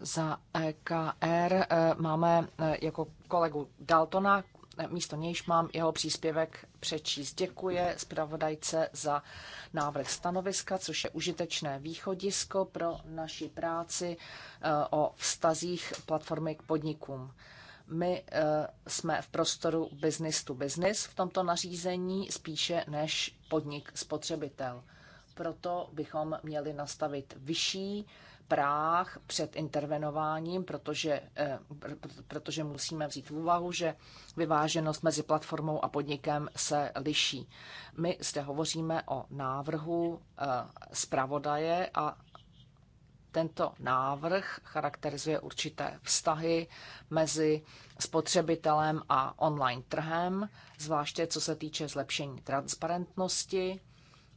Za EKR eh, máme jako kolegu Daltona, místo nějž mám jeho příspěvek přečíst. Děkuje zpravodajce za návrh stanoviska, což je užitečné východisko pro naši práci eh, o vztazích platformy k podnikům my eh, jsme v prostoru business to business v tomto nařízení spíše než podnik spotřebitel. Proto bychom měli nastavit vyšší práh před intervenováním, protože, eh, protože musíme vzít v úvahu, že vyváženost mezi platformou a podnikem se liší. My zde hovoříme o návrhu eh, zpravodaje a tento návrh charakterizuje určité vztahy mezi spotřebitelem a online trhem, zvláště co se týče zlepšení transparentnosti,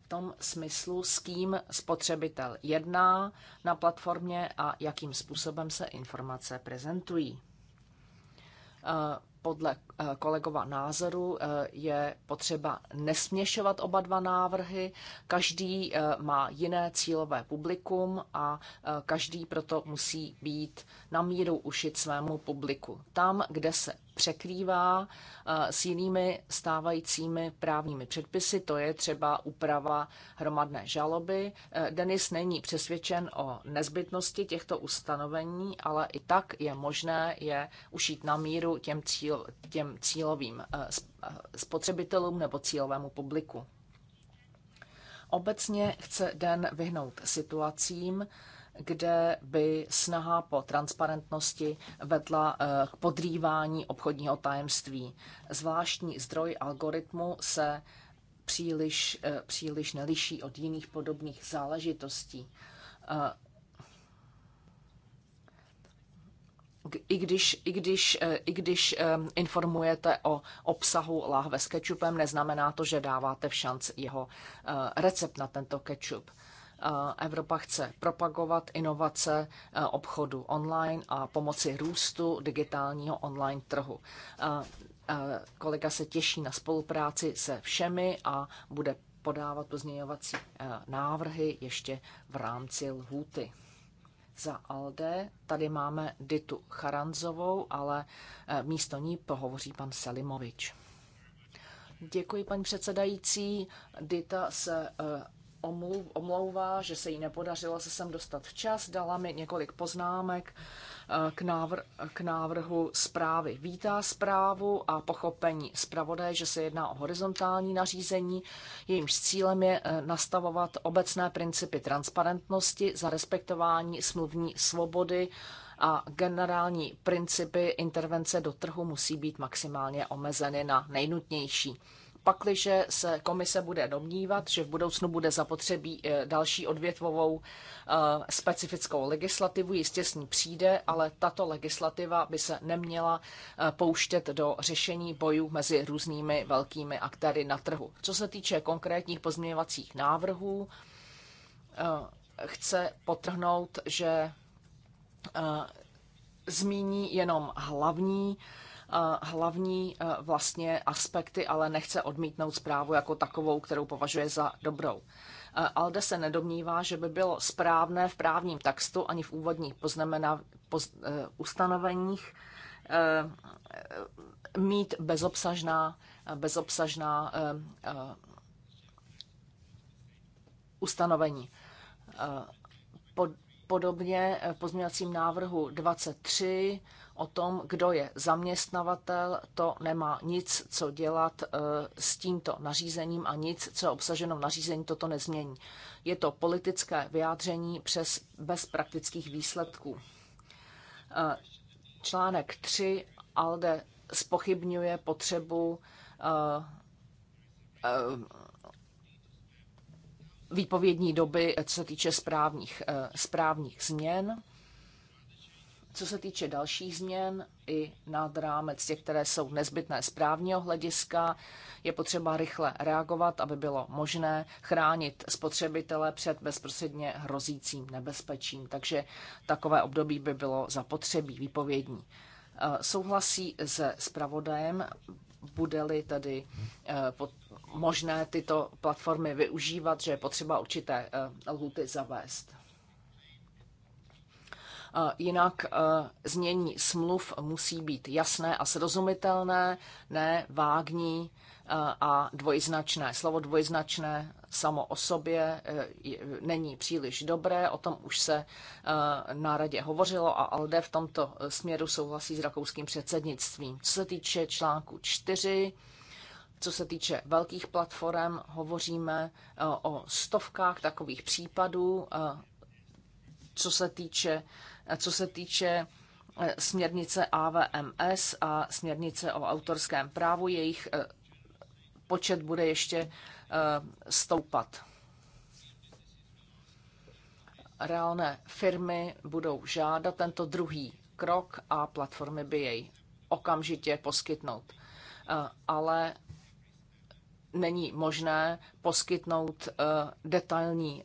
tom smyslu, s kým spotřebitel jedná na platformě a jakým způsobem se informace prezentují. Eh, podle Eh, kolegova názoru, eh, je potřeba nesměšovat oba dva návrhy. Každý eh, má jiné cílové publikum a každý proto musí být na míru ušit svému publiku. Tam, kde se překrývá s jinými stávajícími právními předpisy, to je třeba úprava hromadné žaloby. Denis není přesvědčen o nezbytnosti těchto ustanovení, ale i tak je možné je ušít na míru těm, cíl, těm těm cílovým eh, eh, spotřebitelům nebo cílovému publiku. Obecně chce den vyhnout situacím, kde by snaha po transparentnosti vedla eh, k podrývání obchodního tajemství. Zvláštní zdroj algoritmu se příliš, příliš neliší od jiných podobných záležitostí. i když, i když, eh, i když ehm, informujete o obsahu láhve s kečupem, neznamená to, že dáváte v šanc jeho eh, recept na tento kečup. Eh, Evropa chce propagovat inovace obchodu online a pomoci růstu digitálního online trhu. Kolega se těší na spolupráci se všemi a bude podávat pozměňovací návrhy ještě v rámci lhůty za ALDE. Tady máme Ditu Charanzovou, ale eh, místo ní pohovoří pan Selimovič. Děkuji, paní předsedající. Dita se eh, omluv, omlouvá, že se jí nepodařilo se sem dostat včas. Dala mi několik poznámek eh, k, návr, k návrhu zprávy. Vítá zprávu a pochopení zpravodaje, že se jedná o horizontální nařízení, jejímž cílem je eh, nastavovat obecné principy transparentnosti za respektování smluvní svobody a generální principy intervence do trhu musí být maximálně omezeny na nejnutnější pakliže se komise bude domnívat, že v budoucnu bude zapotřebí eh, další odvětvovou eh, specifickou legislativu, jistě s ní přijde, ale tato legislativa by se neměla eh, pouštět do řešení bojů mezi různými velkými aktéry na trhu. Co se týče konkrétních pozměňovacích návrhů, chce potrhnout, že zmíní jenom hlavní hlavní e, vlastně aspekty, ale nechce odmítnout zprávu jako takovou, kterou považuje za dobrou. E, Alde se nedomnívá, že by bylo správné v právním textu ani v úvodních poznamená, poz, e, ustanoveních mít bezobsažná, bezobsažná ustanovení. Pod, podobně v pozměňovacím návrhu 23 o tom, kdo je zaměstnavatel, to nemá nic, co dělat eh, s tímto nařízením a nic, co je obsaženo v nařízení, toto nezmění. Je to politické vyjádření přes, bez praktických výsledků. Eh, článek 3 ALDE spochybňuje potřebu eh, výpovědní doby, co se týče správních, správních změn. Co se týče dalších změn, i nad rámec těch, které jsou nezbytné z právního hlediska, je potřeba rychle reagovat, aby bylo možné chránit spotřebitele před bezprostředně hrozícím nebezpečím. Takže takové období by bylo zapotřebí výpovědní. Eh, souhlasí se zpravodajem, bude-li tedy eh, možné tyto platformy využívat, že je potřeba určité eh, lhuty zavést. Eh, jinak eh, znění smluv musí být jasné a srozumitelné, ne vágní eh, a dvojznačné. Slovo dvojznačné samo o sobě není příliš dobré, o tom už se na radě hovořilo a ALDE v tomto směru souhlasí s rakouským předsednictvím. Co se týče článku 4, co se týče velkých platform, hovoříme o stovkách takových případů. Co se týče co se týče eh, směrnice AVMS a směrnice o autorském právu, jejich eh, počet bude ještě eh, stoupat. Reálné firmy budou žádat tento druhý krok a platformy by jej okamžitě poskytnout. Ale není možné poskytnout detailní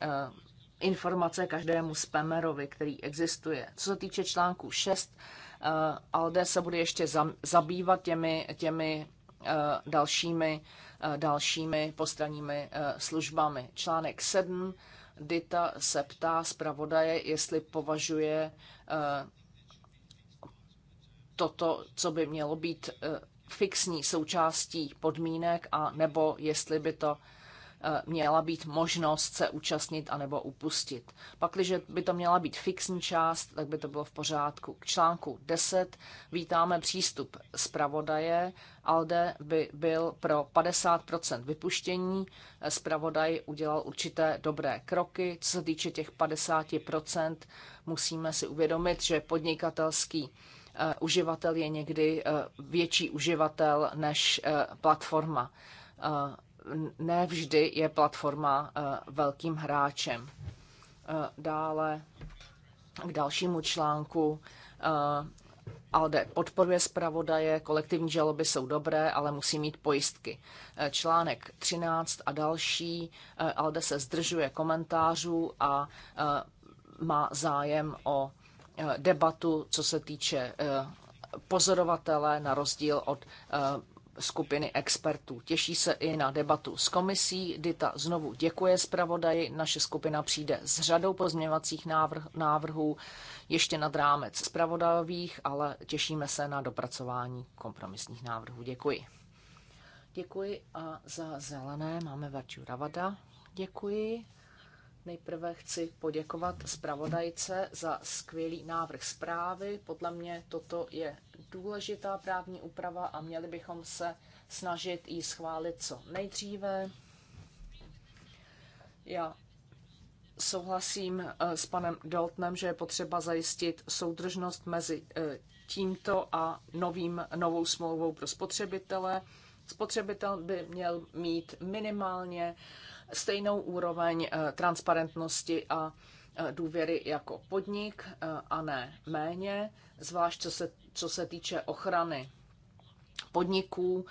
informace každému spamerovi, který existuje. Co se týče článku 6, eh, ALDE se bude ještě zabývat těmi, těmi eh, dalšími, eh, dalšími postranními službami. Článek 7. Dita se ptá zpravodaje, jestli považuje toto, co by mělo být fixní součástí podmínek, a nebo jestli by to Eh, měla být možnost se účastnit anebo upustit. Pakliže by to měla být fixní část, tak by to bylo v pořádku. K článku 10 vítáme přístup zpravodaje. Alde by byl pro 50% vypuštění. Zpravodaj udělal určité dobré kroky. Co se týče těch 50%, musíme si uvědomit, že podnikatelský eh, uživatel je někdy eh, větší uživatel než platforma ne vždy je platforma eh, velkým hráčem. Eh, dále k dalšímu článku. Eh, ALDE podporuje zpravodaje, kolektivní žaloby jsou dobré, ale musí mít pojistky. Článek 13 a další. ALDE se zdržuje komentářů a má zájem o debatu, co se týče pozorovatele, na rozdíl od skupiny expertů. Těší se i na debatu s komisí. Dita znovu děkuje zpravodaji. Naše skupina přijde s řadou pozměvacích návrh, návrhů ještě nad rámec zpravodajových, ale těšíme se na dopracování kompromisních návrhů. Děkuji. Děkuji a za zelené máme Varču Ravada. Děkuji. Nejprve chci poděkovat zpravodajce za skvělý návrh zprávy. Podle mě toto je důležitá právní úprava a měli bychom se snažit ji schválit co nejdříve. Já souhlasím eh, s panem Daltnem, že je potřeba zajistit soudržnost mezi eh, tímto a novým, novou smlouvou pro spotřebitele. Spotřebitel by měl mít minimálně uh, stejnou úroveň eh, transparentnosti a eh, důvěry jako podnik eh, a ne méně, zvlášť co se, co se týče ochrany podniků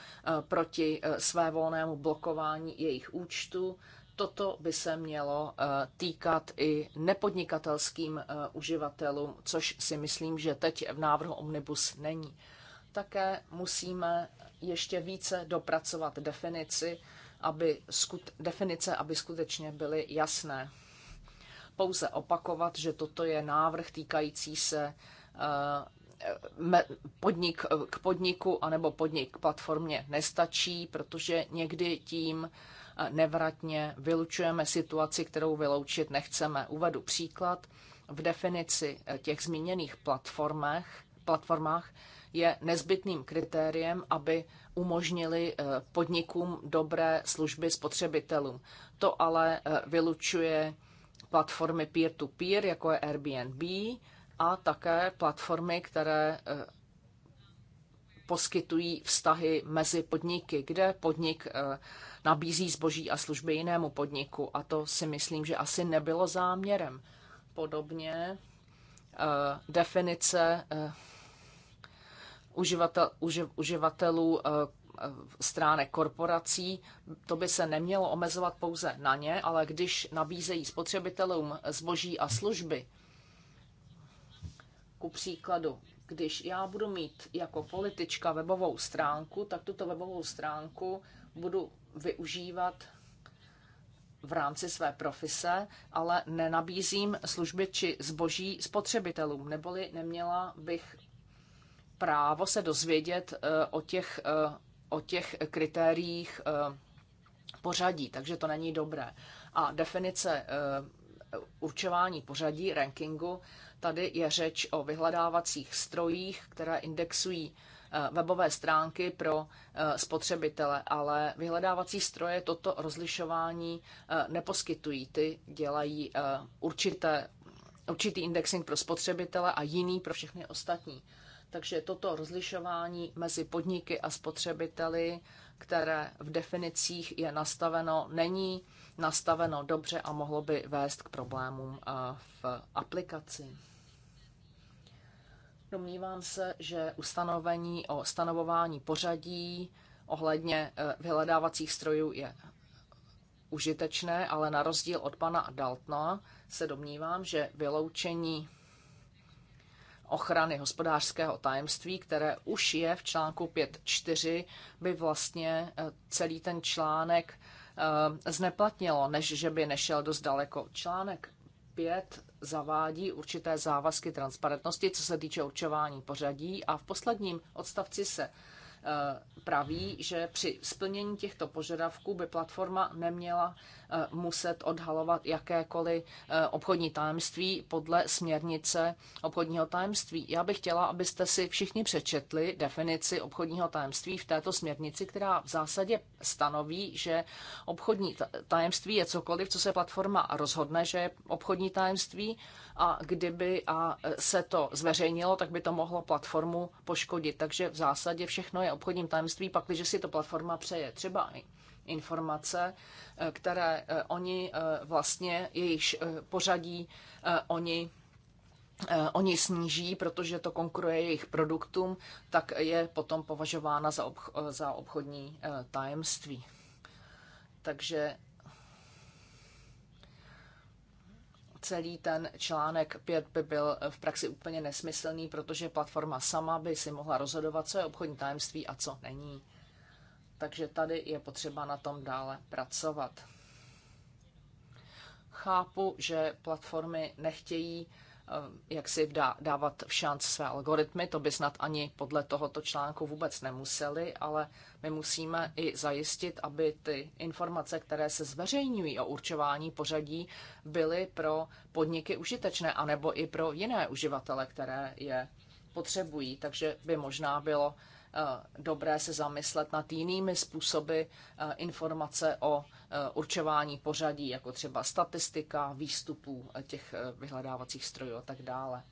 proti svévolnému blokování jejich účtu. Toto by se mělo týkat i nepodnikatelským uživatelům, což si myslím, že teď v návrhu Omnibus není. Také musíme ještě více dopracovat definici aby skut, definice, aby skutečně byly jasné. Pouze opakovat, že toto je návrh týkající se eh, podnik k podniku anebo podnik k platformě nestačí, protože někdy tím eh, nevratně vylučujeme situaci, kterou vyloučit nechceme. Uvedu příklad. V definici eh, těch zmíněných platformách je nezbytným kritériem, aby umožnili eh, podnikům dobré služby spotřebitelům. To ale eh, vylučuje platformy peer-to-peer, -peer, jako je Airbnb, a také platformy, které eh, poskytují vztahy mezi podniky, kde podnik nabízí zboží a služby jinému podniku. A to si myslím, že asi nebylo záměrem. Podobně definice uživatel, uživ, uživatelů eh, eh, stránek korporací. To by se nemělo omezovat pouze na ně, ale když nabízejí spotřebitelům zboží a služby, ku příkladu, když já budu mít jako politička webovou stránku, tak tuto webovou stránku budu využívat v rámci své profese, ale nenabízím služby či zboží spotřebitelům, neboli neměla bych právo se dozvědět eh, o těch, eh, o těch kritériích eh, pořadí, takže to není dobré. A definice určování pořadí, rankingu, tady je řeč o vyhledávacích strojích, které indexují webové stránky pro spotřebitele, ale vyhledávací stroje toto rozlišování neposkytují. Ty dělají určité, určitý indexing pro spotřebitele a jiný pro všechny ostatní. Takže toto rozlišování mezi podniky a spotřebiteli, které v definicích je nastaveno, není nastaveno dobře a mohlo by vést k problémům eh, v aplikaci. Domnívám se, že ustanovení o stanovování pořadí ohledně eh, vyhledávacích strojů je užitečné, ale na rozdíl od pana Daltna se domnívám, že vyloučení ochrany hospodářského tajemství, které už je v článku 5.4, by vlastně eh, celý ten článek eh, zneplatnilo, než že by nešel dost daleko. Článek 5 zavádí určité závazky transparentnosti, co se týče určování pořadí a v posledním odstavci se Eh, praví, že při splnění těchto požadavků by platforma neměla eh, muset odhalovat jakékoliv eh, obchodní tajemství podle směrnice obchodního tajemství. Já bych chtěla, abyste si všichni přečetli definici obchodního tajemství v této směrnici, která v zásadě stanoví, že obchodní tajemství je cokoliv, co se platforma rozhodne, že je obchodní tajemství, a kdyby a e, se to zveřejnilo, tak by to mohlo platformu poškodit. Takže v zásadě všechno je obchodním tajemství, pak když si to platforma přeje. Třeba informace, e, které e, oni vlastně, jejich pořadí oni oni sníží, protože to konkuruje jejich produktům, tak je potom považována za, obch- za obchodní tajemství. Takže celý ten článek 5 by byl v praxi úplně nesmyslný, protože platforma sama by si mohla rozhodovat, co je obchodní tajemství a co není. Takže tady je potřeba na tom dále pracovat. Chápu, že platformy nechtějí Eh, jak si dá, dávat v šanc své algoritmy, to by snad ani podle tohoto článku vůbec nemuseli, ale my musíme i zajistit, aby ty informace, které se zveřejňují o určování pořadí, byly pro podniky užitečné, anebo i pro jiné uživatele, které je potřebují. Takže by možná bylo Eh, dobré se zamyslet nad jinými způsoby eh, informace o eh, určování pořadí, jako třeba statistika výstupů těch vyhledávacích strojů a tak dále.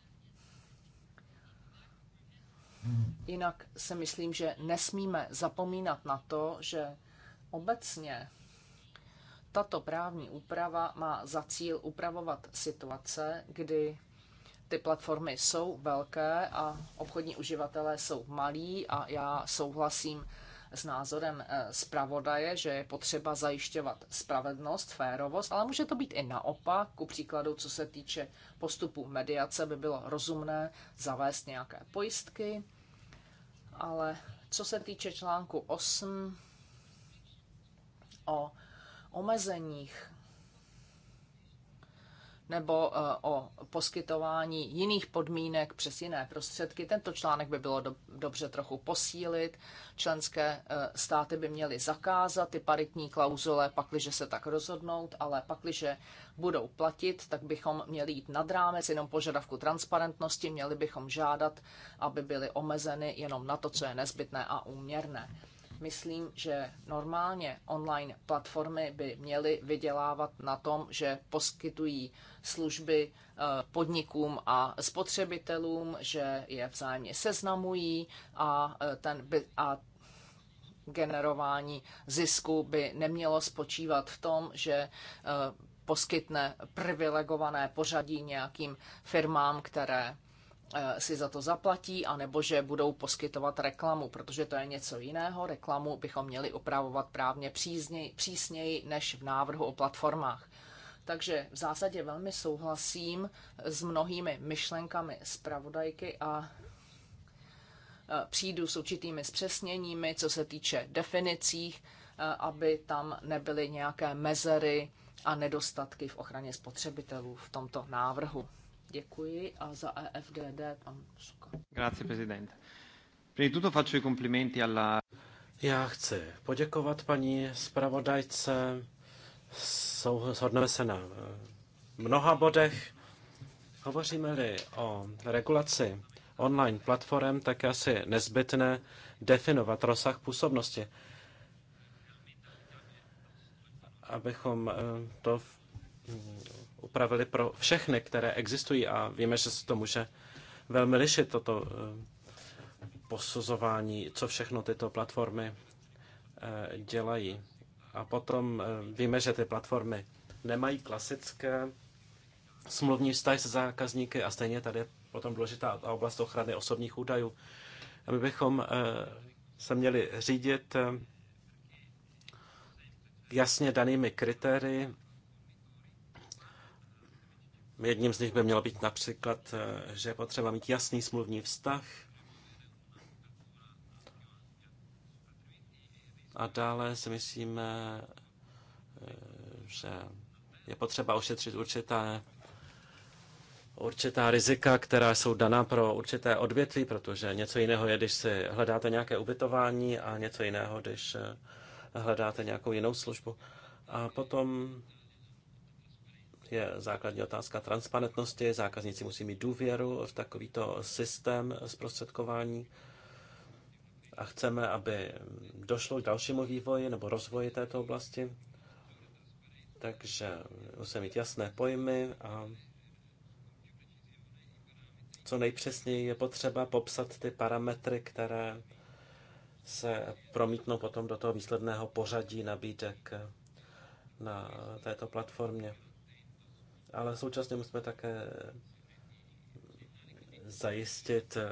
Jinak si myslím, že nesmíme zapomínat na to, že obecně tato právní úprava má za cíl upravovat situace, kdy ty platformy jsou velké a obchodní uživatelé jsou malí a já souhlasím s názorem eh, zpravodaje, že je potřeba zajišťovat spravedlnost, férovost, ale může to být i naopak. Ku příkladu, co se týče postupu mediace, by bylo rozumné zavést nějaké pojistky, ale co se týče článku 8 o omezeních nebo eh, o poskytování jiných podmínek přes jiné prostředky. Tento článek by bylo do, dobře trochu posílit. Členské eh, státy by měly zakázat ty paritní klauzule, pakliže se tak rozhodnout, ale pakliže budou platit, tak bychom měli jít nad rámec jenom požadavku transparentnosti, měli bychom žádat, aby byly omezeny jenom na to, co je nezbytné a úměrné. Myslím, že normálně online platformy by měly vydělávat na tom, že poskytují služby eh, podnikům a spotřebitelům, že je vzájemně seznamují a, eh, ten, a generování zisku by nemělo spočívat v tom, že eh, poskytne privilegované pořadí nějakým firmám, které Eh, si za to zaplatí, anebo že budou poskytovat reklamu, protože to je něco jiného. Reklamu bychom měli upravovat právně přízněj, přísněji než v návrhu o platformách. Takže v zásadě velmi souhlasím s mnohými myšlenkami zpravodajky a eh, přijdu s určitými zpřesněními, co se týče definicí, eh, aby tam nebyly nějaké mezery a nedostatky v ochraně spotřebitelů v tomto návrhu. Děkuji a za EFDD pan Suka. Grazie, prezident. Prima tutto faccio i complimenti alla... Já chci poděkovat paní zpravodajce. Shodneme se na eh, mnoha bodech. Hovoříme-li o regulaci online platform, tak je asi nezbytné definovat rozsah působnosti, abychom eh, to upravili pro všechny, které existují a víme, že se to může velmi lišit, toto eh, posuzování, co všechno tyto platformy eh, dělají. A potom eh, víme, že ty platformy nemají klasické smluvní vztahy se zákazníky a stejně tady je potom důležitá oblast ochrany osobních údajů. A my bychom se měli řídit jasně danými kritérii Jedním z nich by mělo být například, eh, že je potřeba mít jasný smluvní vztah a dále si myslíme, eh, že je potřeba ošetřit určité určitá rizika, která jsou daná pro určité odvětví, protože něco jiného je, když si hledáte nějaké ubytování a něco jiného, když eh, hledáte nějakou jinou službu. A potom je základní otázka transparentnosti. Zákazníci musí mít důvěru v takovýto systém zprostředkování a chceme, aby došlo k dalšímu vývoji nebo rozvoji této oblasti. Takže musíme mít jasné pojmy a co nejpřesněji je potřeba popsat ty parametry, které se promítnou potom do toho výsledného pořadí nabídek na této platformě ale současně musíme také zajistit eh,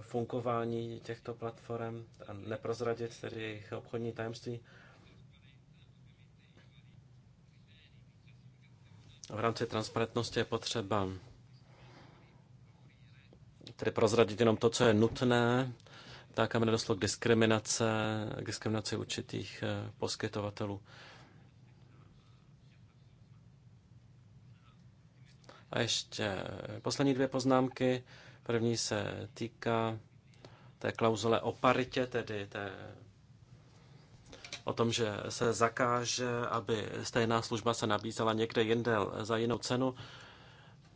fungování těchto platform a neprozradit tedy jejich obchodní tajemství. V rámci transparentnosti je potřeba tedy prozradit jenom to, co je nutné, tak, aby nedošlo k diskriminace, k diskriminaci určitých eh, poskytovatelů. A ještě poslední dvě poznámky. První se týká té klauzule o paritě, tedy té, o tom, že se zakáže, aby stejná služba se nabízela někde jinde za jinou cenu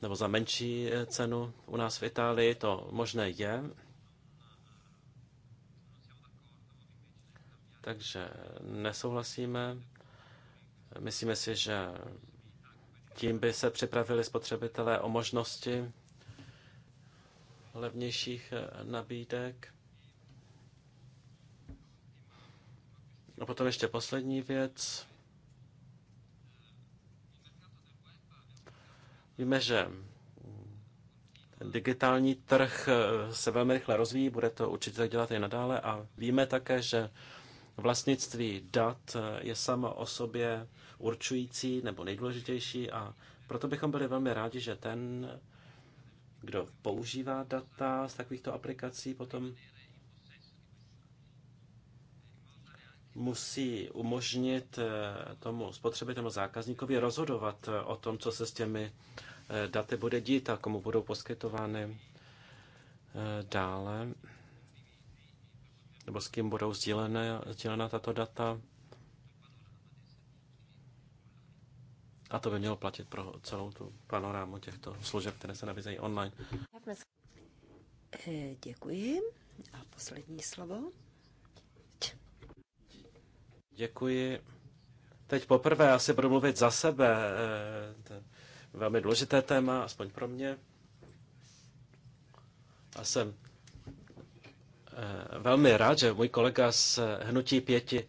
nebo za menší cenu. U nás v Itálii to možné je. Takže nesouhlasíme. Myslíme si, že tím by se připravili spotřebitelé o možnosti levnějších eh, nabídek. A potom ještě poslední věc. Víme, že digitální trh eh, se velmi rychle rozvíjí, bude to určitě tak dělat i nadále a víme také, že vlastnictví dat eh, je samo o sobě určující nebo nejdůležitější a proto bychom byli velmi rádi, že ten, kdo používá data z takovýchto aplikací, potom musí umožnit eh, tomu spotřebitelu zákazníkovi rozhodovat eh, o tom, co se s těmi eh, daty bude dít a komu budou poskytovány dále, nebo s kým budou sdílena, sdílena tato data. A to by mělo platit pro celou tu panorámu těchto služeb, které se nabízejí online. Eh, děkuji. A poslední slovo. Děkuji. Teď poprvé asi budu mluvit za sebe. Eh, to je velmi důležité téma, aspoň pro mě. A jsem eh, velmi rád, že můj kolega z Hnutí pěti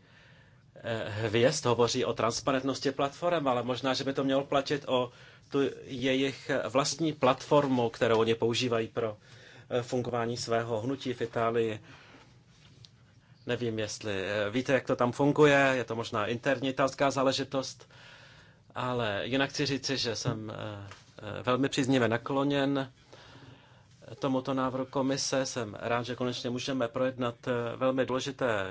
hvězd hovoří o transparentnosti platform, ale možná, že by to mělo platit o tu jejich vlastní platformu, kterou oni používají pro eh, fungování svého hnutí v Itálii. Nevím, jestli eh, víte, jak to tam funguje, je to možná interní italská záležitost, ale jinak chci říci, že jsem eh, velmi příznivě nakloněn tomuto návrhu komise. Jsem rád, že konečně můžeme projednat velmi důležité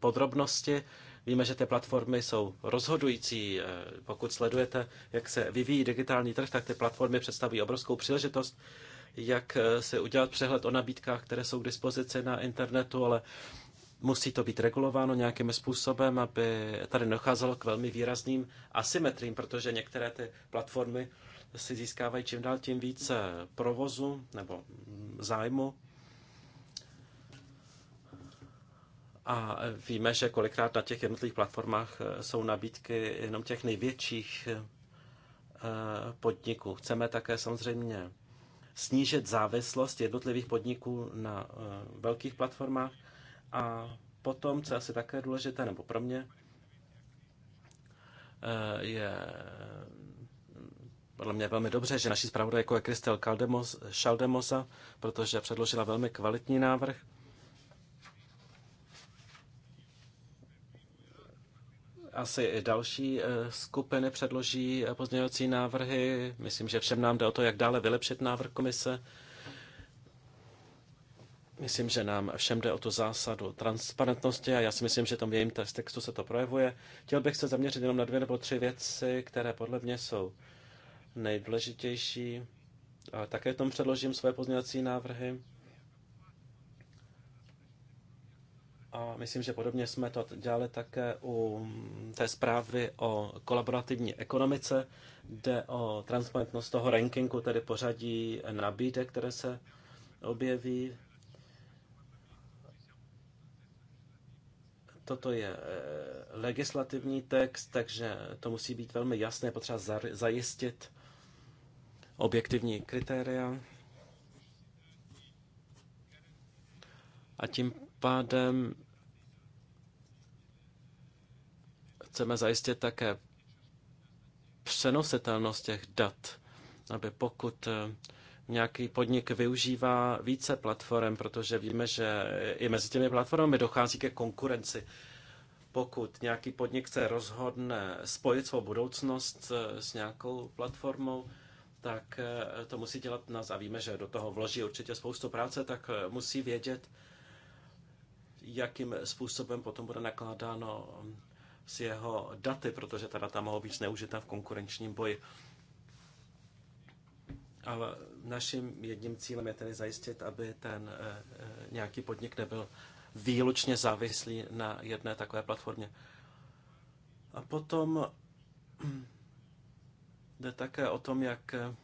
podrobnosti Víme, že ty platformy jsou rozhodující. Eh, pokud sledujete, jak se vyvíjí digitální trh, tak ty platformy představují obrovskou příležitost, jak eh, se udělat přehled o nabídkách, které jsou k dispozici na internetu, ale musí to být regulováno nějakým způsobem, aby tady docházelo k velmi výrazným asymetrím, protože některé ty platformy si získávají čím dál tím více provozu nebo zájmu A víme, že kolikrát na těch jednotlivých platformách eh, jsou nabídky jenom těch největších eh, podniků. Chceme také samozřejmě snížit závislost jednotlivých podniků na eh, velkých platformách. A potom, co je asi také důležité, nebo pro mě, je podle mě velmi dobře, že naší zpravodajkou je Kristel Šaldemosa, protože předložila velmi kvalitní návrh asi i další eh, skupiny předloží eh, pozměňovací návrhy. Myslím, že všem nám jde o to, jak dále vylepšit návrh komise. Myslím, že nám všem jde o tu zásadu transparentnosti a já si myslím, že tam v jejím textu se to projevuje. Chtěl bych se zaměřit jenom na dvě nebo tři věci, které podle mě jsou nejdůležitější. A také tom předložím své pozměňovací návrhy. A myslím, že podobně jsme to dělali také u té zprávy o kolaborativní ekonomice, jde o transparentnost toho rankingu, tedy pořadí nabídek, které se objeví. Toto je eh, legislativní text, takže to musí být velmi jasné, potřeba zajistit objektivní kritéria. A tím pádem Chceme zajistit také přenositelnost těch dat, aby pokud eh, nějaký podnik využívá více platform, protože víme, že i mezi těmi platformami dochází ke konkurenci. Pokud nějaký podnik se rozhodne spojit svou budoucnost eh, s nějakou platformou, tak eh, to musí dělat nás a víme, že do toho vloží určitě spoustu práce, tak musí vědět, jakým způsobem potom bude nakládáno s jeho daty, protože ta data mohou být zneužita v konkurenčním boji. Ale naším jedním cílem je tedy zajistit, aby ten eh, eh, nějaký podnik nebyl výlučně závislý na jedné takové platformě. A potom jde také o tom, jak eh,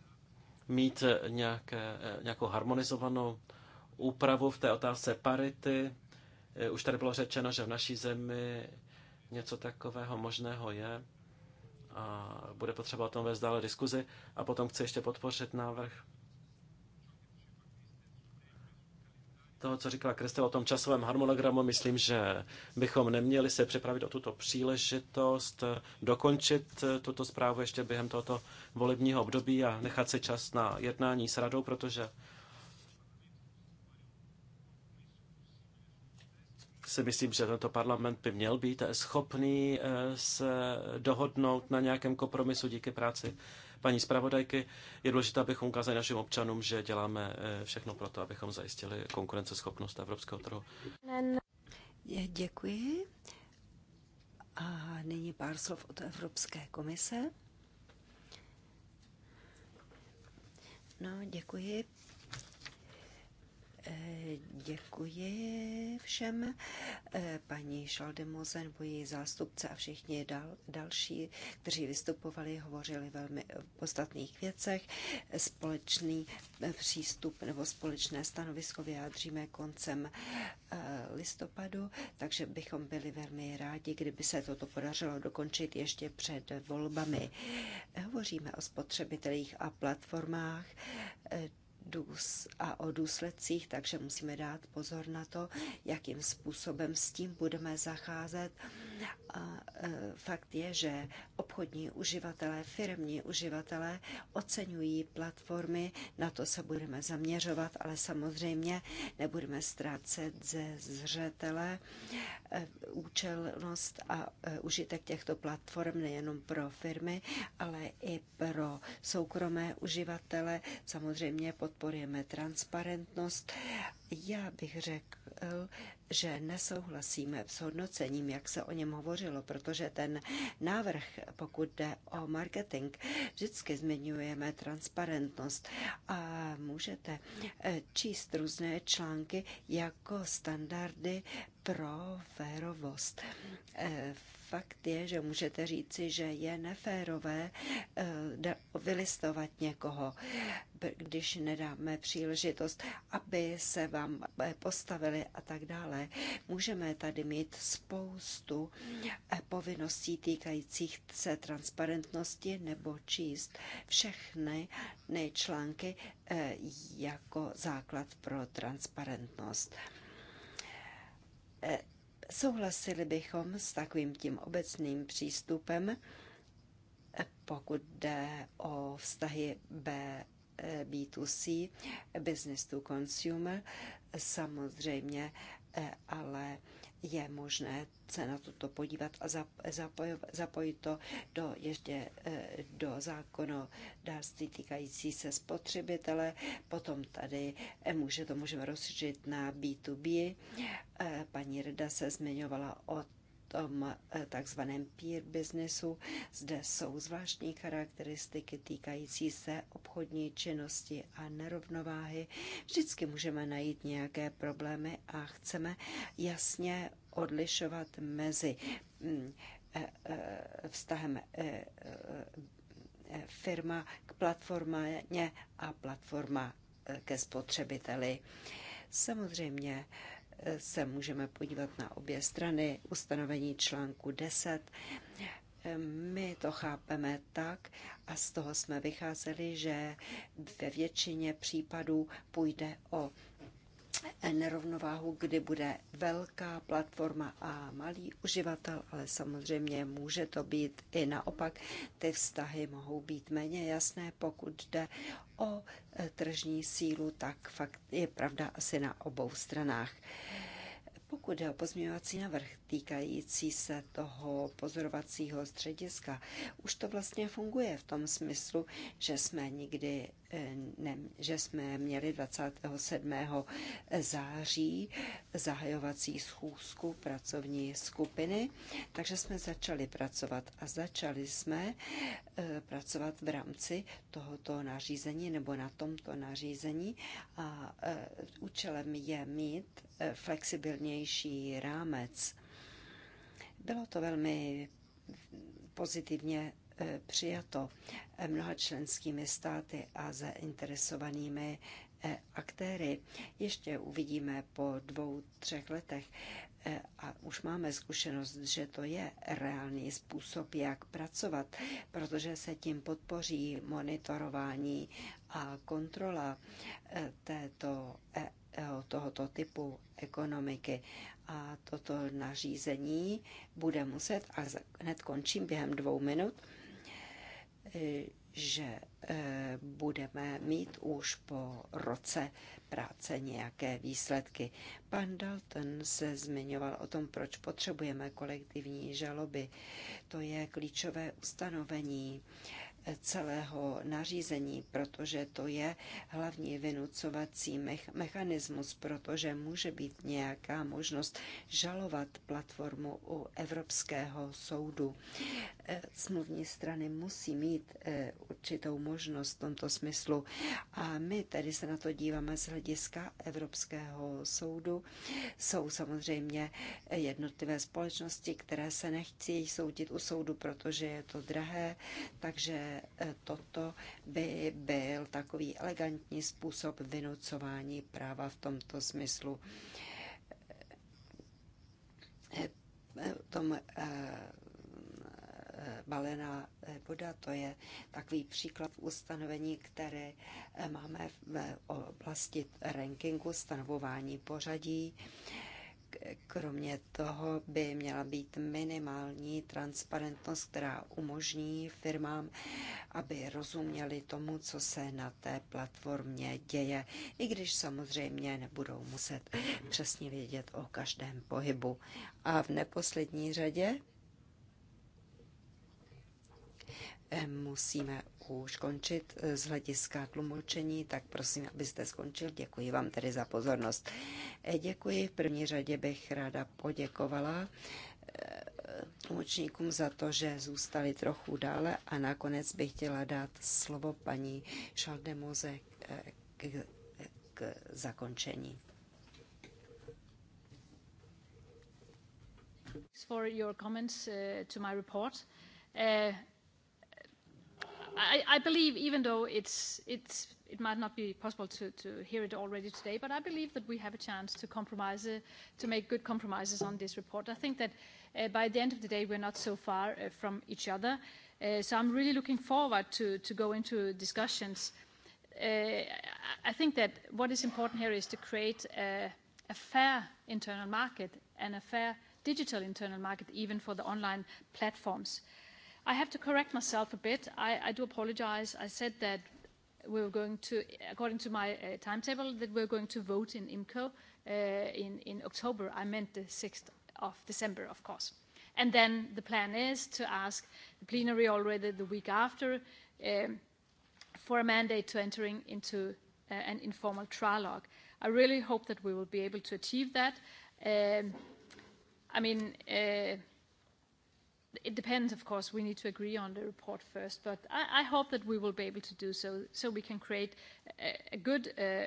mít nějaké, nějakou harmonizovanou úpravu v té otázce parity. Už tady bylo řečeno, že v naší zemi něco takového možného je a bude potřeba o tom vést dále diskuzi. A potom chci ještě podpořit návrh toho, co říkala Kristel o tom časovém harmonogramu, myslím, že bychom neměli se připravit o tuto příležitost, dokončit tuto zprávu ještě během tohoto volebního období a nechat si čas na jednání s radou, protože si myslím, že tento parlament by měl být schopný eh, se dohodnout na nějakém kompromisu díky práci paní zpravodajky. Je důležité, abychom ukázali našim občanům, že děláme eh, všechno pro to, abychom zajistili konkurenceschopnost evropského trhu. Děkuji. A nyní pár slov od Evropské komise. No, děkuji, Eh, děkuji všem, eh, paní Šaldemozen, její zástupce a všichni dal, další, kteří vystupovali, hovořili velmi v podstatných věcech. Společný eh, přístup nebo společné stanovisko vyjádříme koncem listopadu, takže bychom byli velmi rádi, kdyby se toto podařilo dokončit ještě před volbami. Hovoříme o spotřebitelích a platformách důs a o důsledcích, takže musíme dát pozor na to, jakým způsobem s tím budeme zacházet a e, fakt je, že obchodní uživatelé, firmní uživatelé oceňují platformy, na to se budeme zaměřovat, ale samozřejmě nebudeme ztrácet ze zřetele e, účelnost a e, užitek těchto platform nejenom pro firmy, ale i pro soukromé uživatele. Samozřejmě podporujeme transparentnost. Já bych řekl, že nesouhlasíme s hodnocením, jak se o něm hovořilo, protože ten návrh, pokud jde o marketing, vždycky zmiňujeme transparentnost a můžete eh, číst různé články jako standardy pro férovost v eh, Fakt je, že můžete říci, že je neférové eh, vylistovat někoho, když nedáme příležitost, aby se vám eh, postavili a tak dále. Můžeme tady mít spoustu eh, povinností týkajících se transparentnosti nebo číst všechny články jako základ pro transparentnost Souhlasili bychom s takovým tím obecným přístupem, pokud jde o vztahy B B2C, business to consumer, samozřejmě, eh, ale je možné se na toto podívat a zapojit to do, ještě eh, do zákonodárství týkající se spotřebitele. Potom tady eh, může to můžeme rozšířit na B2B. Eh, paní Reda se zmiňovala o tom eh, takzvaném peer businessu. Zde jsou zvláštní charakteristiky týkající se obchodní činnosti a nerovnováhy. Vždycky můžeme najít nějaké problémy a chceme jasně odlišovat mezi mm, eh, eh, vztahem firma k platformě a platforma ke spotřebiteli. Samozřejmě se můžeme podívat na obě strany ustanovení článku 10. My to chápeme tak a z toho jsme vycházeli, že ve většině případů půjde o nerovnováhu, kdy bude velká platforma a malý uživatel, ale samozřejmě může to být i naopak. Ty vztahy mohou být méně jasné, pokud jde o e, tržní sílu, tak fakt je pravda asi na obou stranách. Pokud je o pozměňovací navrh týkající se toho pozorovacího střediska, už to vlastně funguje v tom smyslu, že jsme nikdy ne, že jsme měli 27. září zahajovací schůzku pracovní skupiny, takže jsme začali pracovat a začali jsme e, pracovat v rámci tohoto nařízení nebo na tomto nařízení a e, účelem je mít e, flexibilnější rámec. Bylo to velmi pozitivně E, přijato mnoha členskými státy a zainteresovanými e, aktéry. Ještě uvidíme po dvou, třech letech e, a už máme zkušenost, že to je reálný způsob, jak pracovat, protože se tím podpoří monitorování a kontrola této, tohoto typu ekonomiky. A toto nařízení bude muset, a hned končím během dvou minut, že e, budeme mít už po roce práce nějaké výsledky. Pan Dalton se zmiňoval o tom, proč potřebujeme kolektivní žaloby. To je klíčové ustanovení celého nařízení, protože to je hlavní vynucovací mechanismus, protože může být nějaká možnost žalovat platformu u Evropského soudu. Eh, smluvní strany musí mít eh, určitou možnost v tomto smyslu a my tedy se na to díváme z hlediska Evropského soudu. Jsou samozřejmě jednotlivé společnosti, které se nechci soudit u soudu, protože je to drahé, takže Eh, toto by byl takový elegantní způsob vynucování práva v tomto smyslu. Eh, eh, tom balená voda. To je takový příklad ustanovení, které máme v oblasti rankingu stanovování pořadí. Kromě toho by měla být minimální transparentnost, která umožní firmám, aby rozuměli tomu, co se na té platformě děje, i když samozřejmě nebudou muset přesně vědět o každém pohybu. A v neposlední řadě musíme už končit eh, z hlediska tlumočení, tak prosím, abyste skončil. Děkuji vám tedy za pozornost. Eh, děkuji. V první řadě bych ráda poděkovala eh, tlumočníkům za to, že zůstali trochu dále a nakonec bych chtěla dát slovo paní Šaldemoze k, k zakončení. For your comments uh, to my report. Uh, i, I believe, even though it's, it's, it might not be possible to, to hear it already today, but I believe that we have a chance to compromise, uh, to make good compromises on this report. I think that uh, by the end of the day, we're not so far uh, from each other. Uh, so I'm really looking forward to, to go into discussions. Uh, I think that what is important here is to create a, a fair internal market and a fair digital internal market, even for the online platforms. Uh, i have to correct myself a bit. I, I do apologize. I said that we were going to, according to my uh, timetable, that we we're going to vote in IMCO uh, in, in October. I meant the 6th of December, of course. And then the plan is to ask the plenary already the week after um, for a mandate to entering into uh, an informal trilogue. I really hope that we will be able to achieve that. Um, I mean, uh, it depends, of course. We need to agree on the report first, but I, I hope that we will be able to do so, so we can create a, a good uh,